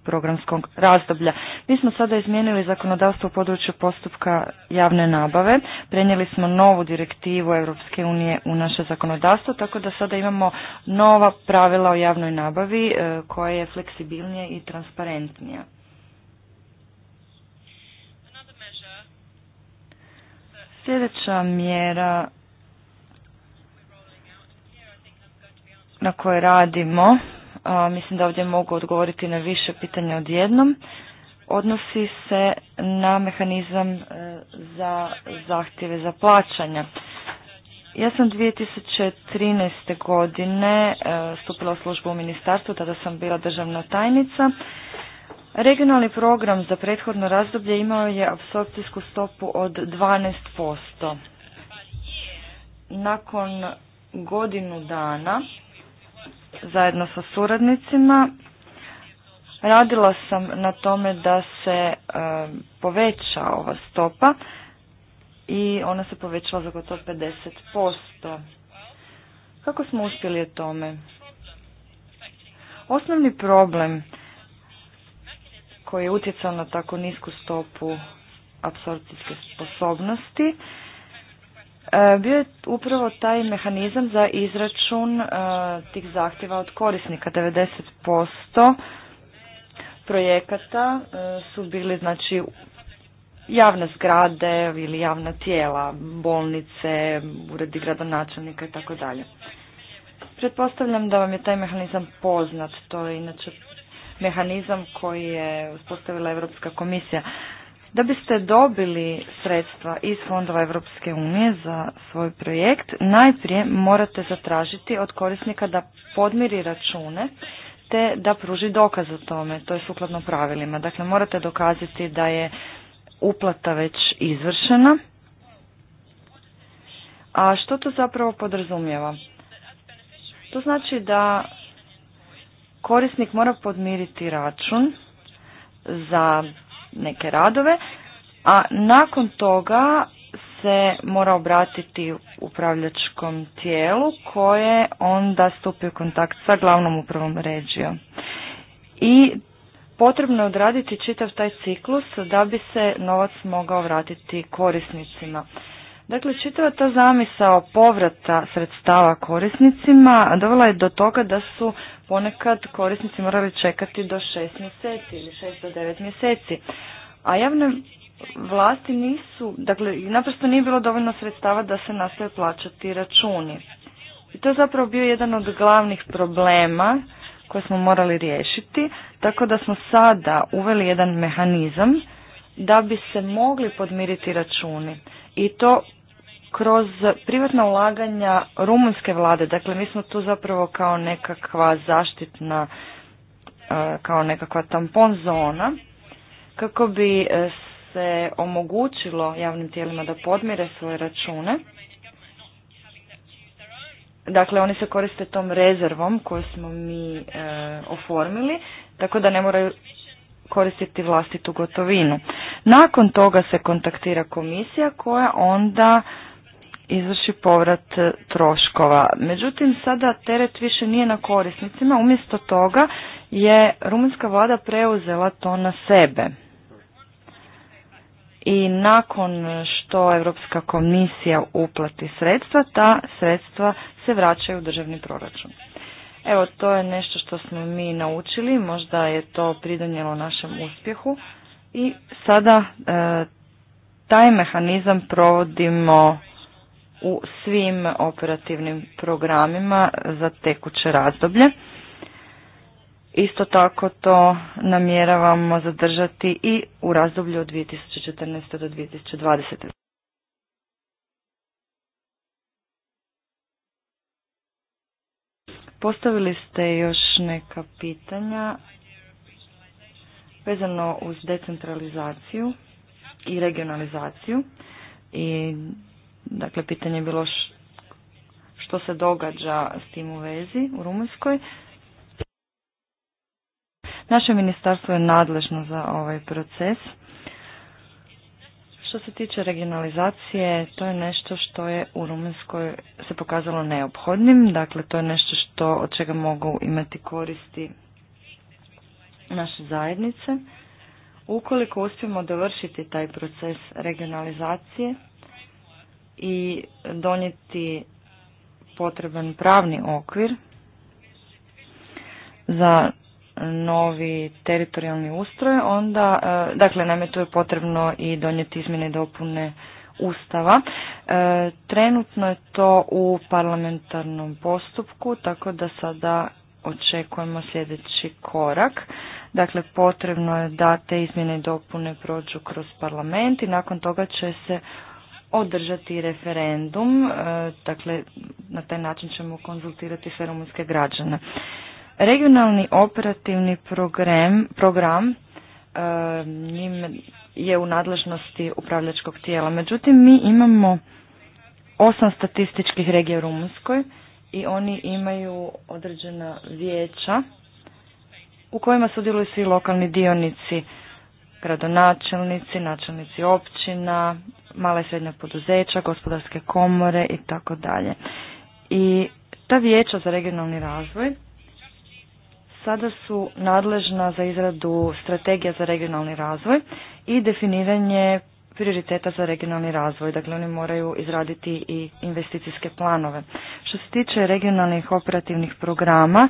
programskog razdoblja. Mi smo sada izmijenili zakonodavstvo u području postupka javne nabave. Prenijeli smo novu direktivu Europske unije u naše zakonodavstvo, tako da sada imamo nova pravila o javnoj nabavi e, koja je fleksibilnija i transparentnija. Sljedeća mjera na kojoj radimo, mislim da ovdje mogu odgovoriti na više pitanja odjednom, odnosi se na mehanizam e, za zahtjeve za plaćanja. Ja sam 2013. godine e, stupila u službu u ministarstvu, tada sam bila državna tajnica. Regionalni program za prethodno razdoblje imao je apsorpcijsku stopu od 12%. Nakon godinu dana, zajedno sa suradnicima, Radila sam na tome da se e, poveća ova stopa i ona se povećala za gotovo 50%. Kako smo uspjeli o tome? Osnovni problem koji je utjecao na tako nisku stopu apsorpcijske sposobnosti e, bio je upravo taj mehanizam za izračun e, tih zahtjeva od korisnika. 90% projekata e, su bili znači javne zgrade ili javna tijela, bolnice, uredi gradonačelnika i tako dalje. Pretpostavljam da vam je taj mehanizam poznat, to je inače mehanizam koji je uspostavila Europska komisija. Da biste dobili sredstva iz fondova Europske unije za svoj projekt, najprije morate zatražiti od korisnika da podmiri račune te da pruži dokaz o tome, to je sukladno pravilima. Dakle, morate dokazati da je uplata već izvršena. A što to zapravo podrazumijeva? To znači da korisnik mora podmiriti račun za neke radove, a nakon toga se mora obratiti upravljačkom tijelu koje onda stupi u kontakt sa glavnom upravom ređijom. I potrebno je odraditi čitav taj ciklus da bi se novac mogao vratiti korisnicima. Dakle, čitava ta zamisao povrata sredstava korisnicima dovela je do toga da su ponekad korisnici morali čekati do šest mjeseci ili šest do devet mjeseci. A javne vlasti nisu, dakle naprosto nije bilo dovoljno sredstava da se nastoje plaćati računi. I to je zapravo bio jedan od glavnih problema koje smo morali riješiti, tako da smo sada uveli jedan mehanizam da bi se mogli podmiriti računi. I to kroz privatna ulaganja rumunske vlade. Dakle, mi smo tu zapravo kao nekakva zaštitna, e, kao nekakva tampon zona, kako bi e, se omogućilo javnim tijelima da podmire svoje račune. Dakle, oni se koriste tom rezervom koju smo mi e, oformili, tako da ne moraju koristiti vlastitu gotovinu. Nakon toga se kontaktira komisija koja onda izvrši povrat e, troškova. Međutim, sada teret više nije na korisnicima, umjesto toga je rumunska vlada preuzela to na sebe i nakon što Europska komisija uplati sredstva, ta sredstva se vraćaju u državni proračun. Evo, to je nešto što smo mi naučili, možda je to pridonijelo našem uspjehu i sada e, taj mehanizam provodimo u svim operativnim programima za tekuće razdoblje. Isto tako to namjeravamo zadržati i u razdoblju od 2014. do 2020. Postavili ste još neka pitanja vezano uz decentralizaciju i regionalizaciju i dakle pitanje je bilo što se događa s tim u vezi u Rumunjskoj. Naše ministarstvo je nadležno za ovaj proces. Što se tiče regionalizacije, to je nešto što je u Rumunjskoj se pokazalo neophodnim, dakle to je nešto što od čega mogu imati koristi naše zajednice. Ukoliko uspijemo dovršiti taj proces regionalizacije i donijeti potreban pravni okvir za novi teritorijalni ustroj, onda, e, dakle, nam je tu je potrebno i donijeti izmjene i dopune Ustava. E, trenutno je to u parlamentarnom postupku, tako da sada očekujemo sljedeći korak. Dakle, potrebno je da te izmjene i dopune prođu kroz parlament i nakon toga će se održati referendum. E, dakle, na taj način ćemo konzultirati sve rumunske građane. Regionalni operativni program, program e, njim je u nadležnosti upravljačkog tijela. Međutim, mi imamo osam statističkih regija u Rumunskoj i oni imaju određena vijeća u kojima sudjeluju svi lokalni dionici, gradonačelnici, načelnici općina, mala i srednja poduzeća, gospodarske komore i tako dalje. I ta vijeća za regionalni razvoj sada su nadležna za izradu strategija za regionalni razvoj i definiranje prioriteta za regionalni razvoj. Dakle, oni moraju izraditi i investicijske planove. Što se tiče regionalnih operativnih programa,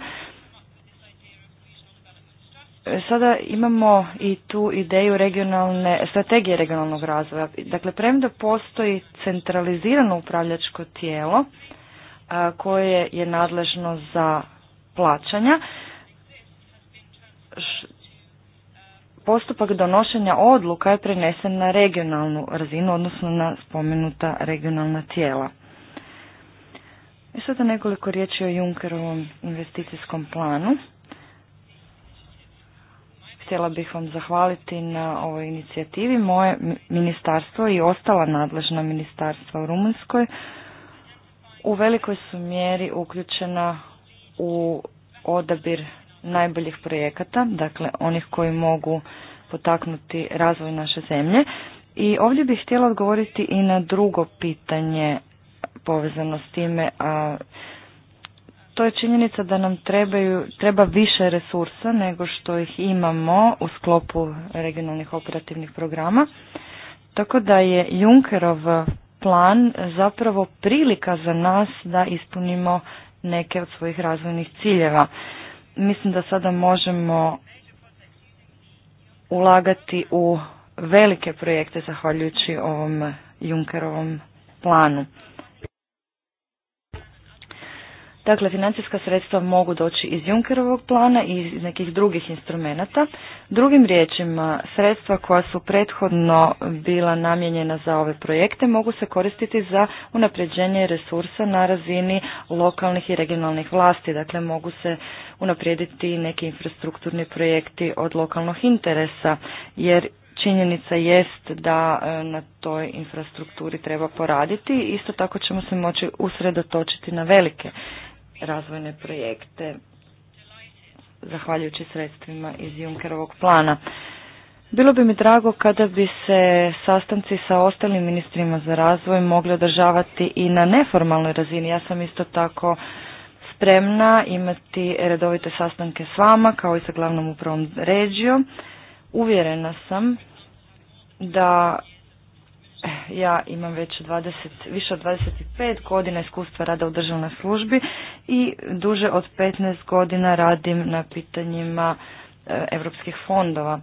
sada imamo i tu ideju regionalne, strategije regionalnog razvoja. Dakle, premda postoji centralizirano upravljačko tijelo koje je nadležno za plaćanja, postupak donošenja odluka je prenesen na regionalnu razinu, odnosno na spomenuta regionalna tijela. I sada nekoliko riječi o Junkerovom investicijskom planu. Htjela bih vam zahvaliti na ovoj inicijativi. Moje ministarstvo i ostala nadležna ministarstva u Rumunjskoj u velikoj su mjeri uključena u odabir najboljih projekata, dakle onih koji mogu potaknuti razvoj naše zemlje. I ovdje bih htjela odgovoriti i na drugo pitanje povezano s time, a to je činjenica da nam trebaju, treba više resursa nego što ih imamo u sklopu regionalnih operativnih programa. Tako da je Junkerov plan zapravo prilika za nas da ispunimo neke od svojih razvojnih ciljeva mislim da sada možemo ulagati u velike projekte zahvaljujući ovom Junkerovom planu. Dakle, financijska sredstva mogu doći iz Junkerovog plana i iz nekih drugih instrumenata. Drugim riječima, sredstva koja su prethodno bila namijenjena za ove projekte mogu se koristiti za unapređenje resursa na razini lokalnih i regionalnih vlasti. Dakle, mogu se unaprijediti neki infrastrukturni projekti od lokalnog interesa, jer činjenica jest da e, na toj infrastrukturi treba poraditi. Isto tako ćemo se moći usredotočiti na velike razvojne projekte zahvaljujući sredstvima iz Junkerovog plana. Bilo bi mi drago kada bi se sastanci sa ostalim ministrima za razvoj mogli održavati i na neformalnoj razini. Ja sam isto tako spremna imati redovite sastanke s vama kao i sa glavnom upravom ređijom. Uvjerena sam da ja imam već 20, više od 25 godina iskustva rada u državnoj službi i duže od 15 godina radim na pitanjima europskih fondova.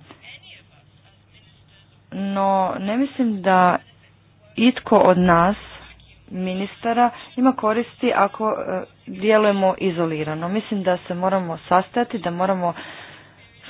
No, ne mislim da itko od nas ministara ima koristi ako e, djelujemo izolirano. Mislim da se moramo sastajati, da moramo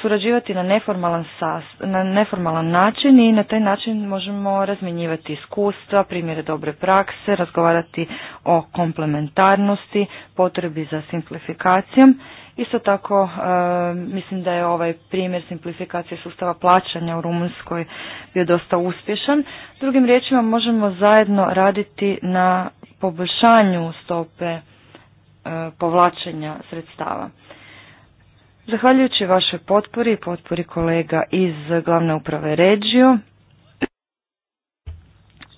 surađivati na neformalan, sas, na neformalan način i na taj način možemo razmjenjivati iskustva, primjere dobre prakse, razgovarati o komplementarnosti, potrebi za simplifikacijom. Isto tako e, mislim da je ovaj primjer simplifikacije sustava plaćanja u Rumunjskoj bio dosta uspješan. Drugim riječima možemo zajedno raditi na poboljšanju stope e, povlačenja sredstava. Zahvaljujući vašoj potpori i potpori kolega iz glavne uprave Regio,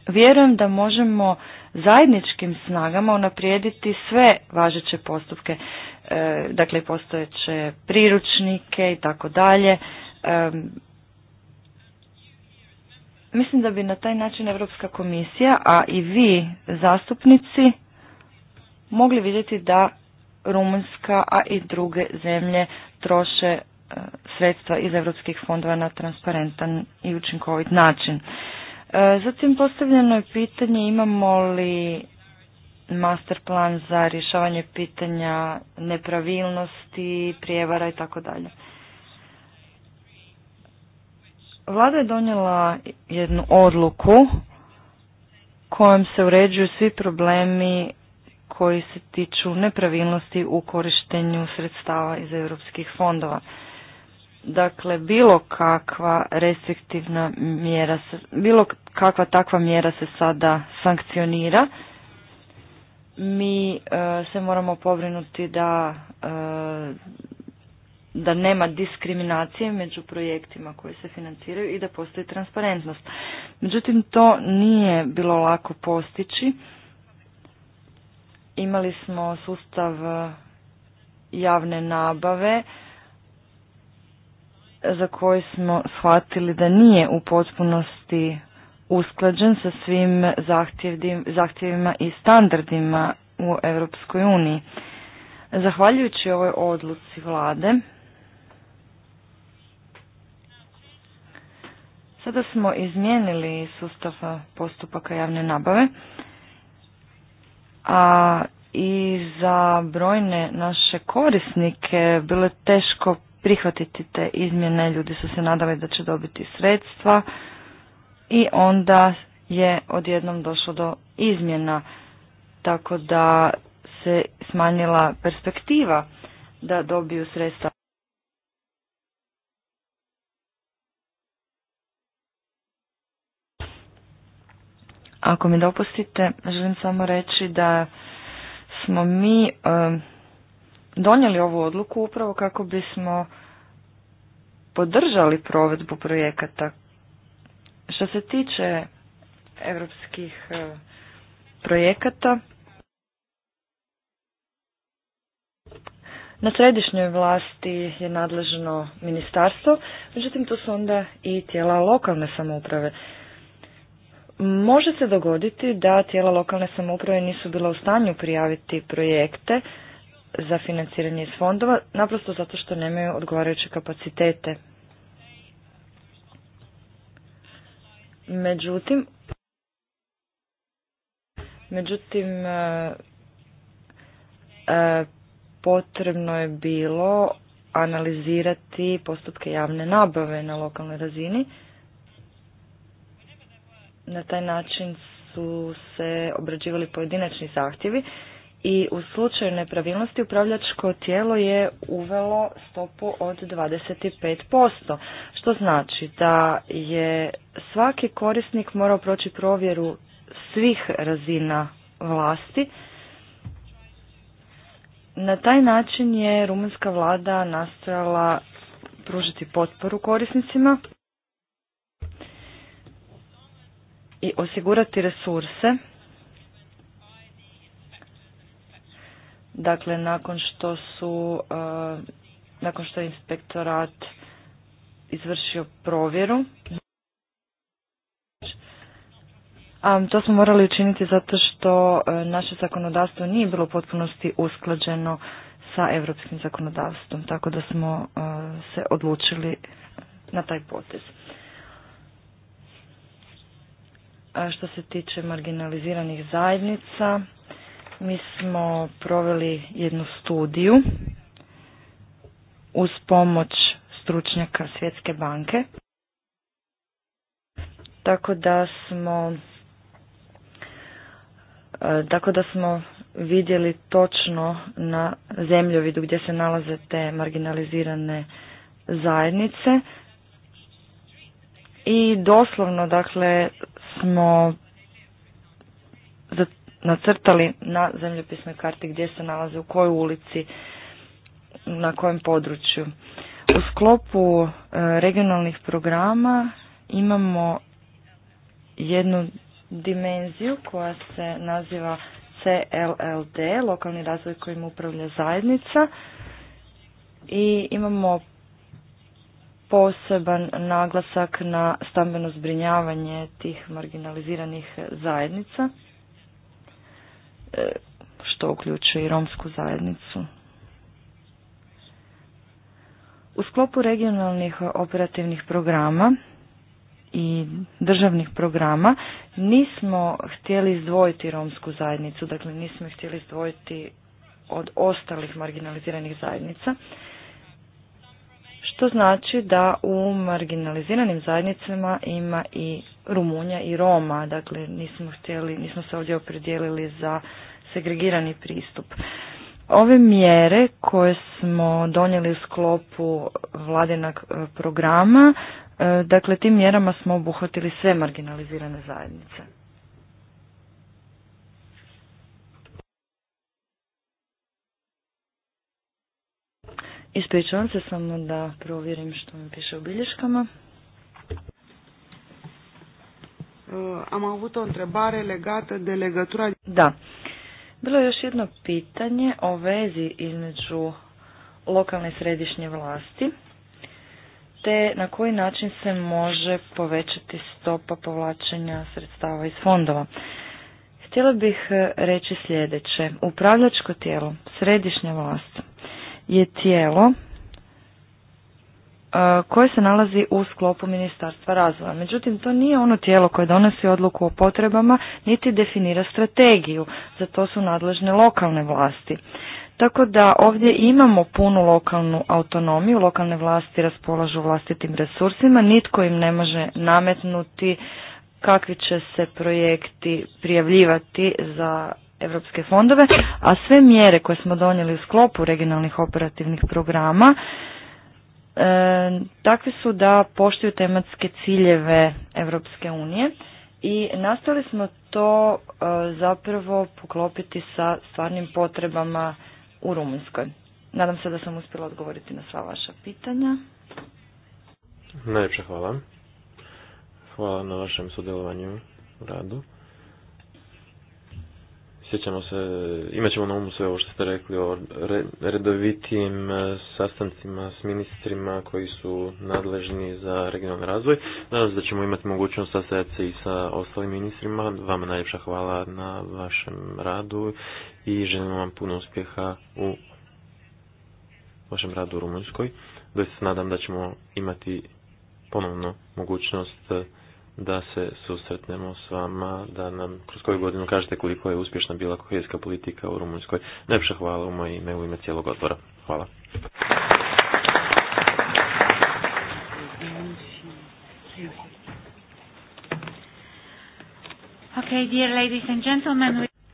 vjerujem da možemo zajedničkim snagama unaprijediti sve važeće postupke, e, dakle postojeće priručnike i tako dalje. E, mislim da bi na taj način Europska komisija, a i vi zastupnici, mogli vidjeti da Rumunjska, a i druge zemlje troše e, sredstva iz europskih fondova na transparentan i učinkovit način. E, zatim postavljeno je pitanje imamo li master plan za rješavanje pitanja nepravilnosti, prijevara i tako dalje. Vlada je donijela jednu odluku kojom se uređuju svi problemi koji se tiču nepravilnosti u korištenju sredstava iz europskih fondova. Dakle, bilo kakva restriktivna mjera, bilo kakva takva mjera se sada sankcionira. Mi e, se moramo pobrinuti da, e, da nema diskriminacije među projektima koji se financiraju i da postoji transparentnost. Međutim, to nije bilo lako postići imali smo sustav e, javne nabave za koji smo shvatili da nije u potpunosti usklađen sa svim zahtjevima i standardima u Europskoj uniji. Zahvaljujući ovoj odluci vlade, sada smo izmijenili sustav postupaka javne nabave a i za brojne naše korisnike bilo je teško prihvatiti te izmjene, ljudi su se nadali da će dobiti sredstva i onda je odjednom došlo do izmjena, tako da se smanjila perspektiva da dobiju sredstva. Ako mi dopustite, želim samo reći da smo mi donijeli ovu odluku upravo kako bismo podržali provedbu projekata. Što se tiče europskih e, projekata, Na središnjoj vlasti je nadležno ministarstvo, međutim tu su onda i tijela lokalne samouprave. Može se dogoditi da tijela lokalne samouprave nisu bila u stanju prijaviti projekte za financiranje iz fondova, naprosto zato što nemaju odgovarajuće kapacitete. Međutim, međutim e, e, potrebno je bilo analizirati postupke javne nabave na lokalnoj razini na taj način su se obrađivali pojedinačni zahtjevi i u slučaju nepravilnosti upravljačko tijelo je uvelo stopu od 25%, što znači da je svaki korisnik morao proći provjeru svih razina vlasti. Na taj način je rumunska vlada nastojala pružiti potporu korisnicima i osigurati resurse dakle nakon što su e, nakon što je inspektorat izvršio provjeru a to smo morali učiniti zato što e, naše zakonodavstvo nije bilo u potpunosti usklađeno sa europskim zakonodavstvom tako da smo e, se odlučili na taj potez što se tiče marginaliziranih zajednica, mi smo proveli jednu studiju uz pomoć stručnjaka Svjetske banke. Tako da smo e, tako da smo vidjeli točno na zemljovidu gdje se nalaze te marginalizirane zajednice i doslovno dakle smo nacrtali na zemljopisnoj karti gdje se nalaze, u kojoj ulici, na kojem području. U sklopu e, regionalnih programa imamo jednu dimenziju koja se naziva CLLD, lokalni razvoj kojim upravlja zajednica i imamo poseban naglasak na stambeno zbrinjavanje tih marginaliziranih zajednica, e, što uključuje i romsku zajednicu. U sklopu regionalnih operativnih programa i državnih programa nismo htjeli izdvojiti romsku zajednicu, dakle nismo htjeli izdvojiti od ostalih marginaliziranih zajednica što znači da u marginaliziranim zajednicama ima i Rumunja i Roma, dakle nismo htjeli, nismo se ovdje opredijelili za segregirani pristup. Ove mjere koje smo donijeli u sklopu vladinog e, programa, e, dakle tim mjerama smo obuhvatili sve marginalizirane zajednice. Ispričavam se samo da provjerim što mi piše u bilješkama. Eh, am avut o întrebare legată de legătura... Da. Bilo je još jedno pitanje o vezi između lokalne središnje vlasti te na koji način se može povećati stopa povlačenja sredstava iz fondova. Htjela bih eh, reći sljedeće. Upravljačko tijelo, središnja vlast, je tijelo e, koje se nalazi u sklopu Ministarstva razvoja. Međutim, to nije ono tijelo koje donosi odluku o potrebama, niti definira strategiju. Za to su nadležne lokalne vlasti. Tako da ovdje imamo punu lokalnu autonomiju, lokalne vlasti raspolažu vlastitim resursima, nitko im ne može nametnuti kakvi će se projekti prijavljivati za europske fondove, a sve mjere koje smo donijeli u sklopu regionalnih operativnih programa e, takve su da poštuju tematske ciljeve Europske unije i nastali smo to e, zapravo poklopiti sa stvarnim potrebama u Rumunjskoj. Nadam se da sam uspjela odgovoriti na sva vaša pitanja.
Najljepše hvala. Hvala na vašem sudjelovanju u radu sjećamo se, imat ćemo na umu sve ovo što ste rekli o redovitim e, sastancima s ministrima koji su nadležni za regionalni razvoj. Nadam se da ćemo imati mogućnost sastajati se i sa ostalim ministrima. Vama najljepša hvala na vašem radu i želim vam puno uspjeha u vašem radu u Rumunjskoj. Doista se nadam da ćemo imati ponovno mogućnost da se susretnemo s vama, da nam kroz koju godinu kažete koliko je uspješna bila kohezijska politika u Rumunjskoj. Najpša hvala u moje ime, u ime cijelog odbora. Hvala.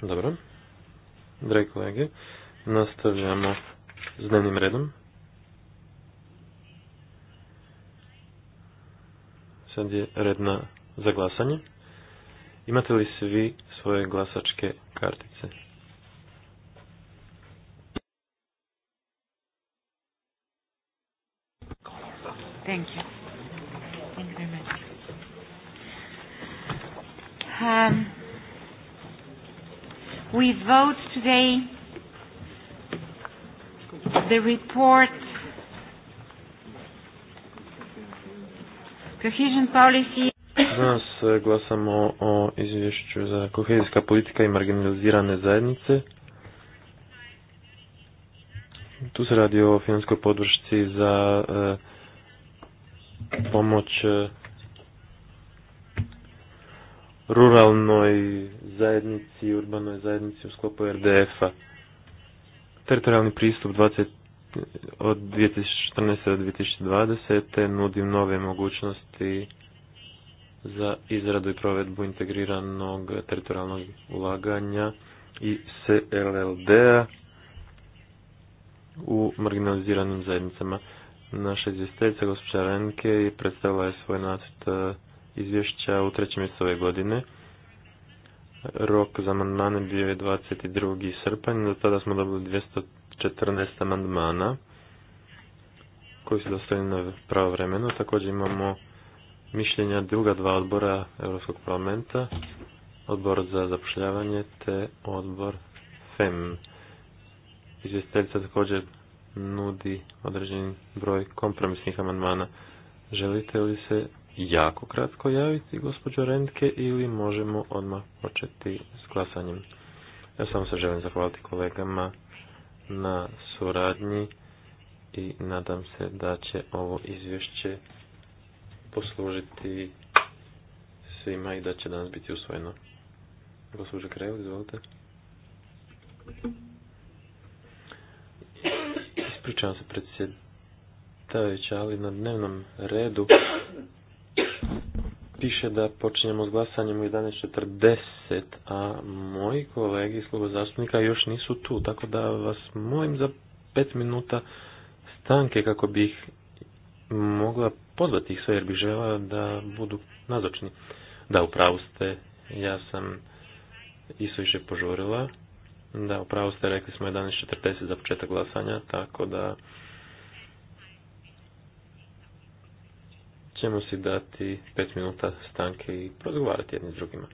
Dobro. Drage kolege, nastavljamo s dnevnim redom. Sad je red na za glasanje. Imate li svi svoje glasačke kartice?
Thank you. Thank you very much.
Um, we vote today the report Cohesion policy.
Danas e, glasamo o izvješću za kohezijska politika i marginalizirane zajednice. Tu se radi o finanskoj podršci za e, pomoć e, ruralnoj zajednici i urbanoj zajednici u sklopu RDF-a. Teritorijalni pristup od 2014. do 2020. nudi nove mogućnosti za izradu i provedbu integriranog teritorijalnog ulaganja i CLLD-a u marginaliziranim zajednicama. Naša izvjestiteljica gospođa Renke je predstavila je svoj nacrt e, izvješća u trećem mjestu ove godine. Rok za amandmane bio je 22. srpanj, do tada smo dobili 14 amandmana koji su dostavljeni pravovremeno. Također imamo mišljenja druga dva odbora Europskog parlamenta, odbor za zapošljavanje te odbor FEM. Izvjestiteljica također nudi određeni broj kompromisnih amandmana. Želite li se jako kratko javiti, gospođo Rentke, ili možemo odmah početi s glasanjem? Ja samo se želim zahvaliti kolegama na suradnji i nadam se da će ovo izvješće poslužiti svima i da će danas biti usvojeno. Gospođa kraju izvolite. Ispričavam se predsjedavajuća, ali na dnevnom redu piše da počinjemo s glasanjem u 11.40, a moji kolegi iz kluba zastupnika još nisu tu, tako da vas molim za pet minuta stanke kako bih mogla pozvati ih sve jer bih žela da budu nazočni. Da, upravo ste, ja sam više požurila. Da, upravo ste, rekli smo 11.40 za početak glasanja, tako da ćemo si dati pet minuta stanke i prozgovarati jedni s drugima.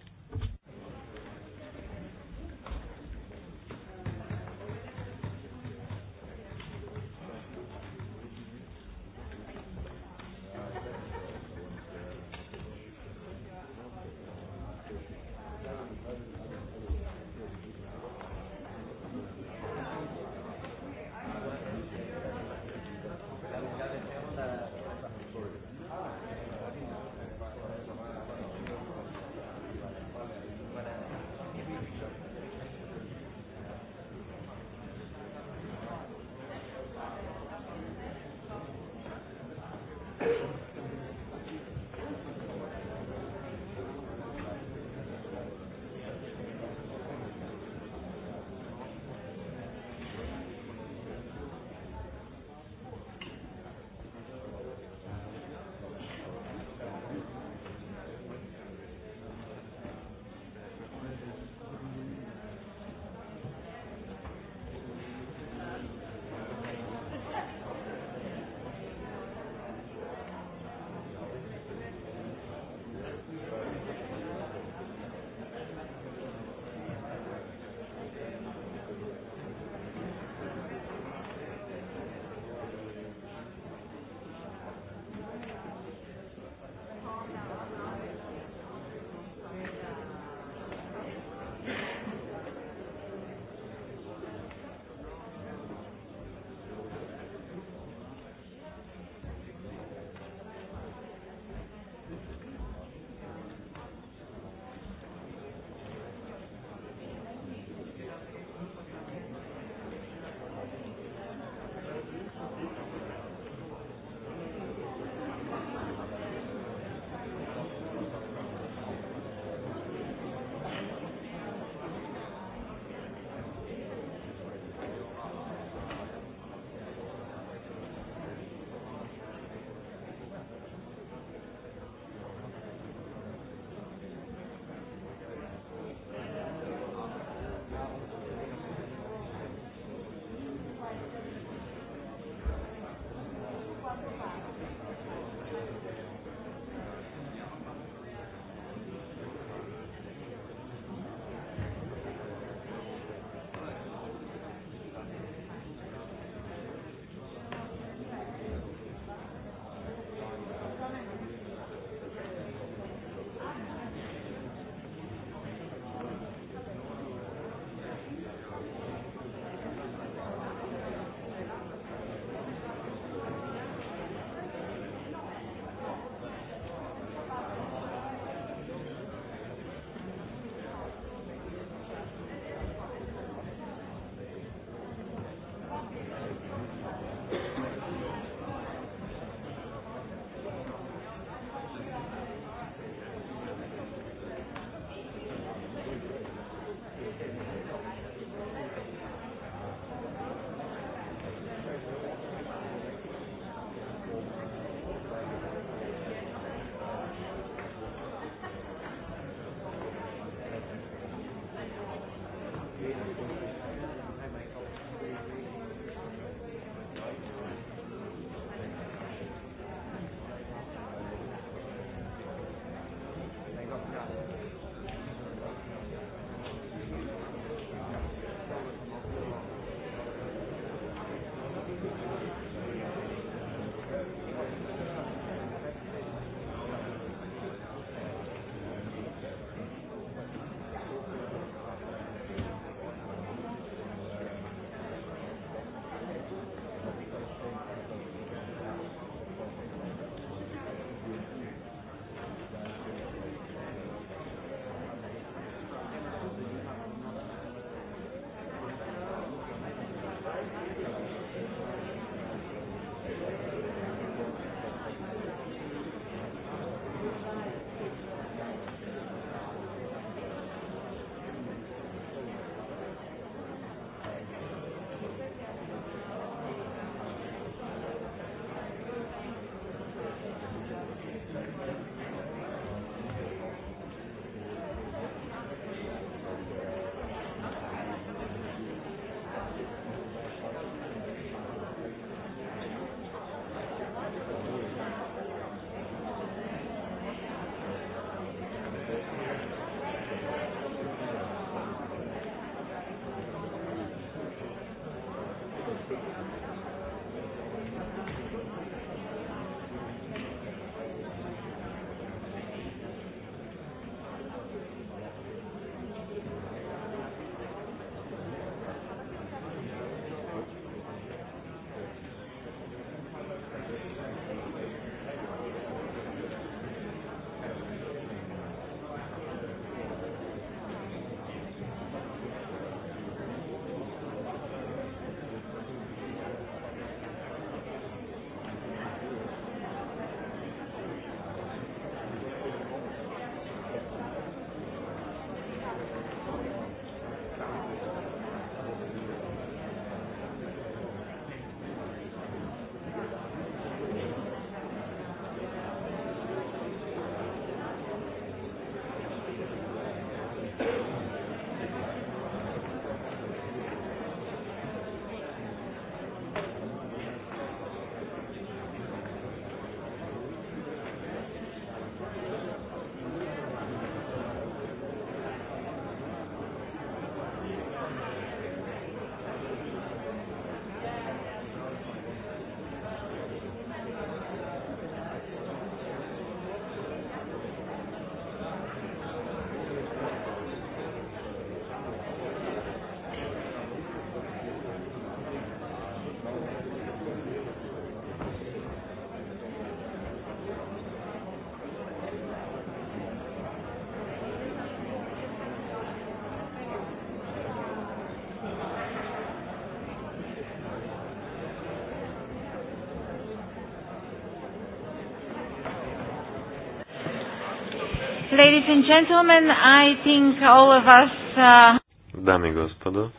Ladies and gentlemen, I think all of us... Uh...
Dame i gospodo,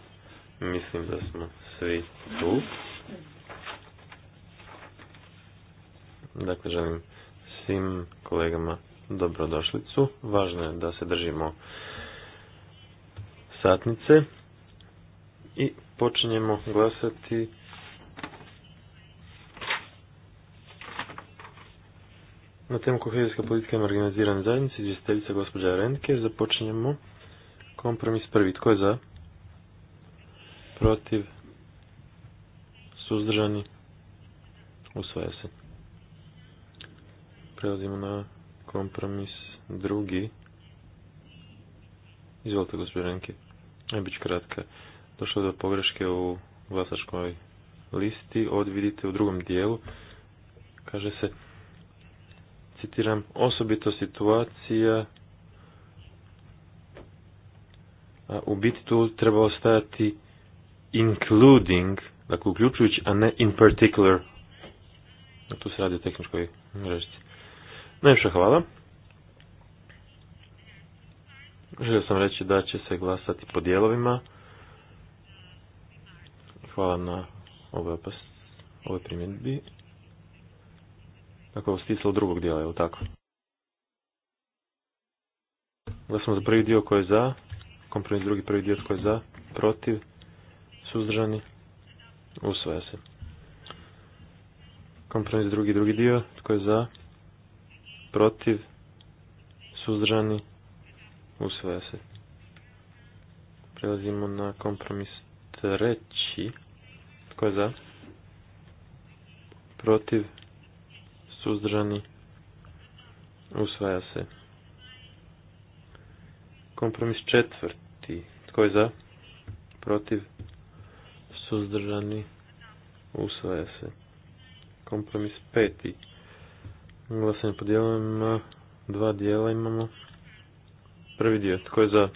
mislim da smo svi tu. Dakle, želim svim kolegama dobrodošlicu. Važno je da se držimo satnice i počinjemo glasati Na temu kohezijska politika i marginalizirane zajednice, izvjestiteljica gospođa Renke, započinjemo kompromis prvi. Tko je za? Protiv? Suzdržani? Usvaja se. Prelazimo na kompromis drugi. Izvolite gospođa Renke. Ne bit ću kratka. Došlo do pogreške u glasačkoj listi. Ovdje vidite u drugom dijelu. Kaže se citiram, osobito situacija a u biti tu treba ostajati including, dakle uključujući, a ne in particular. A tu se radi o tehničkoj režici. Najviše hvala. Želio sam reći da će se glasati po dijelovima. Hvala na ovoj primjedbi. Dakle, u smislu drugog dijela, evo tako. smo za prvi dio koji je za, kompromis drugi prvi dio koji je za, protiv, suzdržani, usvaja se. Kompromis drugi drugi dio koji je za, protiv, suzdržani, usvaja se. Prelazimo na kompromis treći tko je za, protiv, suzdržani, usvaja se. Kompromis četvrti, tko je za, protiv, suzdržani, usvaja se. Kompromis peti, glasanje po dva dijela imamo. Prvi dio, tko je za,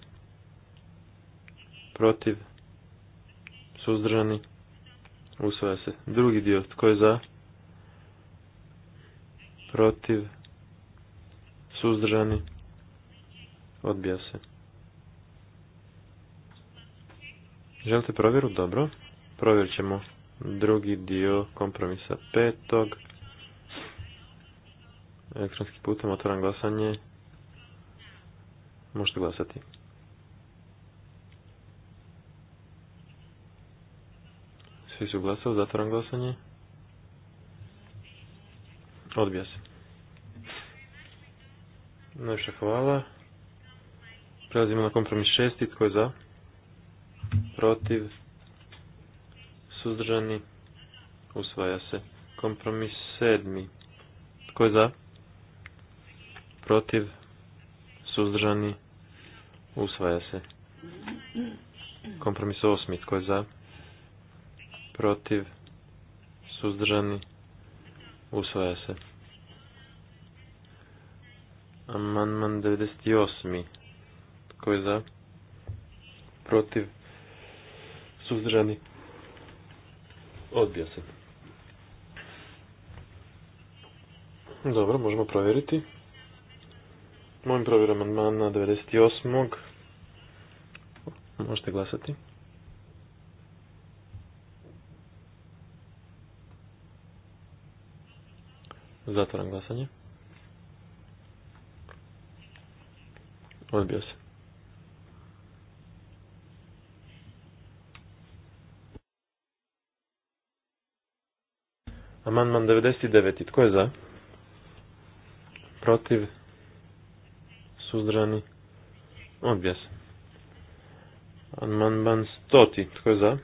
protiv, suzdržani, usvaja se. Drugi dio, tko je za, protiv, suzdržani, odbija se. Želite provjeru? Dobro. Provjerit ćemo drugi dio kompromisa petog. Elektronski putem otvaram glasanje. Možete glasati. Svi su glasali, zatvoram glasanje. Odbija se. Najviše hvala. Prelazimo na kompromis šesti. Tko je za? Protiv? Suzdržani? Usvaja se. Kompromis sedmi. Tko je za? Protiv? Suzdržani? Usvaja se. Kompromis osmi. Tko je za? Protiv? Suzdržani? Usvaja se. Amandman 98. Tko je za? Protiv? Suzdržani? Odbija se. Dobro, možemo provjeriti. Mojim provjerom amandmana 98. Možete glasati. Zatvaram glasanje. Odbio se. Amandman 99. Tko je za? Protiv? Suzdrani? Odbija se. Amandman 100. Tko je za?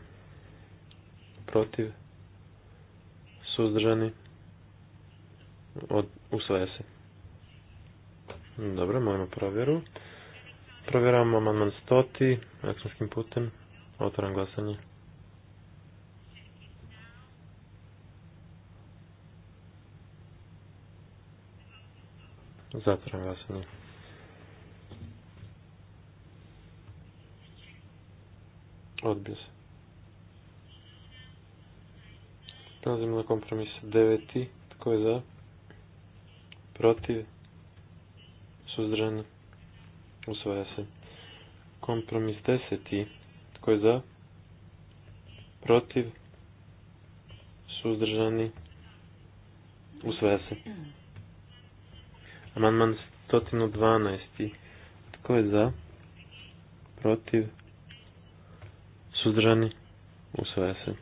Protiv? Suzdrani? Od, usvaja se. Dobro, mojmo provjeru. Provjeramo amandman stoti elektronskim putem. Otvaram glasanje. Zatvaram glasanje. Odbio se. Prelazimo na kompromis deveti. Tko je za? protiv, ...suzdržani... usvaja se. Kompromis deseti, tko je za, protiv, suzdržani, usvaja se. Amandman 112. Tko je za, protiv, suzdržani, usvaja se.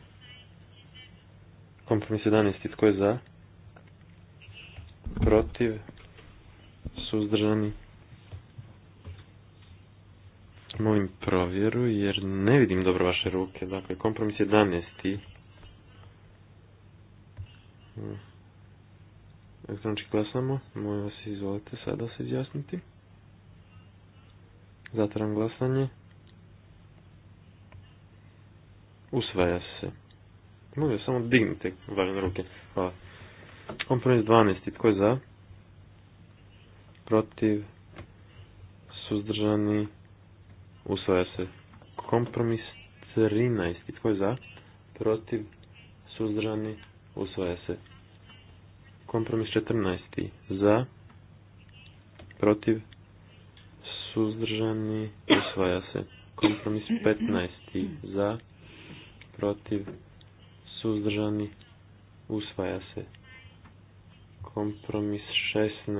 Kompromis 11. Tko je za? protiv, suzdržani. Molim provjeru jer ne vidim dobro vaše ruke. Dakle, kompromis 11. Elektronički glasamo. Molim vas izvolite sada se izjasniti. Zatvaram glasanje. Usvaja se. Molim samo dignite važne ruke. Hvala. Kompromis 12. Tko je za? Protiv? Suzdržani? Usvaja se. Kompromis 13. Tko je za? Protiv? Suzdržani? Usvaja se. Kompromis 14. Za? Protiv? Suzdržani? Usvaja se. Kompromis 15. Za? Protiv? Suzdržani? Usvaja se Kompromis 16.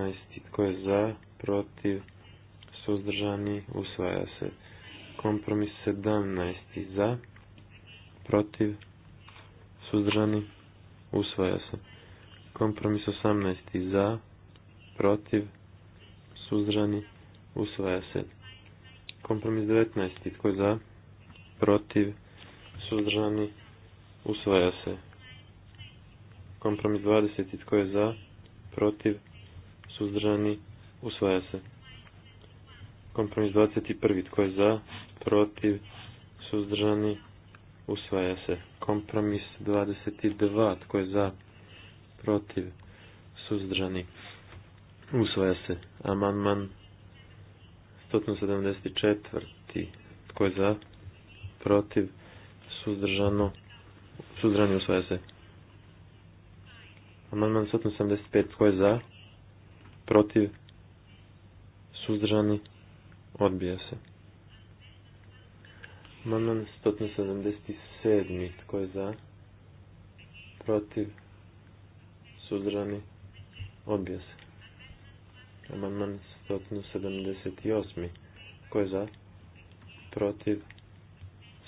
Tko je za, protiv, suzdržani, usvaja se. Kompromis 17. Za, protiv, suzdržani, usvaja se. Kompromis 18. Za, protiv, suzdržani, usvaja se. Kompromis 19. Tko je za, protiv, suzdržani, usvaja se. Kompromis 20. Tko je za, protiv, suzdržani, usvaja se. Kompromis 21. Tko je za, protiv, suzdržani, usvaja se. Kompromis 22. Tko je za, protiv, suzdržani, usvaja se. Amanman 174. Tko je za, protiv, suzdržano, suzdržani, usvaja se. Amandman 175. Tko je za? Protiv? Suzdržani? Odbija se. Amandman 177. Tko je za? Protiv? Suzdržani? Odbija se. Amandman 178. Tko je za? Protiv?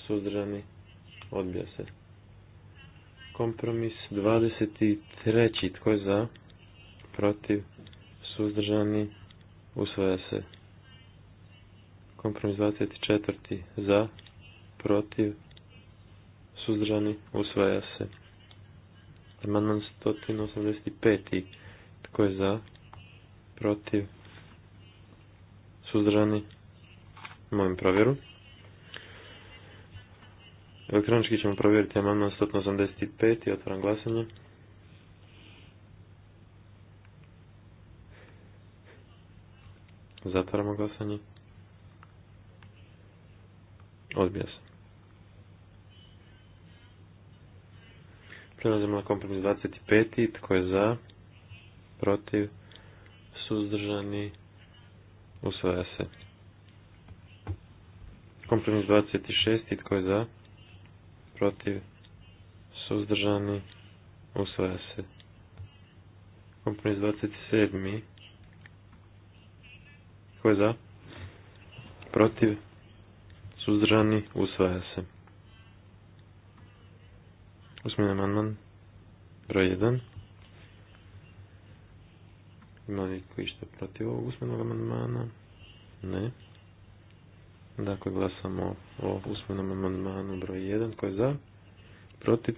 Suzdržani? Odbija se. Kompromis 23. Tko je za? Protiv? Suzdržani? Usvaja se. Kompromis 24. Za? Protiv? Suzdržani? Usvaja se. Amandman 185. Tko je za? Protiv? Suzdržani? mojim provjeru. Elektronički ćemo provjeriti amandman 185 i otvaram glasanje. Zatvaramo glasanje. Odbija se. Prelazimo na kompromis 25. Tko je za? Protiv? Suzdržani? Usvaja se. Kompromis 26. Tko je za? protiv, suzdržani, usvaja se. Kompromis 27. Ko je za? Protiv, suzdržani, usvaja se. Usmijen amandman, broj 1. Ima li koji što protiv ovog usmijenog amandmana? Ne. Dakle, glasamo o usmenom amandmanu broj 1. koji je za? Protiv?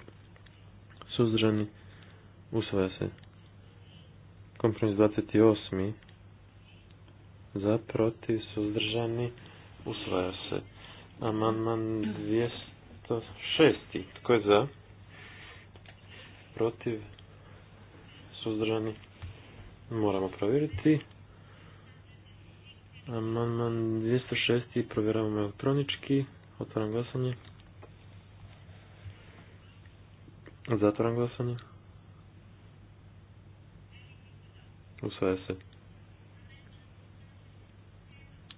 Suzdržani? Usvaja se. Kompromis 28. Za, protiv, suzdržani? Usvaja se. Amandman 206. Tko je za? Protiv? Suzdržani? Moramo provjeriti. Amandman 206. provjeravamo elektronički. Otvaram glasanje. Zatvaram glasanje. Usvaja se.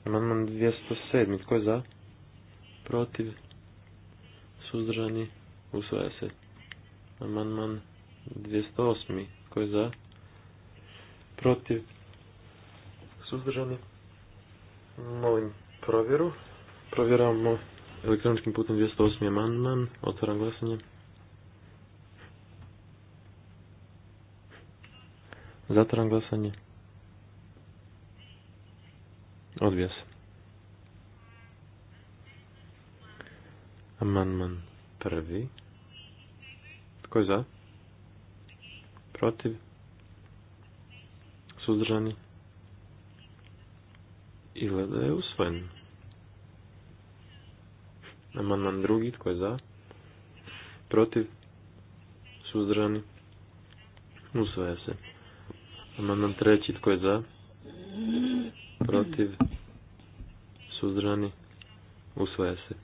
Amandman 207. Tko je za? Protiv? Suzdržani? Usvaja se. Amandman 208. Tko je za? Protiv? Suzdržani? Molim provjeru. Provjeravamo elektroničkim putem 208. amandman. Otvaram glasanje. Zatvaram glasanje. Odbija se. Amandman prvi. Tko je za? Protiv? Suzdržani? da je usvojen. Amandman drugi, tko je za? Protiv? Suzdržani? Usvaja se. Amandman treći, tko je za? Protiv? Suzdržani? Usvaja se.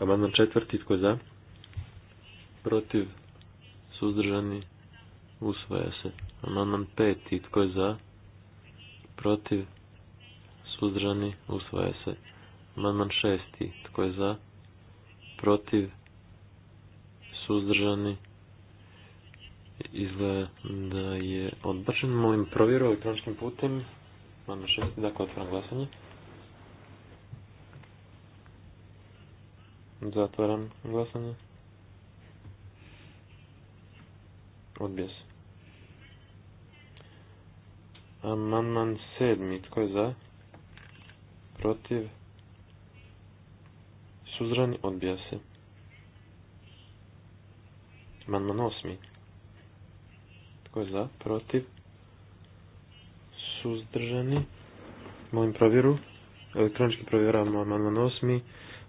Amandman četvrti, tko je za? Protiv? Suzdržani? Usvaja se. Amandman peti, tko je za? Protiv? suzdržani, usvaja se. Amandman šesti, tko je za, protiv, suzdržani, izgleda da je odbačen. Molim provjeru elektroničkim putem. Amandman šesti, dakle otvoram glasanje. Zatvaram glasanje. Odbija se. Amandman sedmi, tko je za? protiv, suzdržani, odbija se. Amandman osmi. Tko je za, protiv, suzdržani, molim provjeru, elektronički provjeravamo amandman osmi,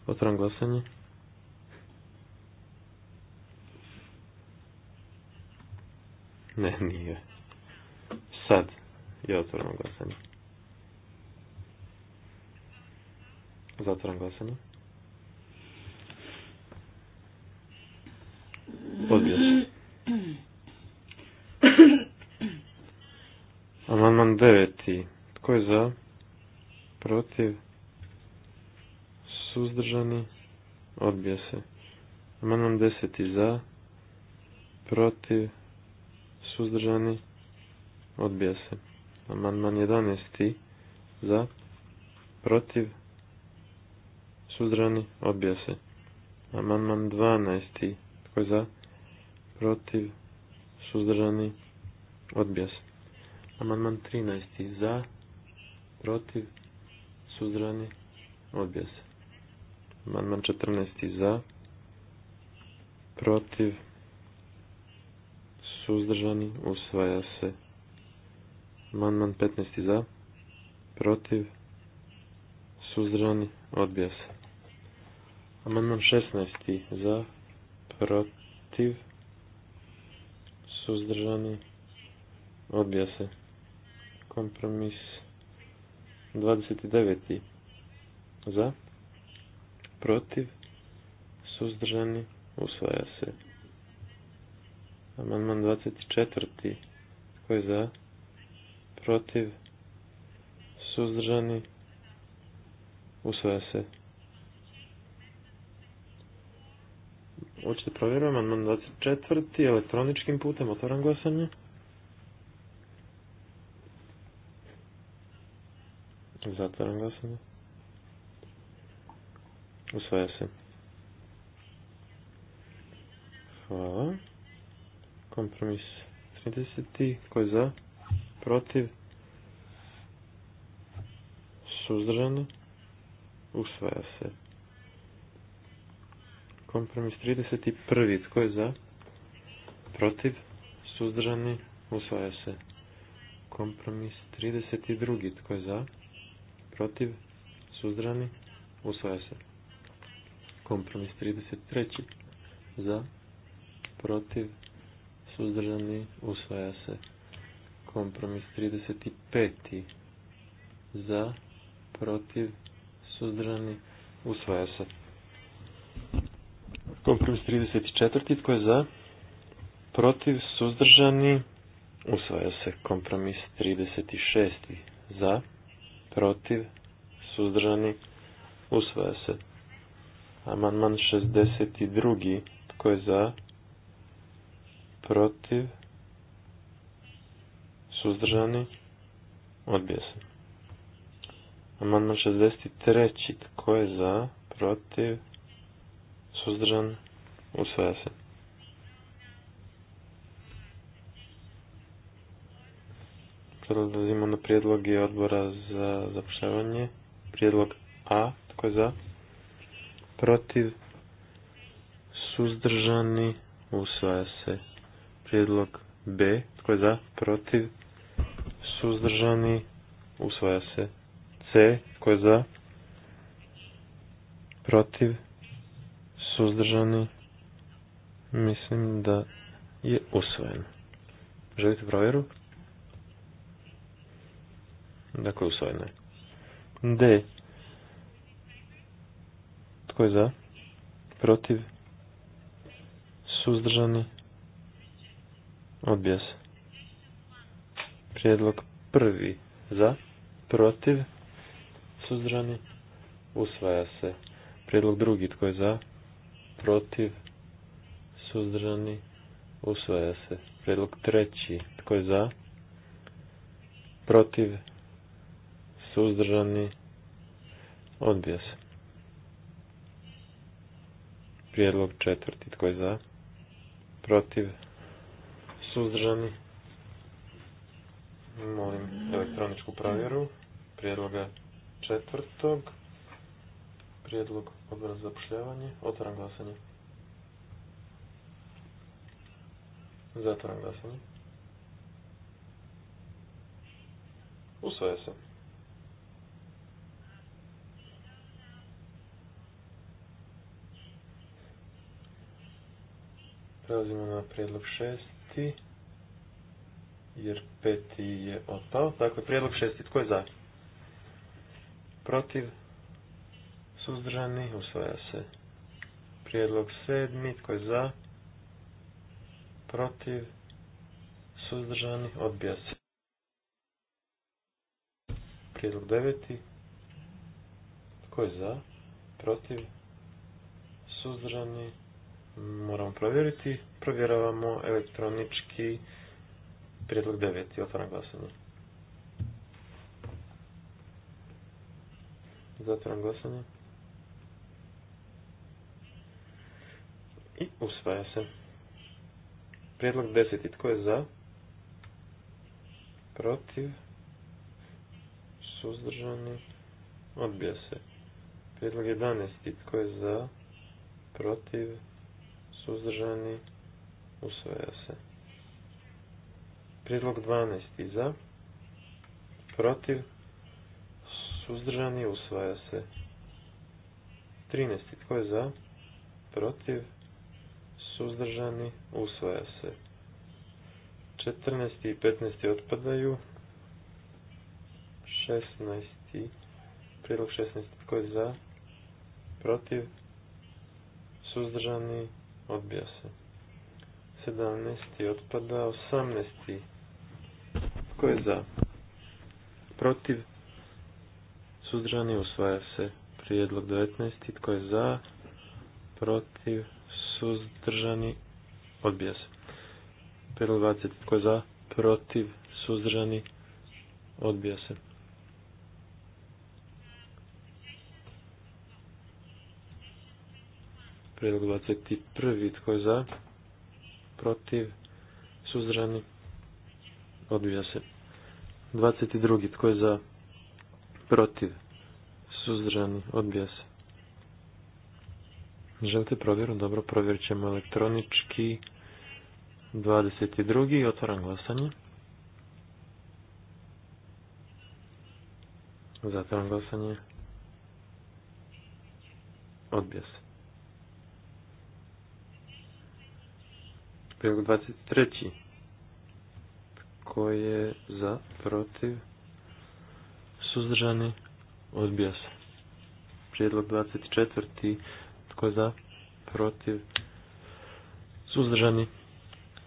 otvaram glasanje. Ne, nije. Sad je otvoreno glasanje. Zatvoram glasanje. Odbija se. Amandman deveti. Tko je za? Protiv? Suzdržani? Odbija se. Amandman deseti za? Protiv? Suzdržani? Odbija se. Amandman jedanesti. za? Protiv? Suzdržani? Odbija se. Amandman 12. Tko je za? Protiv? Suzdržani? Odbija se. Amandman 13. Za? Protiv? Suzdržani? Odbija se. Amandman 14. Za? Protiv? Suzdržani? Usvaja se. Amandman 15. Za? Protiv? Suzdržani? Odbija se. Amandman 16. za, protiv, suzdržani, odbija se. Kompromis 29. za, protiv, suzdržani, usvaja se. Amandman 24. Tko za? Protiv? Suzdržani? Usvaja se. Hoćete provjeriti amandman 24. elektroničkim putem, otvaram glasanje. Zatvaram glasanje. Usvaja se. Hvala. Kompromis 30. Ko je za? Protiv? Suzdržano? Usvaja se. Kompromis 31. Tko je za? Protiv? Suzdržani? Usvaja se. Kompromis 32. Tko je za? Protiv? Suzdržani? Usvaja se. Kompromis 33. Za? Protiv? Suzdržani? Usvaja se. Kompromis 35. Za? Protiv? Suzdržani? Usvaja se. Kompromis 34. Tko je za? Protiv, suzdržani. Usvaja se kompromis 36. Za, protiv, suzdržani. Usvaja se. Amandman 62. Tko je za? Protiv, suzdržani. Odbija se. Amandman 63. Tko je za? Protiv, suzdržan, usvaja se. Prelazimo na prijedloge odbora za zapošljavanje. Prijedlog A, tko je za? Protiv, suzdržani, usvaja se. Prijedlog B, tko je za? Protiv, suzdržani, usvaja se. C, tko je za? Protiv, suzdržani, mislim da je usvojen. Želite provjeru? Dakle, usvojeno je. D. Tko je za? Protiv? Suzdržani? Odbija se. Prijedlog prvi. Za? Protiv? Suzdržani? Usvaja se. Prijedlog drugi. Tko je za? protiv, suzdržani, usvaja se. Prijedlog treći, tko je za, protiv, suzdržani, odbija se. Prijedlog četvrti, tko je za, protiv, suzdržani, molim elektroničku provjeru prijedloga četvrtog prijedlog odbora za zapošljavanje. Otvaram glasanje. Zatvaram glasanje. Usvaja se. Prelazimo na prijedlog šesti, jer peti je otpao. Dakle, prijedlog šesti, tko je za? Protiv? suzdržani, usvaja se. Prijedlog sedmi, tko je za, protiv, suzdržani, odbija se. Prijedlog deveti, tko je za, protiv, suzdržani, moramo provjeriti. Provjeravamo elektronički prijedlog deveti, otvaram glasanje. Zatvaram glasanje. I usvaja se. Prijedlog deseti. Tko je za? Protiv? Suzdržani? Odbija se. Prijedlog jedanesti. Tko je za? Protiv? Suzdržani? Usvaja se. Prijedlog dvanesti. Za? Protiv? Suzdržani? Usvaja se. Trinesti. Tko je za? Protiv? suzdržani, usvaja se. 14. i 15. otpadaju. 16. Prijedlog 16. Tko je za? Protiv? Suzdržani? Odbija se. 17. otpada. 18. Tko je za? Protiv? Suzdržani? Usvaja se. Prijedlog 19. Tko je za? Protiv? suzdržani, odbija se. Prilog 20. Tko je za? Protiv, suzdržani, odbija se. Prijedlog 21. Tko je za? Protiv, suzdržani, odbija se. 22. Tko je za? Protiv, suzdržani, odbija se. Želite provjeru? Dobro, provjerit ćemo elektronički. 22. Otvaram glasanje. Zatvaram glasanje. Odbija se. Prijedlog 23. Ko je za, protiv, suzdržani, odbija se. Prijedlog 24. Tko je za? Protiv? Suzdržani?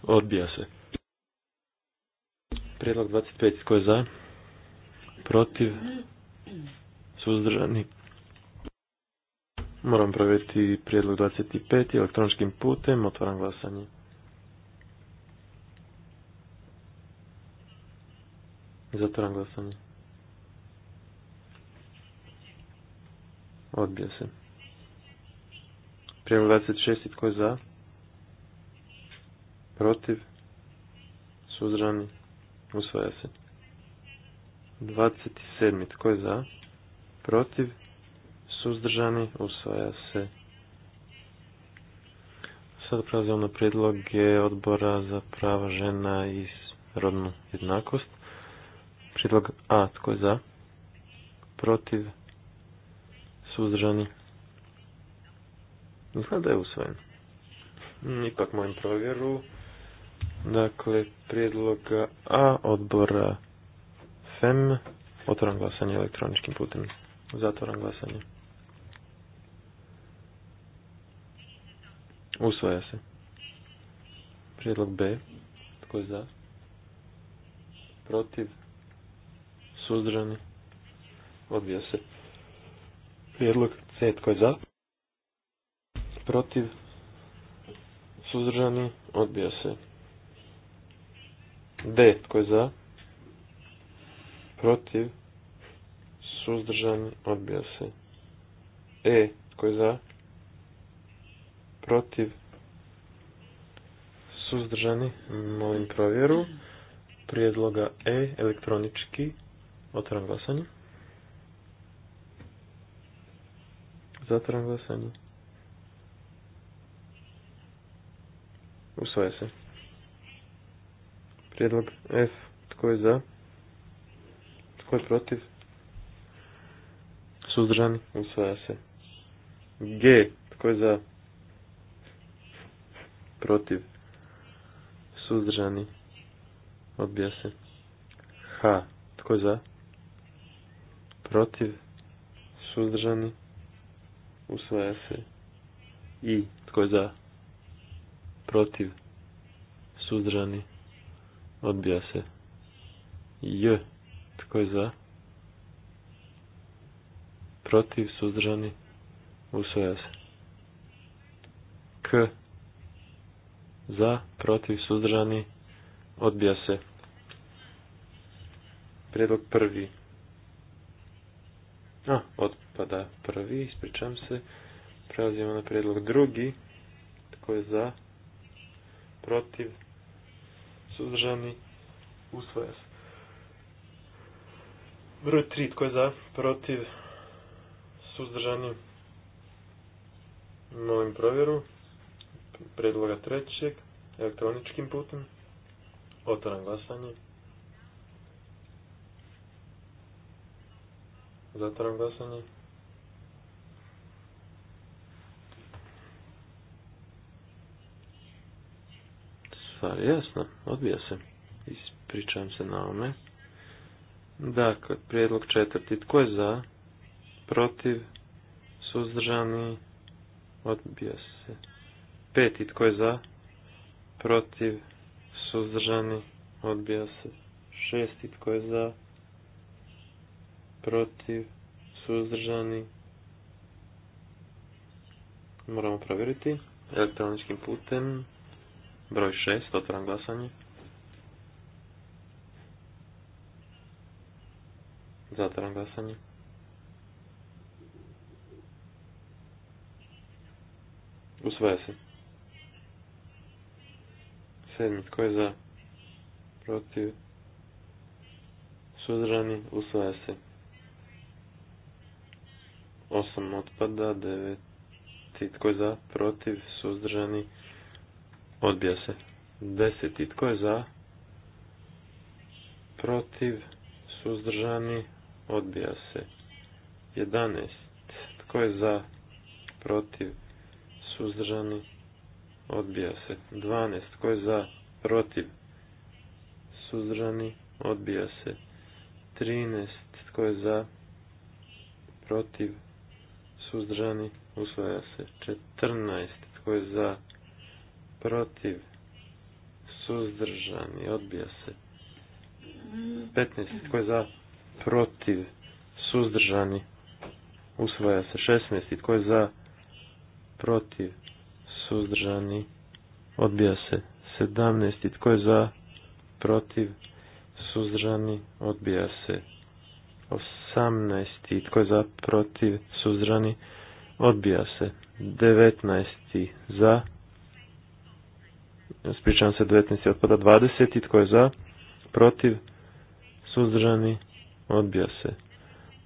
Odbija se. Prijedlog 25. Tko je za? Protiv? Suzdržani? Moram provjeriti prijedlog 25. elektroničkim putem. Otvaram glasanje. Zatvaram glasanje. Odbija se. Prijemo 26. Tko je za? Protiv? Suzdržani? Usvaja se. 27. Tko je za? Protiv? Suzdržani? Usvaja se. Sada prelazimo na je odbora za prava žena i rodnu jednakost. Predlog A. Tko je za? Protiv? Suzdržani? Zna da je usvojen. Mm, ipak mojem provjeru. Dakle, prijedloga A odbora FEM. Otvoram glasanje elektroničkim putem. Zatvoram glasanje. Usvaja se. Prijedlog B. Tko je za? Protiv? Suzdržani? Odbija se. Prijedlog C. Tko je za? protiv, suzdržani, odbija se. D, tko je za, protiv, suzdržani, odbija se. E, tko je za, protiv, suzdržani, molim provjeru, prijedloga E, elektronički, otvaram glasanje. Zatvaram glasanje. Usvaja se. Prijedlog F. Tko je za? Tko je protiv? Suzdržani. Usvaja se. G. Tko je za? Protiv. Suzdržani. Odbija se. H. Tko je za? Protiv. Suzdržani. Usvaja se. I. Tko je za? protiv, suzdržani, odbija se. J, tko je za, protiv, suzdržani, usvaja se. K, za, protiv, suzdržani, odbija se. Prijedlog prvi. A, otpada prvi, ispričam se. Prelazimo na prijedlog drugi. Tko je za? protiv, suzdržani, usvoja Broj tri, tko je za, protiv, suzdržani, molim provjeru, predloga trećeg, elektroničkim putem, otvoram glasanje, zatvoram glasanje. Stvari, Jasno, odbija se. Ispričavam se na ome. Dakle, prijedlog četvrti. Tko je za? Protiv? Suzdržani? Odbija se. Peti. Tko je za? Protiv? Suzdržani? Odbija se. Šesti. Tko je za? Protiv? Suzdržani? Moramo provjeriti elektroničkim putem. Broj 6, otvoram glasanje. Zatvaram glasanje. Usvaja se. Sedmi, tko je za? Protiv. Suzdržani, usvaja se. Osam otpada, devet tko je za? Protiv, suzdržani, usvaja Odbija se. Deseti. Tko je za? Protiv. Suzdržani. Odbija se. Jedanest. Tko je za? Protiv. Suzdržani. Odbija se. Dvanest. Tko je za? Protiv. Suzdržani. Odbija se. Trinest. Tko je za? Protiv. Suzdržani. Usvaja se. Četrnaest. Tko je za? protiv, suzdržani, odbija se. 15. Tko je za? Protiv, suzdržani, usvaja se. 16. Tko je za? Protiv, suzdržani, odbija se. 17. Tko je za? Protiv, suzdržani, odbija se. 18. Tko je za? Protiv, suzdržani, odbija se. 19. Za, spričavam se 19. otpada 20. Tko je za? Protiv? Suzdržani? Odbija se.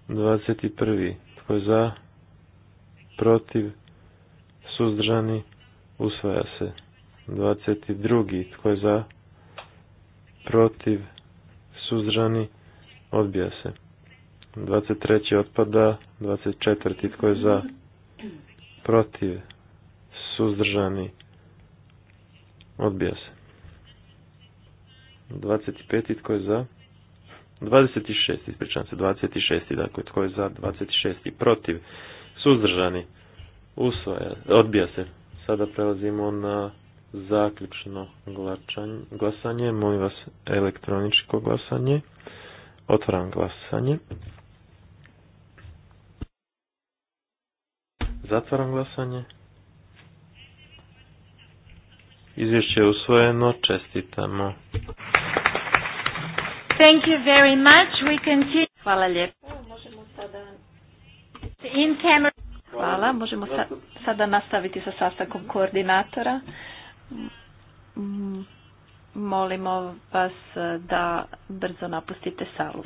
21. Tko je za? Protiv? Suzdržani? Usvaja se. 22. Tko je za? Protiv? Suzdržani? Odbija se. 23. otpada. 24. Tko je za? Protiv? Suzdržani? Odbija se. 25. Tko je za? 26. ispričam se. 26. Dakle, tko je za? 26. Protiv. Suzdržani. Usvaja. Odbija se. Sada prelazimo na zaključno glasanje. Molim vas elektroničko glasanje. Otvaram glasanje. Zatvaram glasanje. Izvješće je usvojeno, čestitamo.
Thank you very much. We continue. Hvala lijepo. Možemo sada in camera.
Hvala, možemo sa,
sada nastaviti sa sastakom koordinatora. Molimo vas da brzo napustite salu.